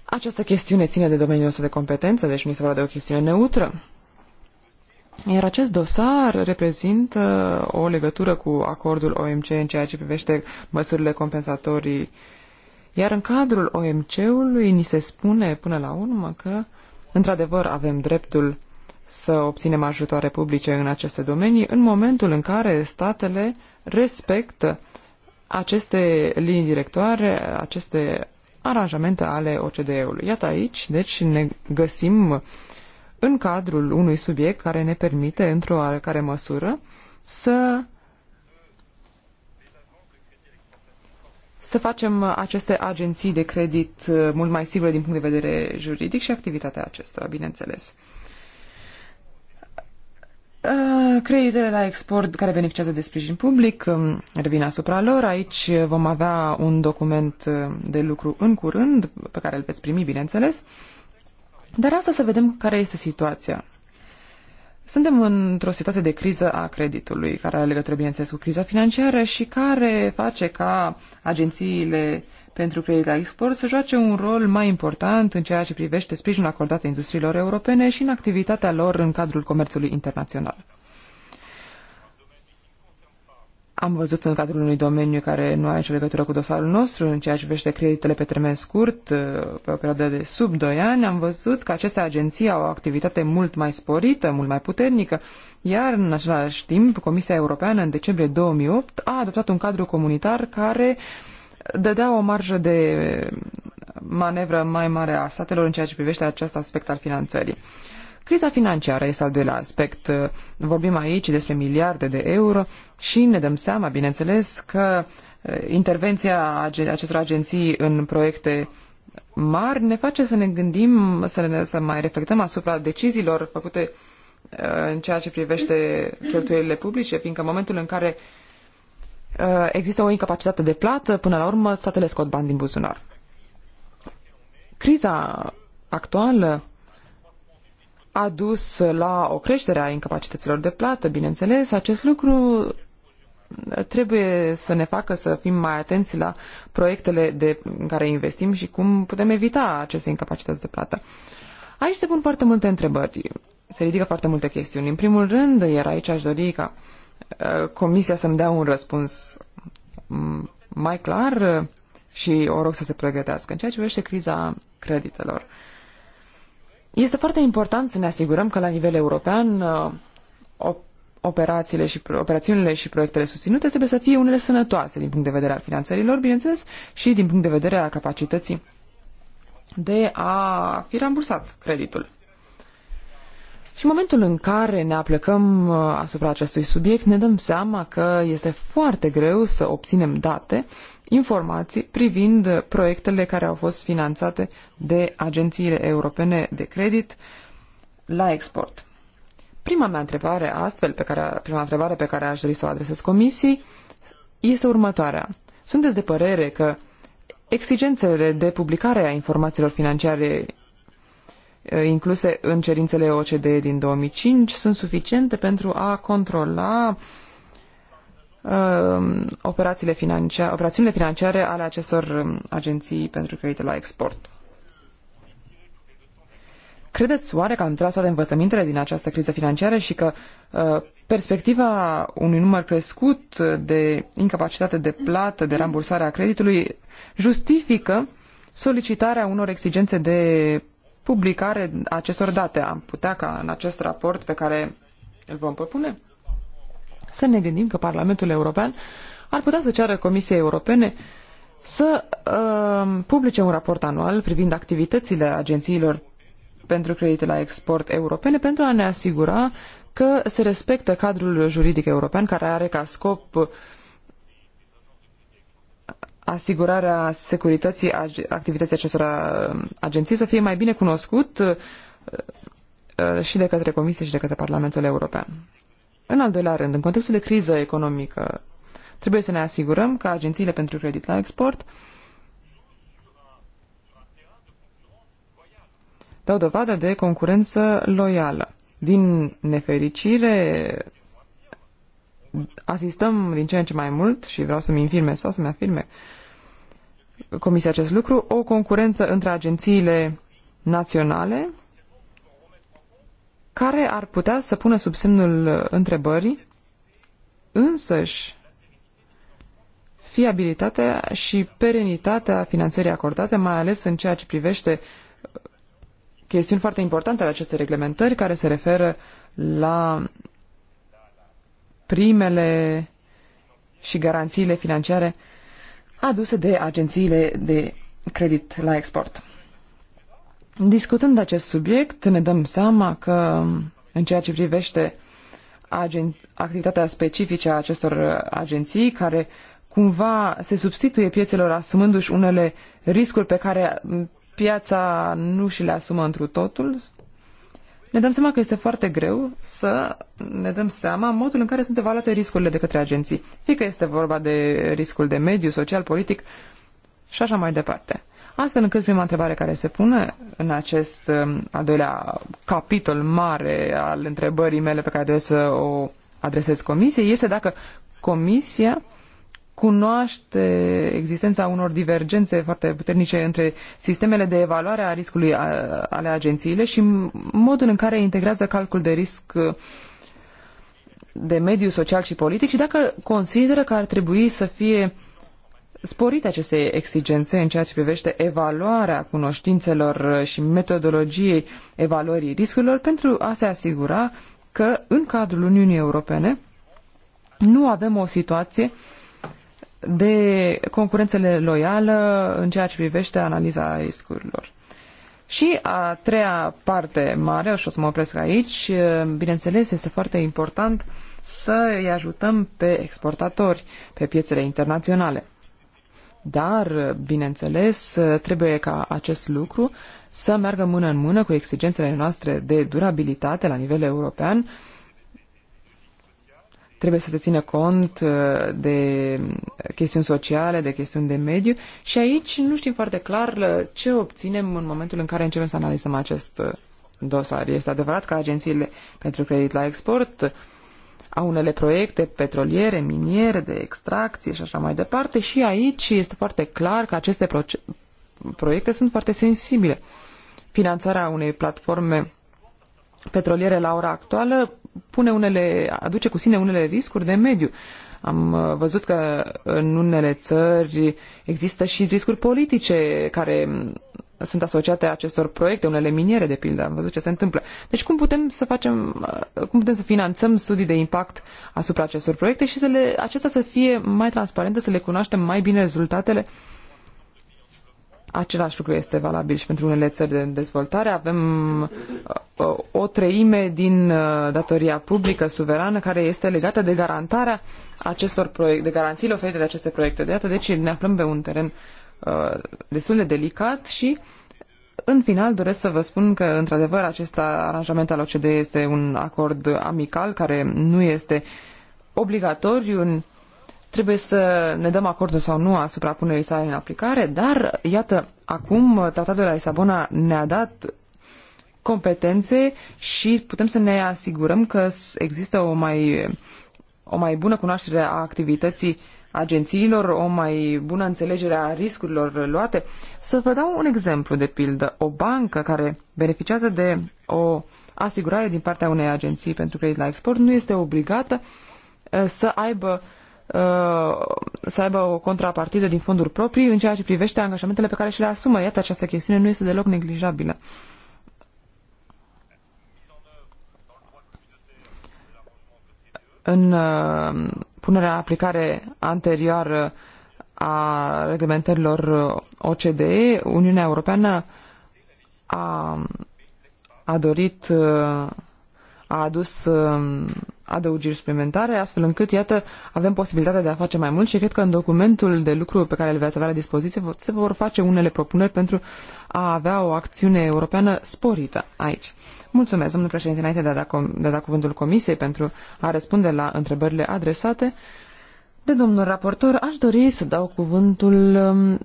Această chestiune ține de domeniul nostru de competență, deci mi se vorba de o chestiune neutră. Iar acest dosar reprezintă uh, o legătură cu acordul OMC în ceea ce privește măsurile compensatorii. Iar în cadrul OMC-ului ni se spune până la urmă că, într-adevăr, avem dreptul să obținem ajutoare publice în aceste domenii în momentul în care statele respectă aceste linii directoare, aceste aranjamente ale OCDE-ului. Iată aici, deci ne găsim în cadrul unui subiect care ne permite, într-o oarecare măsură, să să facem aceste agenții de credit mult mai sigure din punct de vedere juridic și activitatea acestora, bineînțeles. Uh, creditele la export care beneficiază de sprijin public um, revin asupra lor. Aici vom avea un document uh, de lucru în curând, pe care îl veți primi, bineînțeles. Dar asta să vedem care este situația. Suntem într-o situație de criză a creditului, care are legătură, bineînțeles, cu criza financiară și care face ca agențiile pentru credit la export să joace un rol mai important în ceea ce privește sprijinul acordat industriilor europene și în activitatea lor în cadrul comerțului internațional. Am văzut în cadrul unui domeniu care nu are nicio legătură cu dosarul nostru, în ceea ce privește creditele pe termen scurt, uh, pe o perioadă de sub 2 ani, am văzut că aceste agenții au o activitate mult mai sporită, mult mai puternică, iar în același timp Comisia Europeană în decembrie 2008 a adoptat un cadru comunitar care uh, dădea o marjă de manevră mai mare a statelor în ceea ce privește acest aspect al finanțării. Criza financiară este al doilea aspect. Vorbim aici despre miliarde de euro și ne dăm seama, bineînțeles, că eh, intervenția acestor agenții în proiecte mari ne face să ne gândim, să, ne, să mai reflectăm asupra deciziilor făcute eh, în ceea ce privește cheltuielile publice, fiindcă în momentul în care uh, Uh, există o incapacitate de plată, până la urmă statele scot bani din buzunar. Criza actuală a dus la o creștere a incapacităților de plată, bineînțeles. Acest lucru trebuie să ne facă să fim mai atenți la proiectele de, în care investim și cum putem evita aceste incapacități de plată. Aici se pun foarte multe întrebări, se ridică foarte multe chestiuni. În primul rând, iar aici aș dori ca uh, Uh, comisia să-mi dea un răspuns mm, mai clar uh, și o rog să se pregătească. În ceea ce privește criza creditelor, este foarte important să ne asigurăm că la nivel european uh, operațiile și, operațiunile și proiectele susținute trebuie să fie unele sănătoase din punct de vedere al finanțărilor, bineînțeles, și din punct de vedere al capacității de a fi rambursat creditul. Și în momentul în care ne aplecăm uh, asupra acestui subiect, ne dăm seama că este foarte greu să obținem date, informații privind proiectele care au fost finanțate de agențiile europene de credit la export. Prima mea întrebare astfel, pe care, prima întrebare pe care aș dori să o adresez comisiei, este următoarea. Sunteți de părere că exigențele de publicare a informațiilor financiare Eh, incluse în cerințele OCDE din 2005 sunt suficiente pentru a controla ehm, operațiile financiare, operațiunile financiare ale acestor ehm, agenții pentru credite la export. Credeți oare că am tras toate învățămintele din această criză financiară și că uh, perspectiva unui număr crescut de incapacitate de plată, de rambursare a creditului, justifică solicitarea unor exigențe de publicare acestor date. Am putea ca în acest raport pe care îl vom propune să ne gândim că Parlamentul European ar putea să ceară Comisiei Europene să uh, publice un raport anual privind activitățile agențiilor pentru credite la export europene pentru a ne asigura că se respectă cadrul juridic european care are ca scop asigurarea securității activității acestor uh, agenții să fie mai bine cunoscut uh, uh, și de către Comisie și de către Parlamentul European. În al doilea rând, în contextul de criză economică, trebuie să ne asigurăm că agențiile pentru credit la export dau dovadă de concurență loială. Din nefericire, asistăm din ce în ce mai mult și vreau să-mi infirme sau să-mi afirme Comisia acest lucru, o concurență între agențiile naționale care ar putea să pună sub semnul întrebării însăși fiabilitatea și perenitatea finanțării acordate, mai ales în ceea ce privește uh, chestiuni foarte importante ale acestei reglementări care se referă la primele și garanțiile financiare aduse de agențiile de credit la export. Discutând acest subiect, ne dăm seama că în ceea ce privește agen- activitatea specifică a acestor agenții, care cumva se substituie piețelor asumându-și unele riscuri pe care piața nu și le asumă întru totul, ne dăm seama că este foarte greu să ne dăm seama modul în care sunt evaluate riscurile de către agenții. Fie că este vorba de riscul de mediu, social, politic și așa mai departe. Astfel încât prima întrebare care se pune în acest um, al doilea capitol mare al întrebării mele pe care trebuie să o adresez comisiei este dacă comisia cunoaște existența unor divergențe foarte puternice între sistemele de evaluare a riscului ale agențiile și modul în care integrează calcul de risc uh, de mediu social și politic și dacă consideră că ar trebui să fie sporite aceste exigențe în ceea ce privește evaluarea cunoștințelor și metodologiei evaluării riscurilor pentru a se asigura că în cadrul Uniunii Europene nu avem o situație uh, de concurențele loială în ceea ce privește analiza riscurilor. Și a treia parte mare, și o să mă opresc aici, bineînțeles, este foarte important să îi ajutăm pe exportatori pe piețele internaționale. Dar, bineînțeles, trebuie ca acest lucru să meargă mână în mână cu exigențele noastre de durabilitate la nivel european, trebuie să se țină cont uh, de chestiuni sociale, de chestiuni de mediu și aici nu știm foarte clar uh, ce obținem în momentul în care începem să analizăm acest uh, dosar. Este adevărat că agențiile pentru credit la export au unele proiecte petroliere, miniere, de extracție și așa mai departe și aici este foarte clar că aceste proiecte sunt foarte sensibile. Finanțarea unei platforme petroliere la ora actuală pune unele, aduce cu sine unele riscuri de mediu. Am uh, văzut că în unele țări există și riscuri politice care mm, sunt asociate acestor proiecte, unele miniere, de pildă. Am văzut ce se întâmplă. Deci cum putem să facem, uh, cum putem să finanțăm studii de impact asupra acestor proiecte și să le, acestea să fie mai transparente, să le cunoaștem mai bine rezultatele uh, Același lucru este valabil și pentru unele țări de dezvoltare. Avem uh, uh, o treime din uh, datoria publică suverană care este legată de garantarea acestor proiecte, de garanțiile oferite de aceste proiecte. De iată, deci ne aflăm pe un teren destul de delicat și în final doresc să vă spun că într-adevăr acest aranjament al OCDE este un acord amical care nu este obligatoriu Trebuie să ne dăm acordul sau nu asupra punerii sale în aplicare, dar, iată, acum tratatul de la Lisabona ne-a dat competențe și putem să ne asigurăm că există o mai, o mai bună cunoaștere a activității agențiilor, o mai bună înțelegere a riscurilor luate. Să vă dau un exemplu, de pildă, o bancă care beneficiază de o asigurare din partea unei agenții pentru credit la export nu este obligată eh, să aibă uh, Uh, să aibă o contrapartidă din fonduri proprii în ceea ce privește angajamentele pe care și le asumă. Iată, această chestiune nu este deloc neglijabilă. În uh, punerea în aplicare anterioară a reglementărilor OCDE, Uniunea Europeană a, a dorit, uh, a adus adăugiri suplimentare, astfel încât, iată, avem posibilitatea de a face mai mult și cred că în documentul de lucru pe care îl veți avea la dispoziție se vor face unele propuneri pentru a avea o acțiune europeană sporită aici. Mulțumesc, domnule președinte, înainte de a da, com- de a da cuvântul comisiei pentru a răspunde la întrebările adresate. De domnul raportor, aș dori să dau cuvântul um,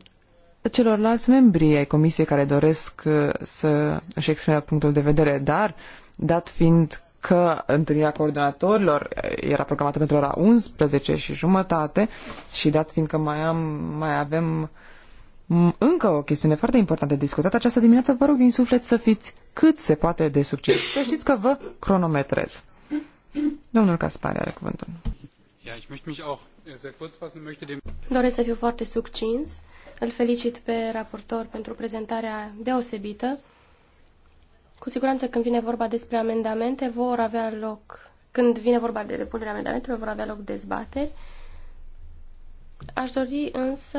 celorlalți membri ai comisiei care doresc uh, să își exprime punctul de vedere, dar dat fiind că întâlnirea coordonatorilor era programată pentru ora 11 și jumătate și dat fiindcă mai, am, mai avem încă o chestiune foarte importantă de discutat această dimineață, vă rog din suflet să fiți cât se poate de succes. Să știți că vă cronometrez. Domnul Caspari are cuvântul. Doresc să fiu foarte succins. Îl felicit pe raportor pentru prezentarea deosebită. Cu siguranță când vine vorba despre amendamente vor avea loc, când vine vorba de depunerea amendamentelor vor avea loc dezbateri. Aș dori însă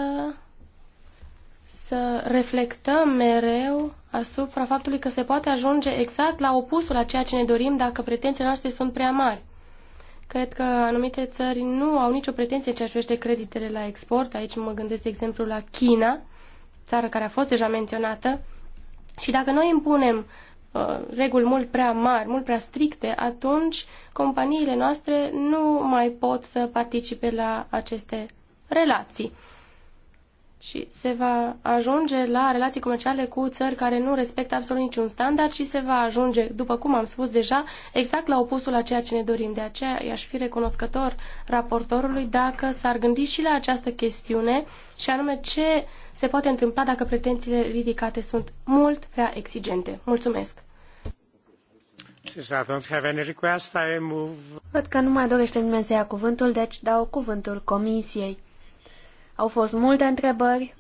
să reflectăm mereu asupra faptului că se poate ajunge exact la opusul a ceea ce ne dorim dacă pretențiile noastre sunt prea mari. Cred că anumite țări nu au nicio pretenție ce privește creditele la export. Aici mă gândesc, de exemplu, la China, țară care a fost deja menționată. Și dacă noi impunem Uh, reguli mult prea mari, mult prea stricte, atunci companiile noastre nu mai pot să participe la aceste relații. Și se va ajunge la relații comerciale cu țări care nu respectă absolut niciun standard și se va ajunge, după cum am spus deja, exact la opusul a ceea ce ne dorim. De aceea i-aș fi recunoscător raportorului dacă s-ar gândi și la această chestiune și anume ce se poate întâmpla dacă pretențiile ridicate sunt mult prea exigente. Mulțumesc! Văd că nu mai dorește nimeni să ia cuvântul, deci dau cuvântul comisiei. Au fost multe întrebări,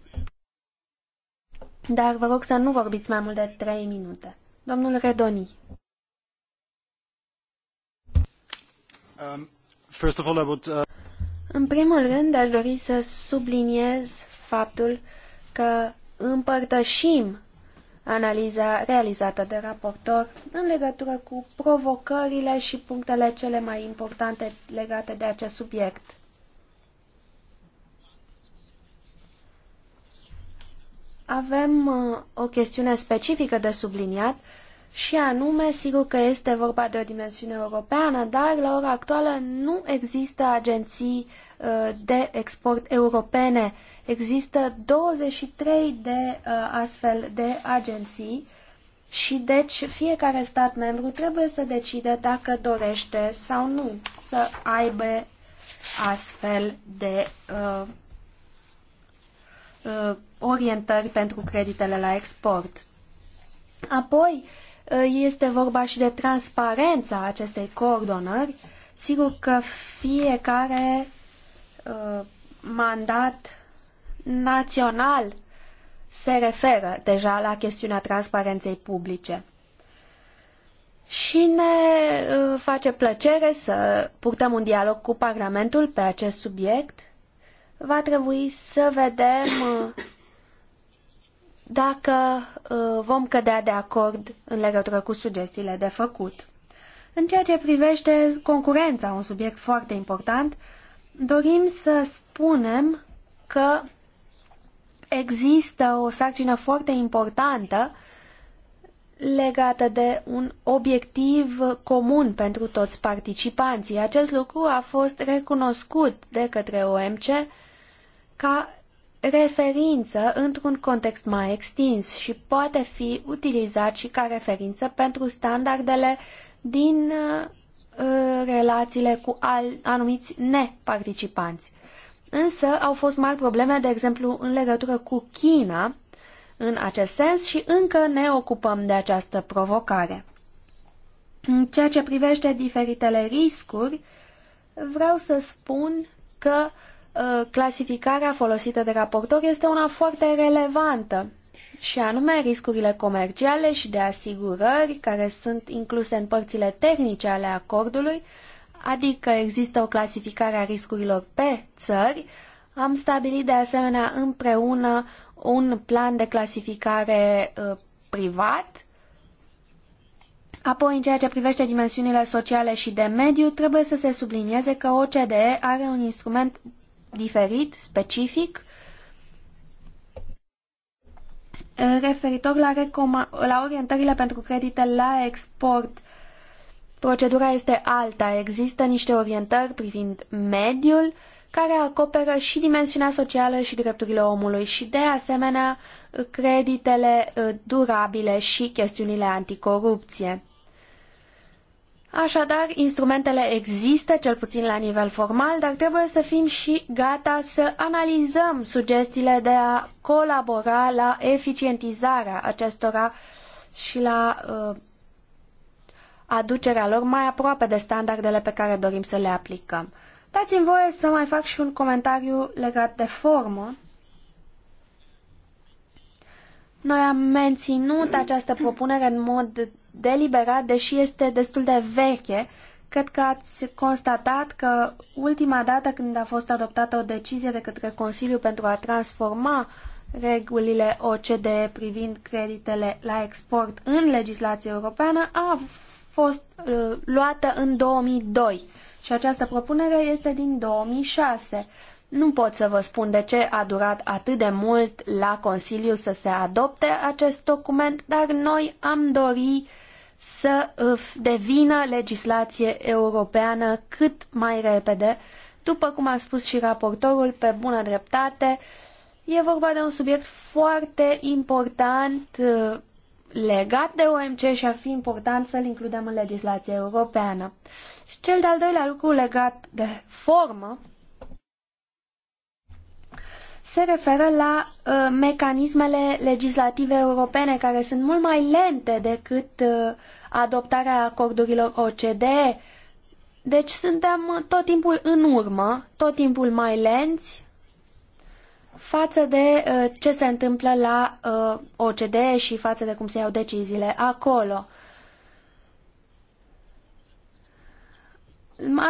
dar vă rog să nu vorbiți mai mult de trei minute. Domnul Redoni. Um, uh, În primul rând, aș dori să subliniez faptul că împărtășim analiza realizată de raportor în legătură cu provocările și punctele cele mai importante legate de acest subiect. Avem uh, o chestiune specifică de subliniat și anume, sigur că este vorba de o dimensiune europeană, dar la ora actuală nu există agenții Uh, de export europene. Există 23 de uh, astfel de agenții și deci fiecare stat membru trebuie să decide dacă dorește sau nu să aibă astfel de uh, orientări pentru creditele la export. Apoi este vorba și de transparența acestei coordonări. Sigur că fiecare Uh, mandat național se referă deja la chestiunea transparenței publice. Și ne uh, face plăcere să purtăm un dialog cu Parlamentul pe acest subiect. Va trebui să vedem uh, dacă vom cădea de acord în legătură cu sugestiile de făcut. În ceea ce privește concurența, un subiect foarte important, Dorim să spunem că există o sarcină foarte importantă legată de un obiectiv comun pentru toți participanții. Acest lucru a fost recunoscut de către OMC ca referință într-un context mai extins și poate fi utilizat și ca referință pentru standardele din uh, Uh, relațiile cu al, anumiți neparticipanți. Însă au fost mari probleme, de exemplu, în legătură cu China, în acest sens și încă ne ocupăm de această provocare. În ceea ce privește diferitele riscuri, vreau să spun că uh, clasificarea folosită de raportor este una foarte relevantă și anume riscurile comerciale și de asigurări care sunt incluse în părțile tehnice ale acordului, adică există o clasificare a riscurilor pe țări, am stabilit de asemenea împreună un plan de clasificare uh, privat. Apoi, în ceea ce privește dimensiunile sociale și de mediu, trebuie să se sublinieze că OCDE are un instrument diferit, specific, referitor la, la orientările pentru credite la export. Procedura este alta. Există niște orientări privind mediul care acoperă și dimensiunea socială și drepturile omului și, de asemenea, creditele uh, durabile și chestiunile anticorupție. Așadar, instrumentele există, cel puțin la nivel formal, dar trebuie să fim și gata să analizăm sugestiile de a colabora la eficientizarea acestora și la uh, aducerea lor mai aproape de standardele pe care dorim să le aplicăm. Dați-mi voie să mai fac și un comentariu legat de formă. Noi am menținut această propunere în mod deliberat, deși este destul de veche, cred că ați constatat că ultima dată când a fost adoptată o decizie de către Consiliu pentru a transforma regulile OCDE privind creditele la export în legislație europeană a fost uh, luată în 2002 și această propunere este din 2006. Nu pot să vă spun de ce a durat atât de mult la Consiliu să se adopte acest document, dar noi am dori să uh, devină legislație europeană cât mai repede. După cum a spus și raportorul, pe bună dreptate, e vorba de un subiect foarte important uh, legat de OMC și ar fi important să-l includem în legislația europeană. Și cel de-al doilea lucru legat de formă se referă la uh, mecanismele legislative europene care sunt mult mai lente decât uh, adoptarea acordurilor OCDE. Deci suntem tot timpul în urmă, tot timpul mai lenți față de uh, ce se întâmplă la uh, OCDE și față de cum se iau deciziile acolo.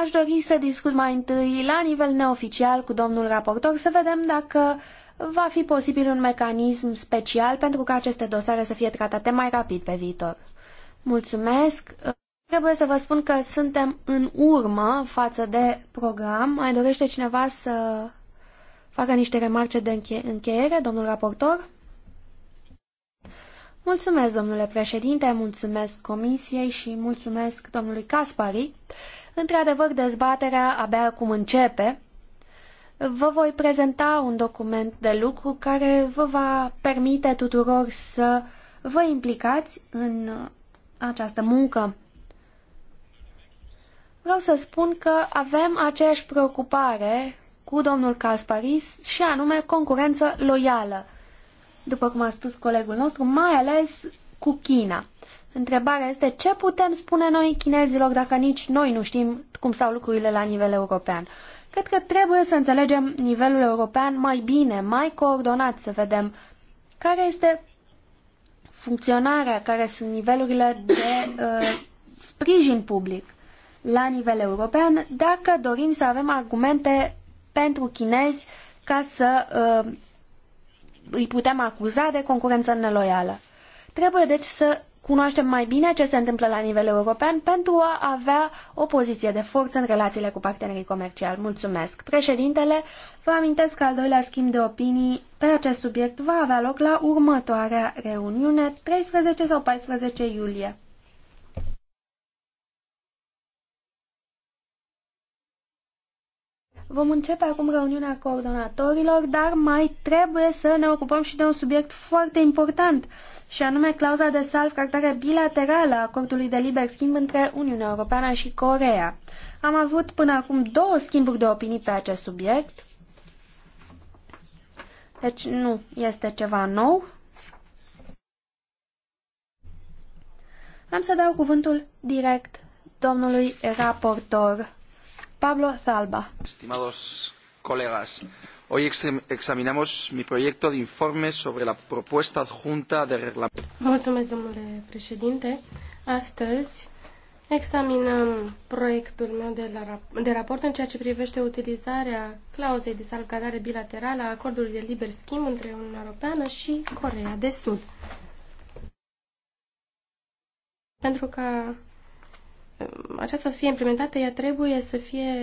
Aș dori să discut mai întâi la nivel neoficial cu domnul raportor să vedem dacă va fi posibil un mecanism special pentru ca aceste dosare să fie tratate mai rapid pe viitor. Mulțumesc! Trebuie să vă spun că suntem în urmă față de program. Mai dorește cineva să facă niște remarce de încheiere, domnul raportor? Mulțumesc, domnule președinte, mulțumesc comisiei și mulțumesc domnului Caspari. Într-adevăr, dezbaterea abia acum începe. Vă voi prezenta un document de lucru care vă va permite tuturor să vă implicați în această muncă. Vreau să spun că avem aceeași preocupare cu domnul Casparis și anume concurență loială după cum a spus colegul nostru, mai ales cu China. Întrebarea este ce putem spune noi chinezilor dacă nici noi nu știm cum stau lucrurile la nivel european. Cred că trebuie să înțelegem nivelul european mai bine, mai coordonat, să vedem care este funcționarea, care sunt nivelurile de uh, sprijin public la nivel european, dacă dorim să avem argumente pentru chinezi ca să uh, îi putem acuza de concurență neloială. Trebuie deci să cunoaștem mai bine ce se întâmplă la nivel european pentru a avea o poziție de forță în relațiile cu partenerii comerciali. Mulțumesc. Președintele, vă amintesc că al doilea schimb de opinii pe acest subiect va avea loc la următoarea reuniune, 13 sau 14 iulie. Vom începe acum reuniunea coordonatorilor, dar mai trebuie să ne ocupăm și de un subiect foarte important, și anume clauza de cartare bilaterală a acordului de liber schimb între Uniunea Europeană și Corea. Am avut până acum două schimburi de opinii pe acest subiect, deci nu este ceva nou. Am să dau cuvântul direct domnului raportor Pablo Zalba. Estimados colegas, hoy examinamos mi proyecto de informe sobre la propuesta adjunta de reglamento. Mulțumesc, domnule președinte. Astăzi examinăm proiectul meu de, la, de raport în ceea ce privește utilizarea clauzei de salvgardare bilaterală a acordului de liber schimb între Uniunea Europeană și Coreea de Sud. Pentru ca aceasta să fie implementată, ea trebuie să fie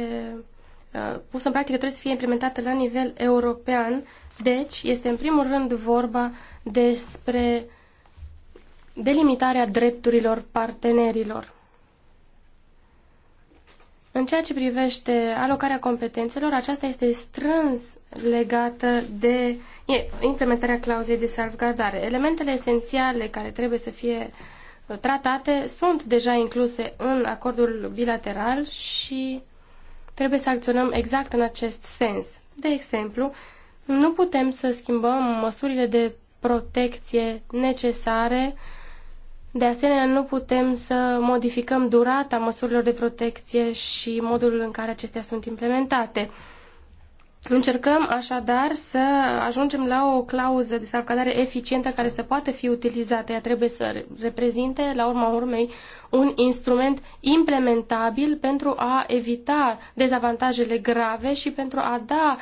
uh, pusă în practică, trebuie să fie implementată la nivel european. Deci, este în primul rând vorba despre delimitarea drepturilor partenerilor. În ceea ce privește alocarea competențelor, aceasta este strâns legată de implementarea clauzei de salvgardare. Elementele esențiale care trebuie să fie uh, tratate sunt deja incluse în acordul bilateral și trebuie să acționăm exact în acest sens. De exemplu, nu putem să schimbăm măsurile de protecție necesare. De asemenea, nu putem să modificăm durata măsurilor de protecție și modul în care acestea sunt implementate. Încercăm așadar să ajungem la o clauză de salvgardare eficientă care să poată fi utilizată. Ea trebuie să reprezinte, la urma urmei, un instrument implementabil pentru a evita dezavantajele grave și pentru a da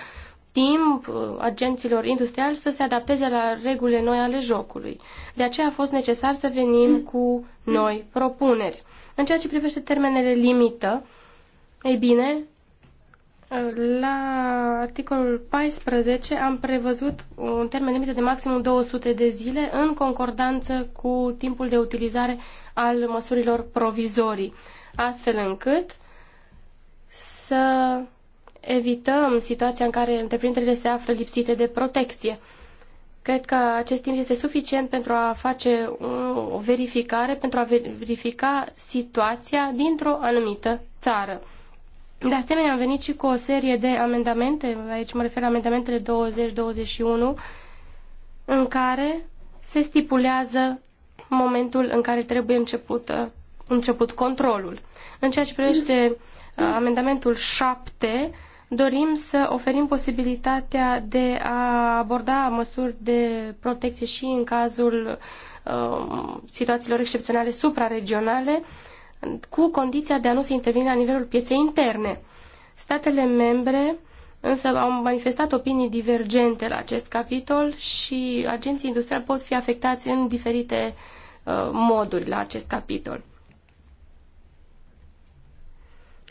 timp uh, agenților industriali să se adapteze la regulile noi ale jocului. De aceea a fost necesar să venim cu noi propuneri. În ceea ce privește termenele limită, ei bine, la articolul 14 am prevăzut un termen limită de maximum 200 de zile în concordanță cu timpul de utilizare al măsurilor provizorii, astfel încât să evităm situația în care întreprinderile se află lipsite de protecție. Cred că acest timp este suficient pentru a face o verificare, pentru a verifica situația dintr-o anumită țară. De asemenea, am venit și cu o serie de amendamente, aici mă refer la amendamentele 20-21, în care se stipulează momentul în care trebuie început, început controlul. În ceea ce privește uh, amendamentul 7, dorim să oferim posibilitatea de a aborda măsuri de protecție și în cazul uh, situațiilor excepționale supraregionale uh, cu condiția de a nu se interveni la nivelul pieței interne. Statele membre însă au manifestat opinii divergente la acest capitol și agenții industriali pot fi afectați în diferite uh, moduri la acest capitol.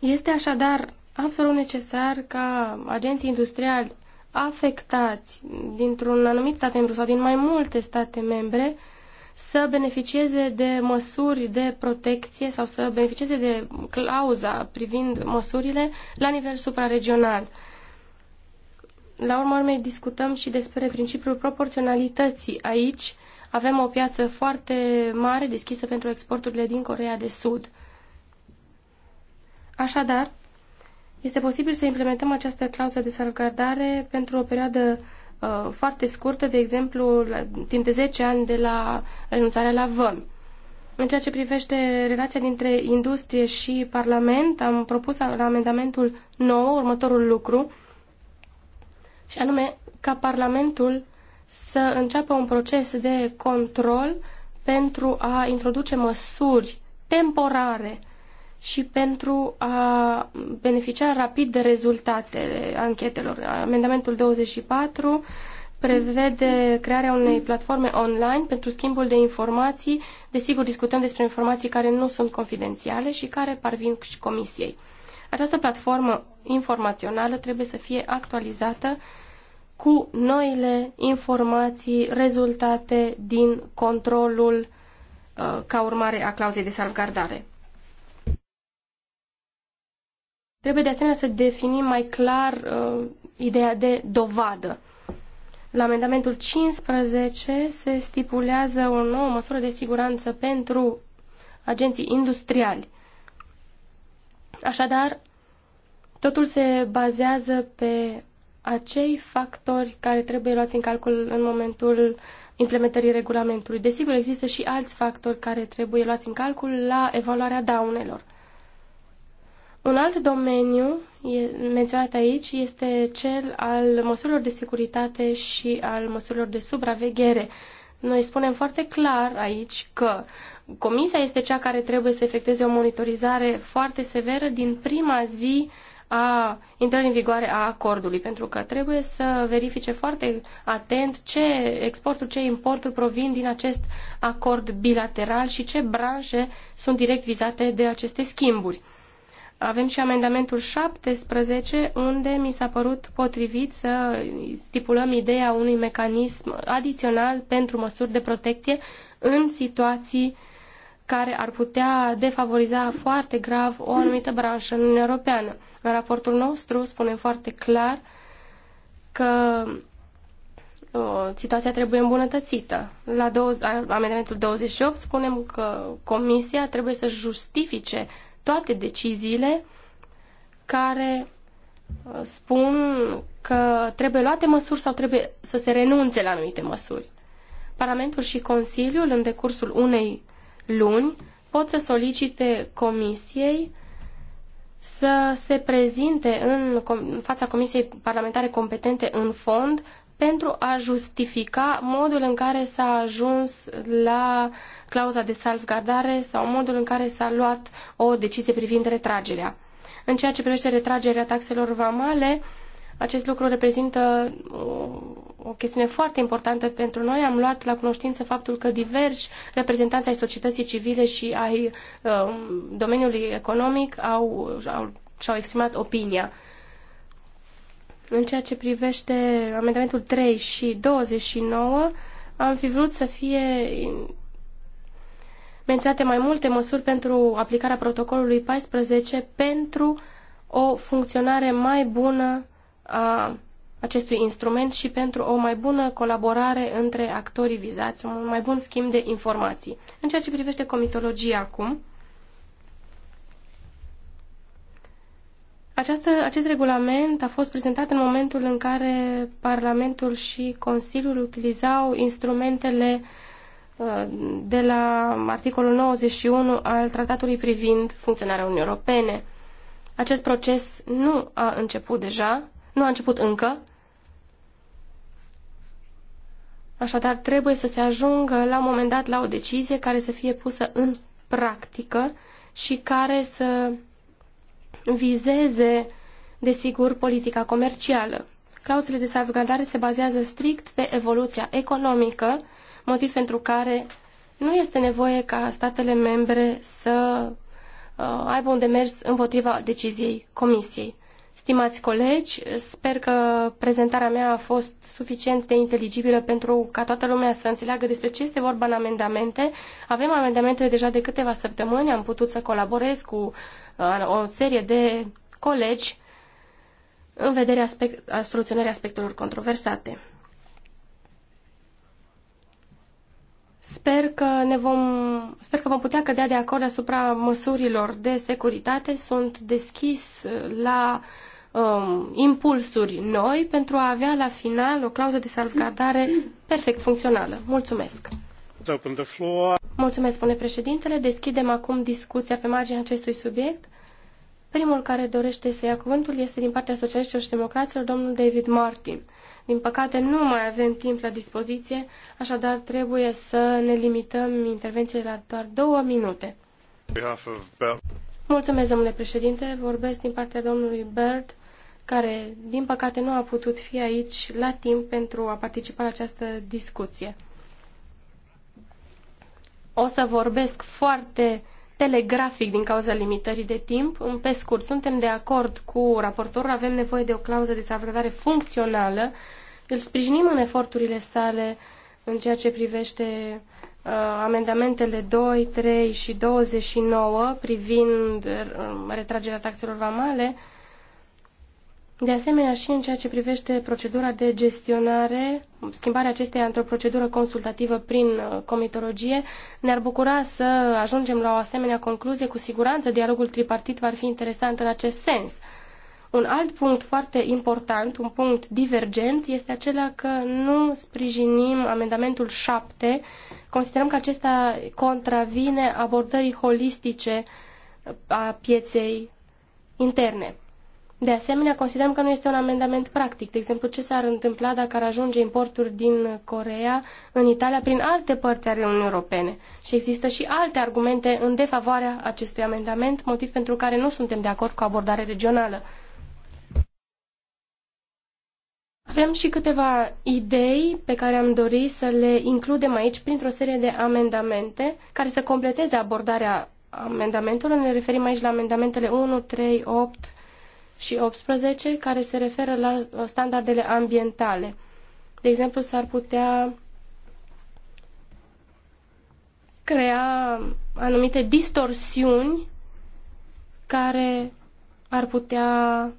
Este așadar absolut necesar ca agenții industriali afectați dintr-un anumit stat membru sau din mai multe state membre să beneficieze de măsuri de protecție sau să beneficieze de clauza privind măsurile la nivel supraregional. La urmă urmei discutăm și despre principiul proporționalității. Aici avem o piață foarte mare deschisă pentru exporturile din Corea de Sud. Așadar, este posibil să implementăm această clauză de salvgardare pentru o perioadă Uh, foarte scurtă, de exemplu, la, timp de 10 ani de la renunțarea la văm. În ceea ce privește relația dintre industrie și Parlament, am propus la amendamentul nou, următorul lucru, și anume ca Parlamentul să înceapă un proces de control pentru a introduce măsuri temporare și pentru a beneficia rapid de rezultatele anchetelor. Amendamentul 24 prevede crearea unei platforme online pentru schimbul de informații. Desigur, discutăm despre informații care nu sunt confidențiale și care parvin și comisiei. Această platformă informațională trebuie să fie actualizată cu noile informații rezultate din controlul uh, ca urmare a clauzei de salvgardare. Trebuie de asemenea să definim mai clar uh, ideea de dovadă. La amendamentul 15 se stipulează o nouă măsură de siguranță pentru agenții industriali. Așadar, totul se bazează pe acei factori care trebuie luați în calcul în momentul implementării regulamentului. Desigur, există și alți factori care trebuie luați în calcul la evaluarea daunelor. Un alt domeniu menționat aici este cel al măsurilor de securitate și al măsurilor de supraveghere. Noi spunem foarte clar aici că comisia este cea care trebuie să efectueze o monitorizare foarte severă din prima zi a intrării în vigoare a acordului, pentru că trebuie să verifice foarte atent ce exporturi, ce importuri provin din acest acord bilateral și ce branșe sunt direct vizate de aceste schimburi. Avem și amendamentul 17, unde mi s-a părut potrivit să stipulăm ideea unui mecanism adițional pentru măsuri de protecție în situații care ar putea defavoriza foarte grav o anumită branșă în Uniunea Europeană. În raportul nostru spunem foarte clar că uh, situația trebuie îmbunătățită. La 20, amendamentul 28 spunem că Comisia trebuie să justifice toate deciziile care uh, spun că trebuie luate măsuri sau trebuie să se renunțe la anumite măsuri. Parlamentul și Consiliul, în decursul unei luni, pot să solicite Comisiei să se prezinte în, fața Comisiei Parlamentare competente în fond pentru a justifica modul în care s-a ajuns la clauza de salvgardare sau modul în care s-a luat o decizie privind retragerea. În ceea ce privește retragerea taxelor vamale, acest lucru reprezintă o, chestiune foarte importantă pentru noi. Am luat la cunoștință faptul că diversi reprezentanți ai societății civile și ai uh, domeniului economic au, au, și-au exprimat opinia în ceea ce privește amendamentul 3 și 29, am fi vrut să fie menționate mai multe măsuri pentru aplicarea protocolului 14 pentru o funcționare mai bună a acestui instrument și pentru o mai bună colaborare între actorii vizați, un mai bun schimb de informații. În ceea ce privește comitologia acum, Această, acest regulament a fost prezentat în momentul în care Parlamentul și Consiliul utilizau instrumentele uh, de la articolul 91 al tratatului privind funcționarea Uniunii Europene. Acest proces nu a început deja, nu a început încă. Așadar, trebuie să se ajungă la un moment dat la o decizie care să fie pusă în practică și care să vizeze, desigur, politica comercială. Clauzele de salvgardare se bazează strict pe evoluția economică, motiv pentru care nu este nevoie ca statele membre să uh, aibă un demers împotriva deciziei Comisiei. Stimați colegi, sper că prezentarea mea a fost suficient de inteligibilă pentru ca toată lumea să înțeleagă despre ce este vorba în amendamente. Avem amendamente deja de câteva săptămâni, am putut să colaborez cu uh, o serie de colegi în vederea aspect, a soluționării aspectelor controversate. Sper că, ne vom, sper că vom putea cădea de acord asupra măsurilor de securitate. Sunt deschis uh, la uh, um, impulsuri noi pentru a avea la final o clauză de salvgardare perfect funcțională. Mulțumesc! Mulțumesc, spune președintele. Deschidem acum discuția pe marginea acestui subiect. Primul care dorește să ia cuvântul este din partea Socialiștilor și Democraților, domnul David Martin. Din păcate, nu mai avem timp la dispoziție, așadar trebuie să ne limităm intervențiile la doar două minute. Mulțumesc, domnule președinte. Vorbesc din partea domnului Bird, care, din păcate, nu a putut fi aici la timp pentru a participa la această discuție. O să vorbesc foarte telegrafic din cauza limitării de timp. Pe scurt, suntem de acord cu raportorul, avem nevoie de o clauză de salvare funcțională. Îl sprijinim în eforturile sale în ceea ce privește uh, amendamentele 2, 3 și 29 privind uh, retragerea taxelor vamale. De asemenea, și în ceea ce privește procedura de gestionare, schimbarea acesteia într-o procedură consultativă prin uh, comitologie, ne-ar bucura să ajungem la o asemenea concluzie. Cu siguranță, dialogul tripartit va fi interesant în acest sens. Un alt punct foarte important, un punct divergent, este acela că nu sprijinim amendamentul 7. Considerăm că acesta contravine abordării holistice a pieței interne. De asemenea, considerăm că nu este un amendament practic. De exemplu, ce s-ar întâmpla dacă ar ajunge importuri din Corea în Italia prin alte părți ale Uniunii Europene? Și există și alte argumente în defavoarea acestui amendament, motiv pentru care nu suntem de acord cu abordarea regională. Avem și câteva idei pe care am dorit să le includem aici printr-o serie de amendamente care să completeze abordarea amendamentelor. Ne referim aici la amendamentele 1, 3, 8, și 18, care se referă la uh, standardele ambientale. De exemplu, s-ar putea crea anumite distorsiuni care ar putea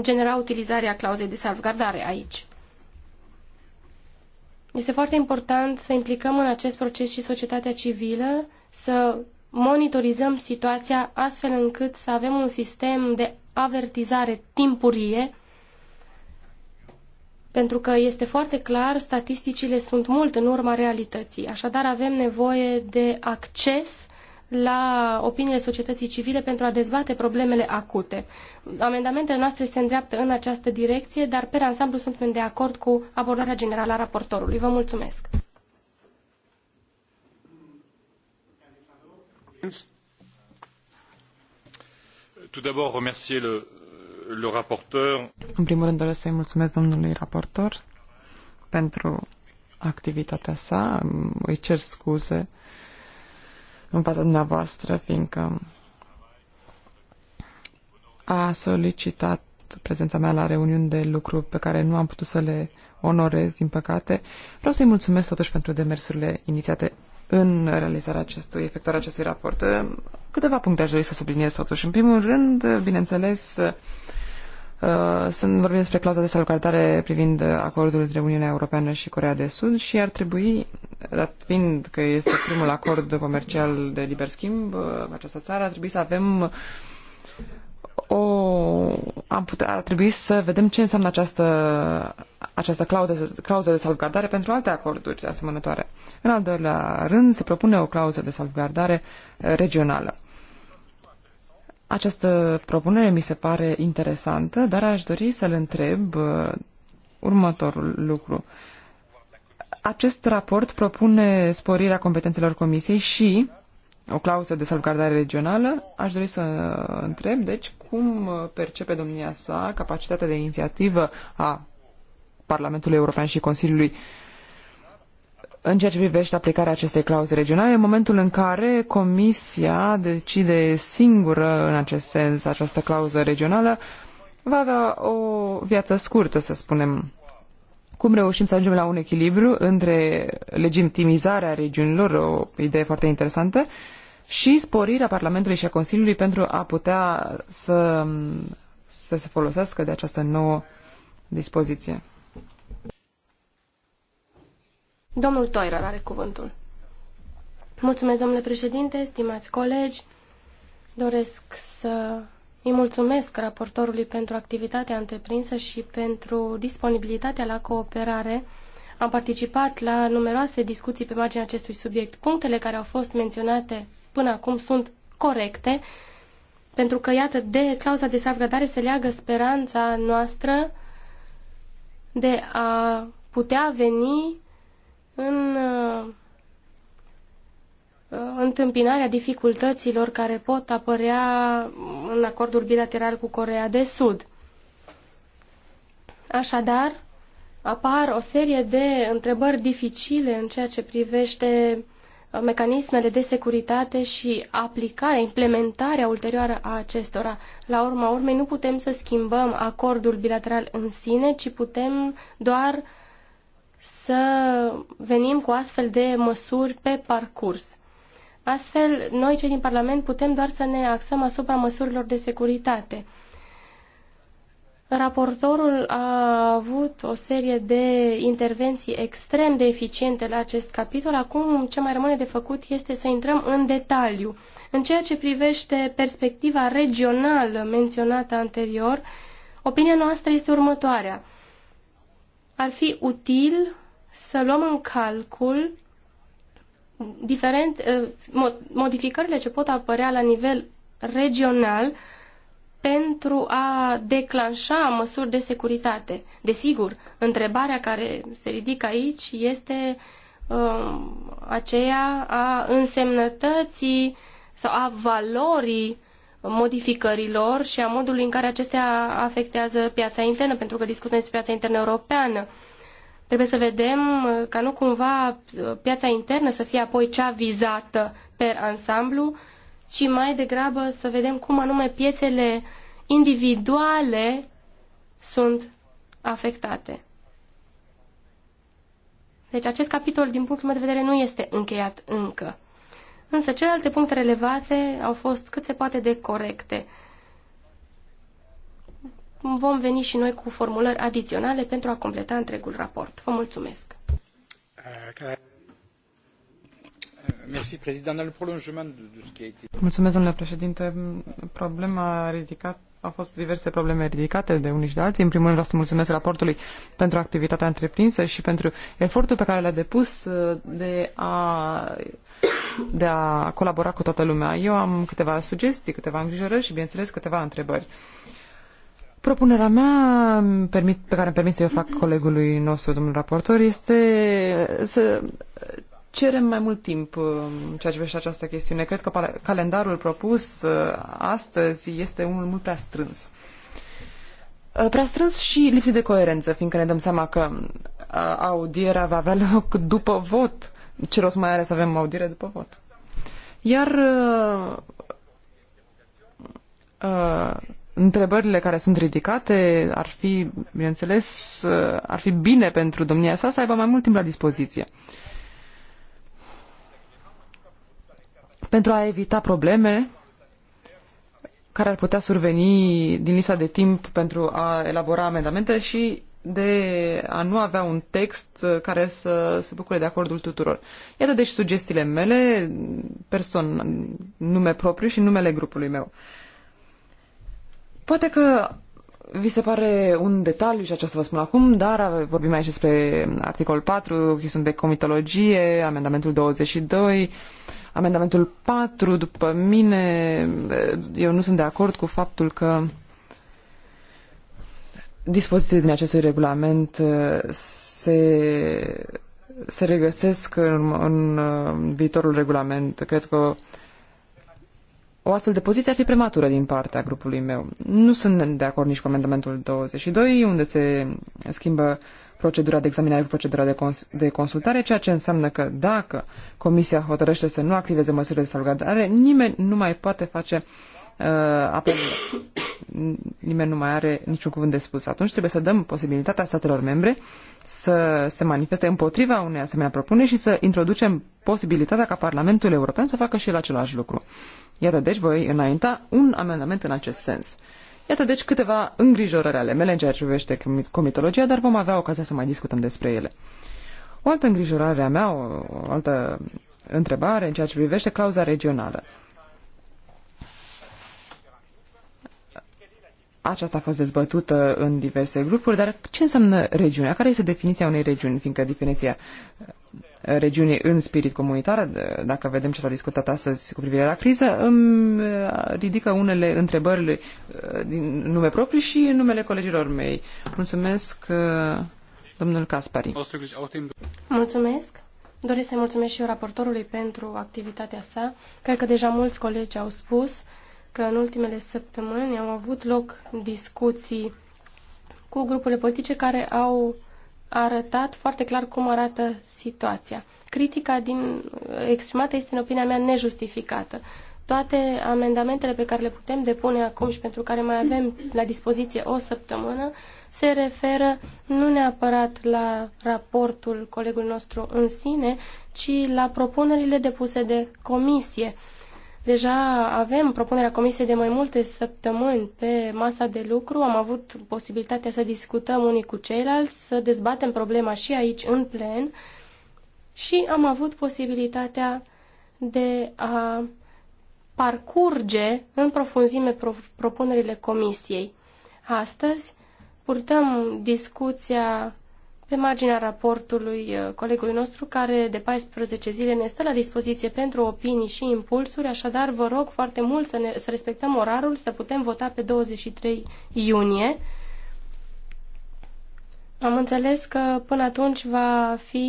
genera utilizarea clauzei de salvgardare aici. Este foarte important să implicăm în acest proces și societatea civilă, să monitorizăm situația astfel încât să avem un sistem de avertizare timpurie, pentru că este foarte clar, statisticile sunt mult în urma realității. Așadar, avem nevoie de acces la opiniile societății civile pentru a dezbate problemele acute. Amendamentele noastre se îndreaptă în această direcție, dar pe ansamblu suntem de acord cu abordarea generală a raportorului. Vă mulțumesc! În primul rând doresc să-i mulțumesc domnului raportor pentru activitatea sa. Îi cer scuze în fața dumneavoastră, fiindcă a solicitat prezența mea la reuniuni de lucru pe care nu am putut să le onorez, din păcate. Vreau să-i mulțumesc totuși pentru demersurile inițiate în realizarea acestui, efectuarea acestui raport. Câteva puncte aș dori să subliniez totuși. În primul rând, bineînțeles, uh, sunt, vorbim despre clauza de salutare privind acordul între Uniunea Europeană și Corea de Sud și ar trebui, dat fiind că este primul acord comercial de liber schimb uh, în această țară, ar trebui să avem o, am putea, ar trebui să vedem ce înseamnă această, această clauză, clauză de salvgardare pentru alte acorduri asemănătoare. În al doilea rând, se propune o clauză de salvgardare eh, regională. Această propunere mi se pare interesantă, dar aș dori să-l întreb eh, următorul lucru. Acest raport propune sporirea competențelor comisiei și o clauză de salvgardare regională, aș dori să întreb, deci, cum percepe domnia sa capacitatea de inițiativă a Parlamentului European și Consiliului în ceea ce privește aplicarea acestei clauze regionale, în momentul în care Comisia decide singură în acest sens această clauză regională, va avea o viață scurtă, să spunem cum reușim să ajungem la un echilibru între legitimizarea regiunilor, o idee foarte interesantă, și sporirea Parlamentului și a Consiliului pentru a putea să, să se folosească de această nouă dispoziție. Domnul Toirer are cuvântul. Mulțumesc, domnule președinte, stimați colegi. Doresc să îi mulțumesc raportorului pentru activitatea întreprinsă și pentru disponibilitatea la cooperare. Am participat la numeroase discuții pe marginea acestui subiect. Punctele care au fost menționate până acum sunt corecte, pentru că, iată, de clauza de salvgardare se leagă speranța noastră de a putea veni în uh, întâmpinarea dificultăților care pot apărea în acordul bilateral cu Corea de Sud. Așadar, apar o serie de întrebări dificile în ceea ce privește uh, mecanismele de securitate și aplicarea, implementarea ulterioară a acestora. La urma urmei, nu putem să schimbăm acordul bilateral în sine, ci putem doar să venim cu astfel de măsuri pe parcurs. Astfel, noi cei din Parlament putem doar să ne axăm asupra măsurilor de securitate. Raportorul a avut o serie de intervenții extrem de eficiente la acest capitol. Acum ce mai rămâne de făcut este să intrăm în detaliu. În ceea ce privește perspectiva regională menționată anterior, opinia noastră este următoarea. Ar fi util să luăm în calcul diferent, eh, modificările ce pot apărea la nivel regional pentru a declanșa măsuri de securitate. Desigur, întrebarea care se ridică aici este uh, aceea a însemnătății sau a valorii modificărilor și a modului în care acestea afectează piața internă, pentru că discutăm despre piața internă europeană. Uh, Trebuie să vedem uh, ca nu cumva uh, piața internă să fie apoi cea vizată per ansamblu, ci mai degrabă să vedem cum anume piețele individuale sunt afectate. Deci acest capitol, din punctul meu de vedere, nu este încheiat încă. Însă celelalte puncte relevate au fost cât se poate de corecte vom veni și noi cu formulări adiționale pentru a completa întregul raport. Vă mulțumesc! Mulțumesc, domnule președinte. Problema ridicată au fost diverse probleme ridicate de unii și de alții. În primul rând vreau să mulțumesc raportului pentru activitatea întreprinsă și pentru efortul pe care l-a depus uh, de a, de a colabora cu toată lumea. Eu am câteva sugestii, câteva îngrijorări și, bineînțeles, câteva întrebări. Uh, Propunerea mea, permit, pe care îmi permit să o fac colegului nostru, domnul raportor, este să cerem mai mult timp uh, în ceea ce vește această chestiune. Cred că calendarul propus uh, astăzi este unul mult prea strâns. Uh, prea strâns și lipsit de coerență, fiindcă ne dăm seama că audierea va avea loc după vot. Ce rost mai are să avem audiere după vot? Iar uh, uh, întrebările care sunt ridicate ar fi, bineînțeles, ar fi bine pentru domnia sa să aibă mai mult timp la dispoziție. Pentru a evita probleme care ar putea surveni din lista de timp pentru a elabora amendamente și de a nu avea un text care să se bucure de acordul tuturor. Iată deci sugestiile mele, person, nume propriu și numele grupului meu. Poate că vi se pare un detaliu și aceasta vă spun acum, dar vorbim aici despre articolul 4, chestiuni de comitologie, amendamentul 22, amendamentul 4, după mine, eu nu sunt de acord cu faptul că dispozițiile din acestui regulament uh, se, se regăsesc în, în uh, viitorul regulament. Cred că o astfel de poziție ar fi prematură din partea grupului meu. Nu sunt de acord nici cu amendamentul 22, unde se schimbă procedura de examinare cu procedura de, cons- de consultare, ceea ce înseamnă că dacă Comisia hotărăște să nu activeze măsurile de salvgardare, nimeni nu mai poate face uh, Uh, apel nimeni nu mai are niciun cuvânt de spus. Atunci trebuie să dăm posibilitatea statelor membre să se manifeste împotriva unei asemenea propuneri și să introducem posibilitatea ca Parlamentul European să facă și el același lucru. Iată deci voi înainta un amendament în acest sens. Iată deci câteva îngrijorări ale mele în ceea ce privește comitologia, dar vom avea ocazia să mai discutăm despre ele. O altă îngrijorare a mea, o, o altă întrebare în ceea ce privește clauza regională. aceasta a fost dezbătută în diverse grupuri, dar ce înseamnă regiunea? Care este definiția unei regiuni? Fiindcă definiția uh, regiunii în spirit comunitar, uh, dacă vedem ce s-a discutat astăzi cu privire la criză, îmi uh, ridică unele întrebări din nume propriu și în numele colegilor mei. Mulțumesc, domnul Caspari. Mulțumesc. Doresc să mulțumesc și eu raportorului pentru activitatea sa. Cred că deja mulți colegi au spus uh, că în ultimele săptămâni au avut loc discuții cu grupurile politice care au arătat foarte clar cum arată situația. Critica din, exprimată este, în opinia mea, nejustificată. Toate amendamentele pe care le putem depune acum și pentru care mai avem la dispoziție o săptămână se referă nu neapărat la raportul colegului nostru în sine, ci la propunerile depuse de comisie Deja avem propunerea Comisiei de mai multe săptămâni pe masa de lucru. Am avut posibilitatea să discutăm unii cu ceilalți, să dezbatem problema și aici în plen și am avut posibilitatea de a parcurge în profunzime pro propunerile Comisiei. Astăzi purtăm discuția pe marginea raportului uh, colegului nostru, care de 14 zile ne stă la dispoziție pentru opinii și impulsuri, așadar vă rog foarte mult să, ne, să respectăm orarul, să putem vota pe 23 iunie. Am înțeles că până atunci va fi,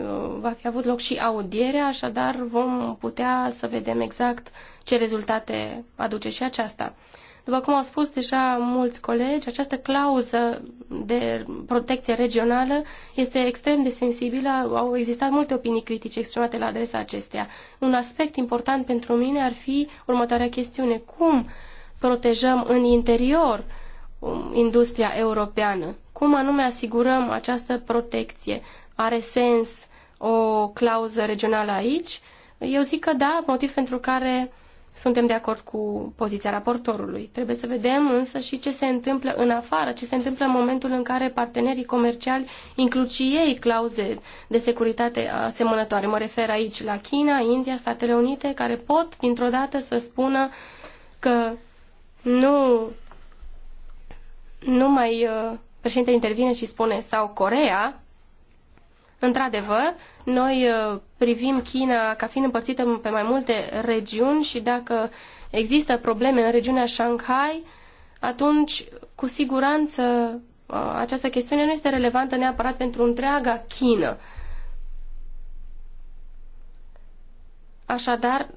uh, va fi avut loc și audierea, așadar vom putea să vedem exact ce rezultate aduce și aceasta. După cum au spus deja mulți colegi, această clauză de protecție regională este extrem de sensibilă. Au existat multe opinii critice exprimate la adresa acesteia. Un aspect important pentru mine ar fi următoarea chestiune. Cum protejăm în interior um, industria europeană? Cum anume asigurăm această protecție? Are sens o clauză regională aici? Eu zic că da, motiv pentru care suntem de acord cu poziția raportorului. Trebuie să vedem însă și ce se întâmplă în afară, ce se întâmplă în momentul în care partenerii comerciali includ și ei clauze de securitate asemănătoare. Mă refer aici la China, India, Statele Unite, care pot dintr-o dată să spună că nu, nu mai uh, președintele intervine și spune sau Corea, Într-adevăr, noi uh, privim China ca fiind împărțită pe mai multe regiuni și dacă există probleme în regiunea Shanghai, atunci, cu siguranță, uh, această chestiune nu este relevantă neapărat pentru întreaga China. Așadar,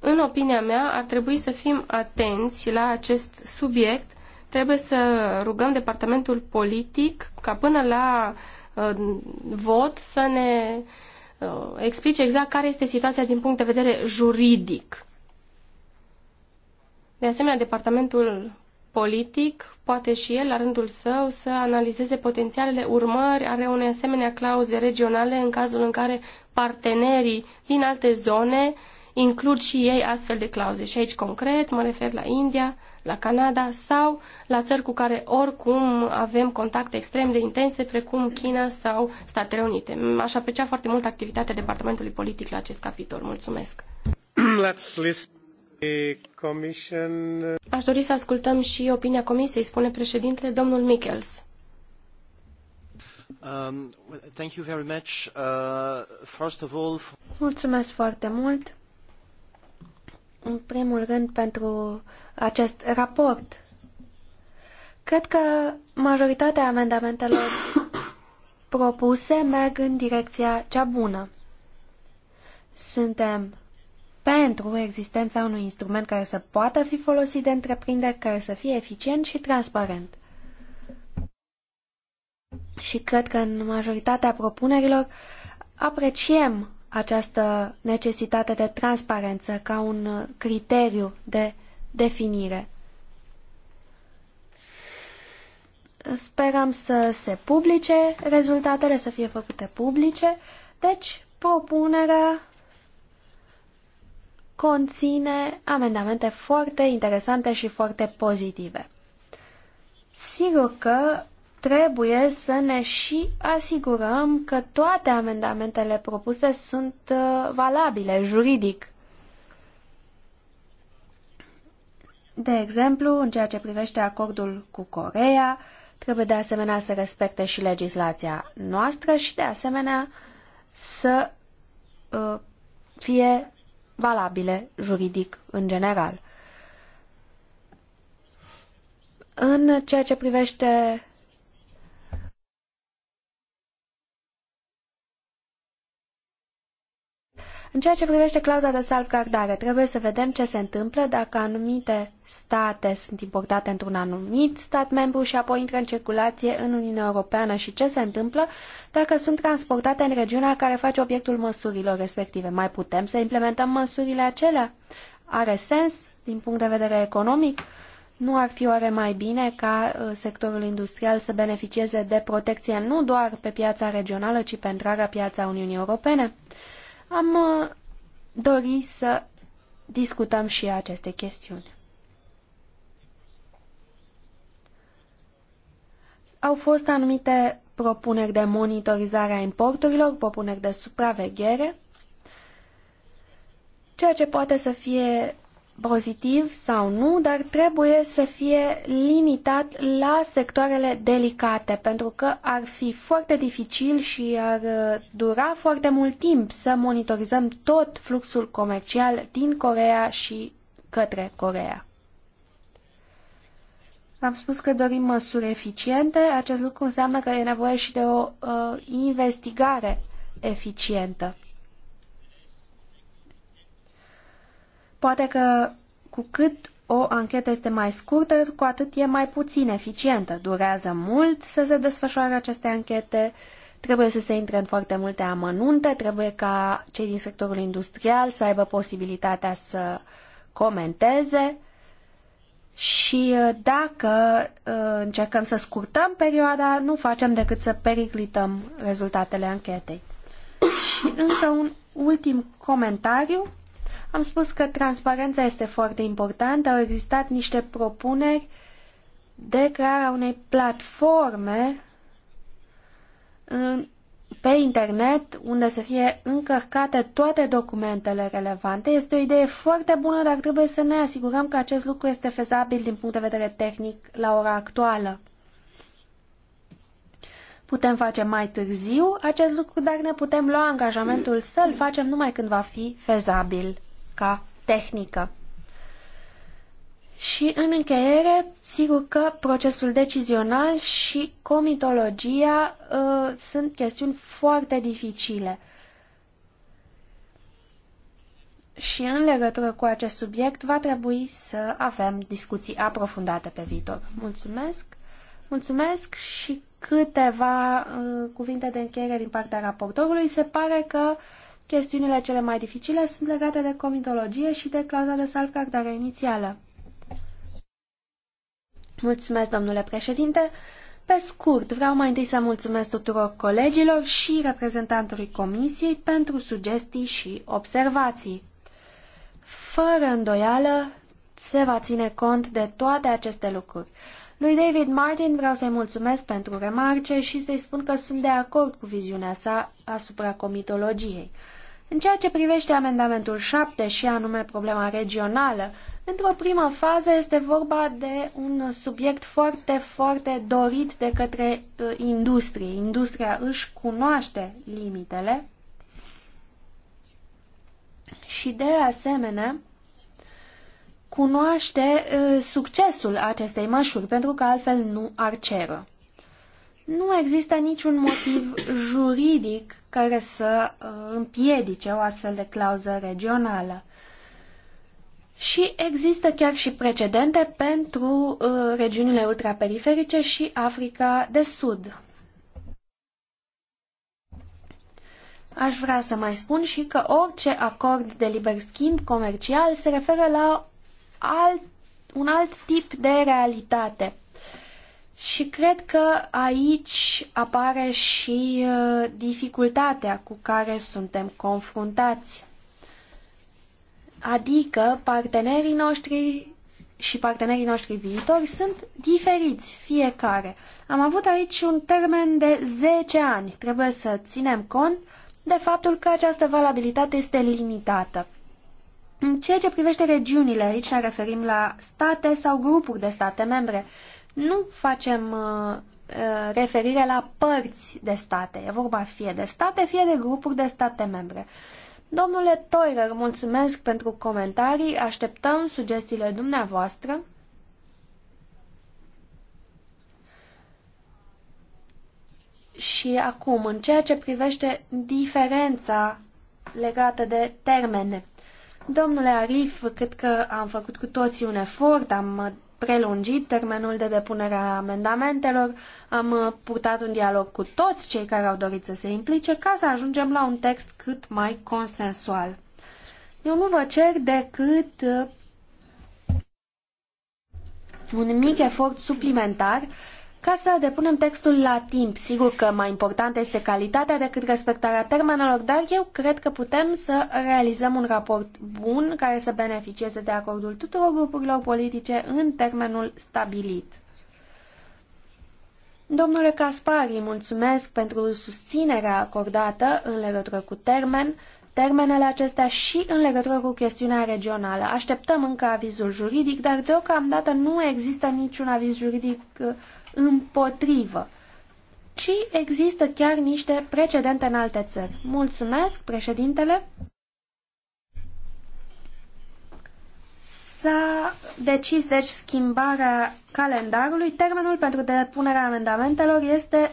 în opinia mea, ar trebui să fim atenți la acest subiect. Trebuie să rugăm departamentul politic ca până la uh, Uh, vot să ne uh, explice exact care este situația din punct de vedere juridic. De asemenea, departamentul politic poate și el, la rândul său, să analizeze potențialele urmări ale unei asemenea clauze regionale în cazul în care partenerii din alte zone includ și ei astfel de clauze. Și aici, concret, mă refer la India, la Canada sau la țări cu care oricum avem contacte extrem de intense, precum China sau Statele Unite. Aș aprecia foarte mult activitatea Departamentului Politic la acest capitol. Mulțumesc! Commission... Aș dori să ascultăm și opinia Comisiei, spune președintele domnul Michels. Um, uh, Mulțumesc foarte mult. În primul rând pentru acest raport. Cred că majoritatea amendamentelor propuse merg în direcția cea bună. Suntem pentru existența unui instrument care să poată fi folosit de întreprinderi, care să fie eficient și transparent. Și cred că în majoritatea propunerilor apreciem această necesitate de transparență ca un criteriu de definire. Sperăm să se publice rezultatele, să fie făcute publice. Deci, propunerea conține amendamente foarte interesante și foarte pozitive. Sigur că trebuie să ne și asigurăm că toate amendamentele propuse sunt uh, valabile juridic. De exemplu, în ceea ce privește acordul cu Coreea, trebuie de asemenea să respecte și legislația noastră și de asemenea să uh, fie valabile juridic în general. În ceea ce privește În ceea ce privește clauza de salvgardare, trebuie să vedem ce se întâmplă dacă anumite state sunt importate într-un anumit stat membru și apoi intră în circulație în Uniunea Europeană și ce se întâmplă dacă sunt transportate în regiunea care face obiectul măsurilor respective. Mai putem să implementăm măsurile acelea? Are sens din punct de vedere economic? Nu ar fi oare mai bine ca ă, sectorul industrial să beneficieze de protecție nu doar pe piața regională, ci pe întreaga piața Uniunii Europene? am uh, dori să discutăm și aceste chestiuni. Au fost anumite propuneri de monitorizare a importurilor, propuneri de supraveghere, ceea ce poate să fie pozitiv sau nu, dar trebuie să fie limitat la sectoarele delicate, pentru că ar fi foarte dificil și ar uh, dura foarte mult timp să monitorizăm tot fluxul comercial din Corea și către Corea. Am spus că dorim măsuri eficiente, acest lucru înseamnă că e nevoie și de o uh, investigare eficientă. Poate că cu cât o anchetă este mai scurtă, cu atât e mai puțin eficientă. Durează mult să se desfășoare aceste anchete, trebuie să se intre în foarte multe amănunte, trebuie ca cei din sectorul industrial să aibă posibilitatea să comenteze și uh, dacă uh, încercăm să scurtăm perioada, nu facem decât să periclităm rezultatele anchetei. Și încă un ultim comentariu am spus că transparența este foarte importantă. Au existat niște propuneri de crearea unei platforme pe internet unde să fie încărcate toate documentele relevante. Este o idee foarte bună, dar trebuie să ne asigurăm că acest lucru este fezabil din punct de vedere tehnic la ora actuală. Putem face mai târziu acest lucru, dar ne putem lua angajamentul să-l facem numai când va fi fezabil ca tehnică. Și în încheiere, sigur că procesul decizional și comitologia uh, sunt chestiuni foarte dificile. Și în legătură cu acest subiect va trebui să avem discuții aprofundate pe viitor. Mulțumesc! Mulțumesc și câteva uh, cuvinte de încheiere din partea raportorului. Se pare că uh, Chestiunile cele mai dificile sunt legate de comitologie și de clauza de salvgardare inițială. Mulțumesc, domnule președinte. Pe scurt, vreau mai întâi să mulțumesc tuturor colegilor și reprezentantului Comisiei pentru sugestii și observații. Fără îndoială, se va ține cont de toate aceste lucruri. Lui David Martin vreau să-i mulțumesc pentru remarce și să-i spun că sunt de acord cu viziunea sa asupra comitologiei. În ceea ce privește amendamentul 7 și anume problema regională, într-o primă fază este vorba de un subiect foarte, foarte dorit de către uh, industrie. Industria își cunoaște limitele și de asemenea cunoaște uh, succesul acestei mașuri, pentru că altfel nu ar ceră nu există niciun motiv juridic care să uh, împiedice o astfel de clauză regională. Și există chiar și precedente pentru uh, regiunile ultraperiferice și Africa de Sud. Aș vrea să mai spun și că orice acord de liber schimb comercial se referă la alt, un alt tip de realitate și cred că aici apare și uh, dificultatea cu care suntem confruntați. Adică partenerii noștri și partenerii noștri viitori sunt diferiți, fiecare. Am avut aici un termen de 10 ani. Trebuie să ținem cont de faptul că această valabilitate este limitată. În ceea ce privește regiunile, aici ne referim la state sau grupuri de state membre, nu facem uh, uh, referire la părți de state. E vorba fie de state, fie de grupuri de state membre. Domnule Toirer, mulțumesc pentru comentarii, așteptăm sugestiile dumneavoastră. Și acum, în ceea ce privește diferența legată de termene. Domnule Arif, cred că am făcut cu toții un efort, am prelungit termenul de depunere a amendamentelor, am purtat un dialog cu toți cei care au dorit să se implice ca să ajungem la un text cât mai consensual. Eu nu vă cer decât uh, un mic efort suplimentar ca să depunem textul la timp. Sigur că mai importantă este calitatea decât respectarea termenelor, dar eu cred că putem să realizăm un raport bun care să beneficieze de acordul tuturor grupurilor politice în termenul stabilit. Domnule Caspari, mulțumesc pentru susținerea acordată în legătură cu termen, termenele acestea și în legătură cu chestiunea regională. Așteptăm încă avizul juridic, dar deocamdată nu există niciun aviz juridic împotrivă, ci există chiar niște precedente în alte țări. Mulțumesc, președintele! S-a decis, deci, schimbarea calendarului. Termenul pentru depunerea amendamentelor este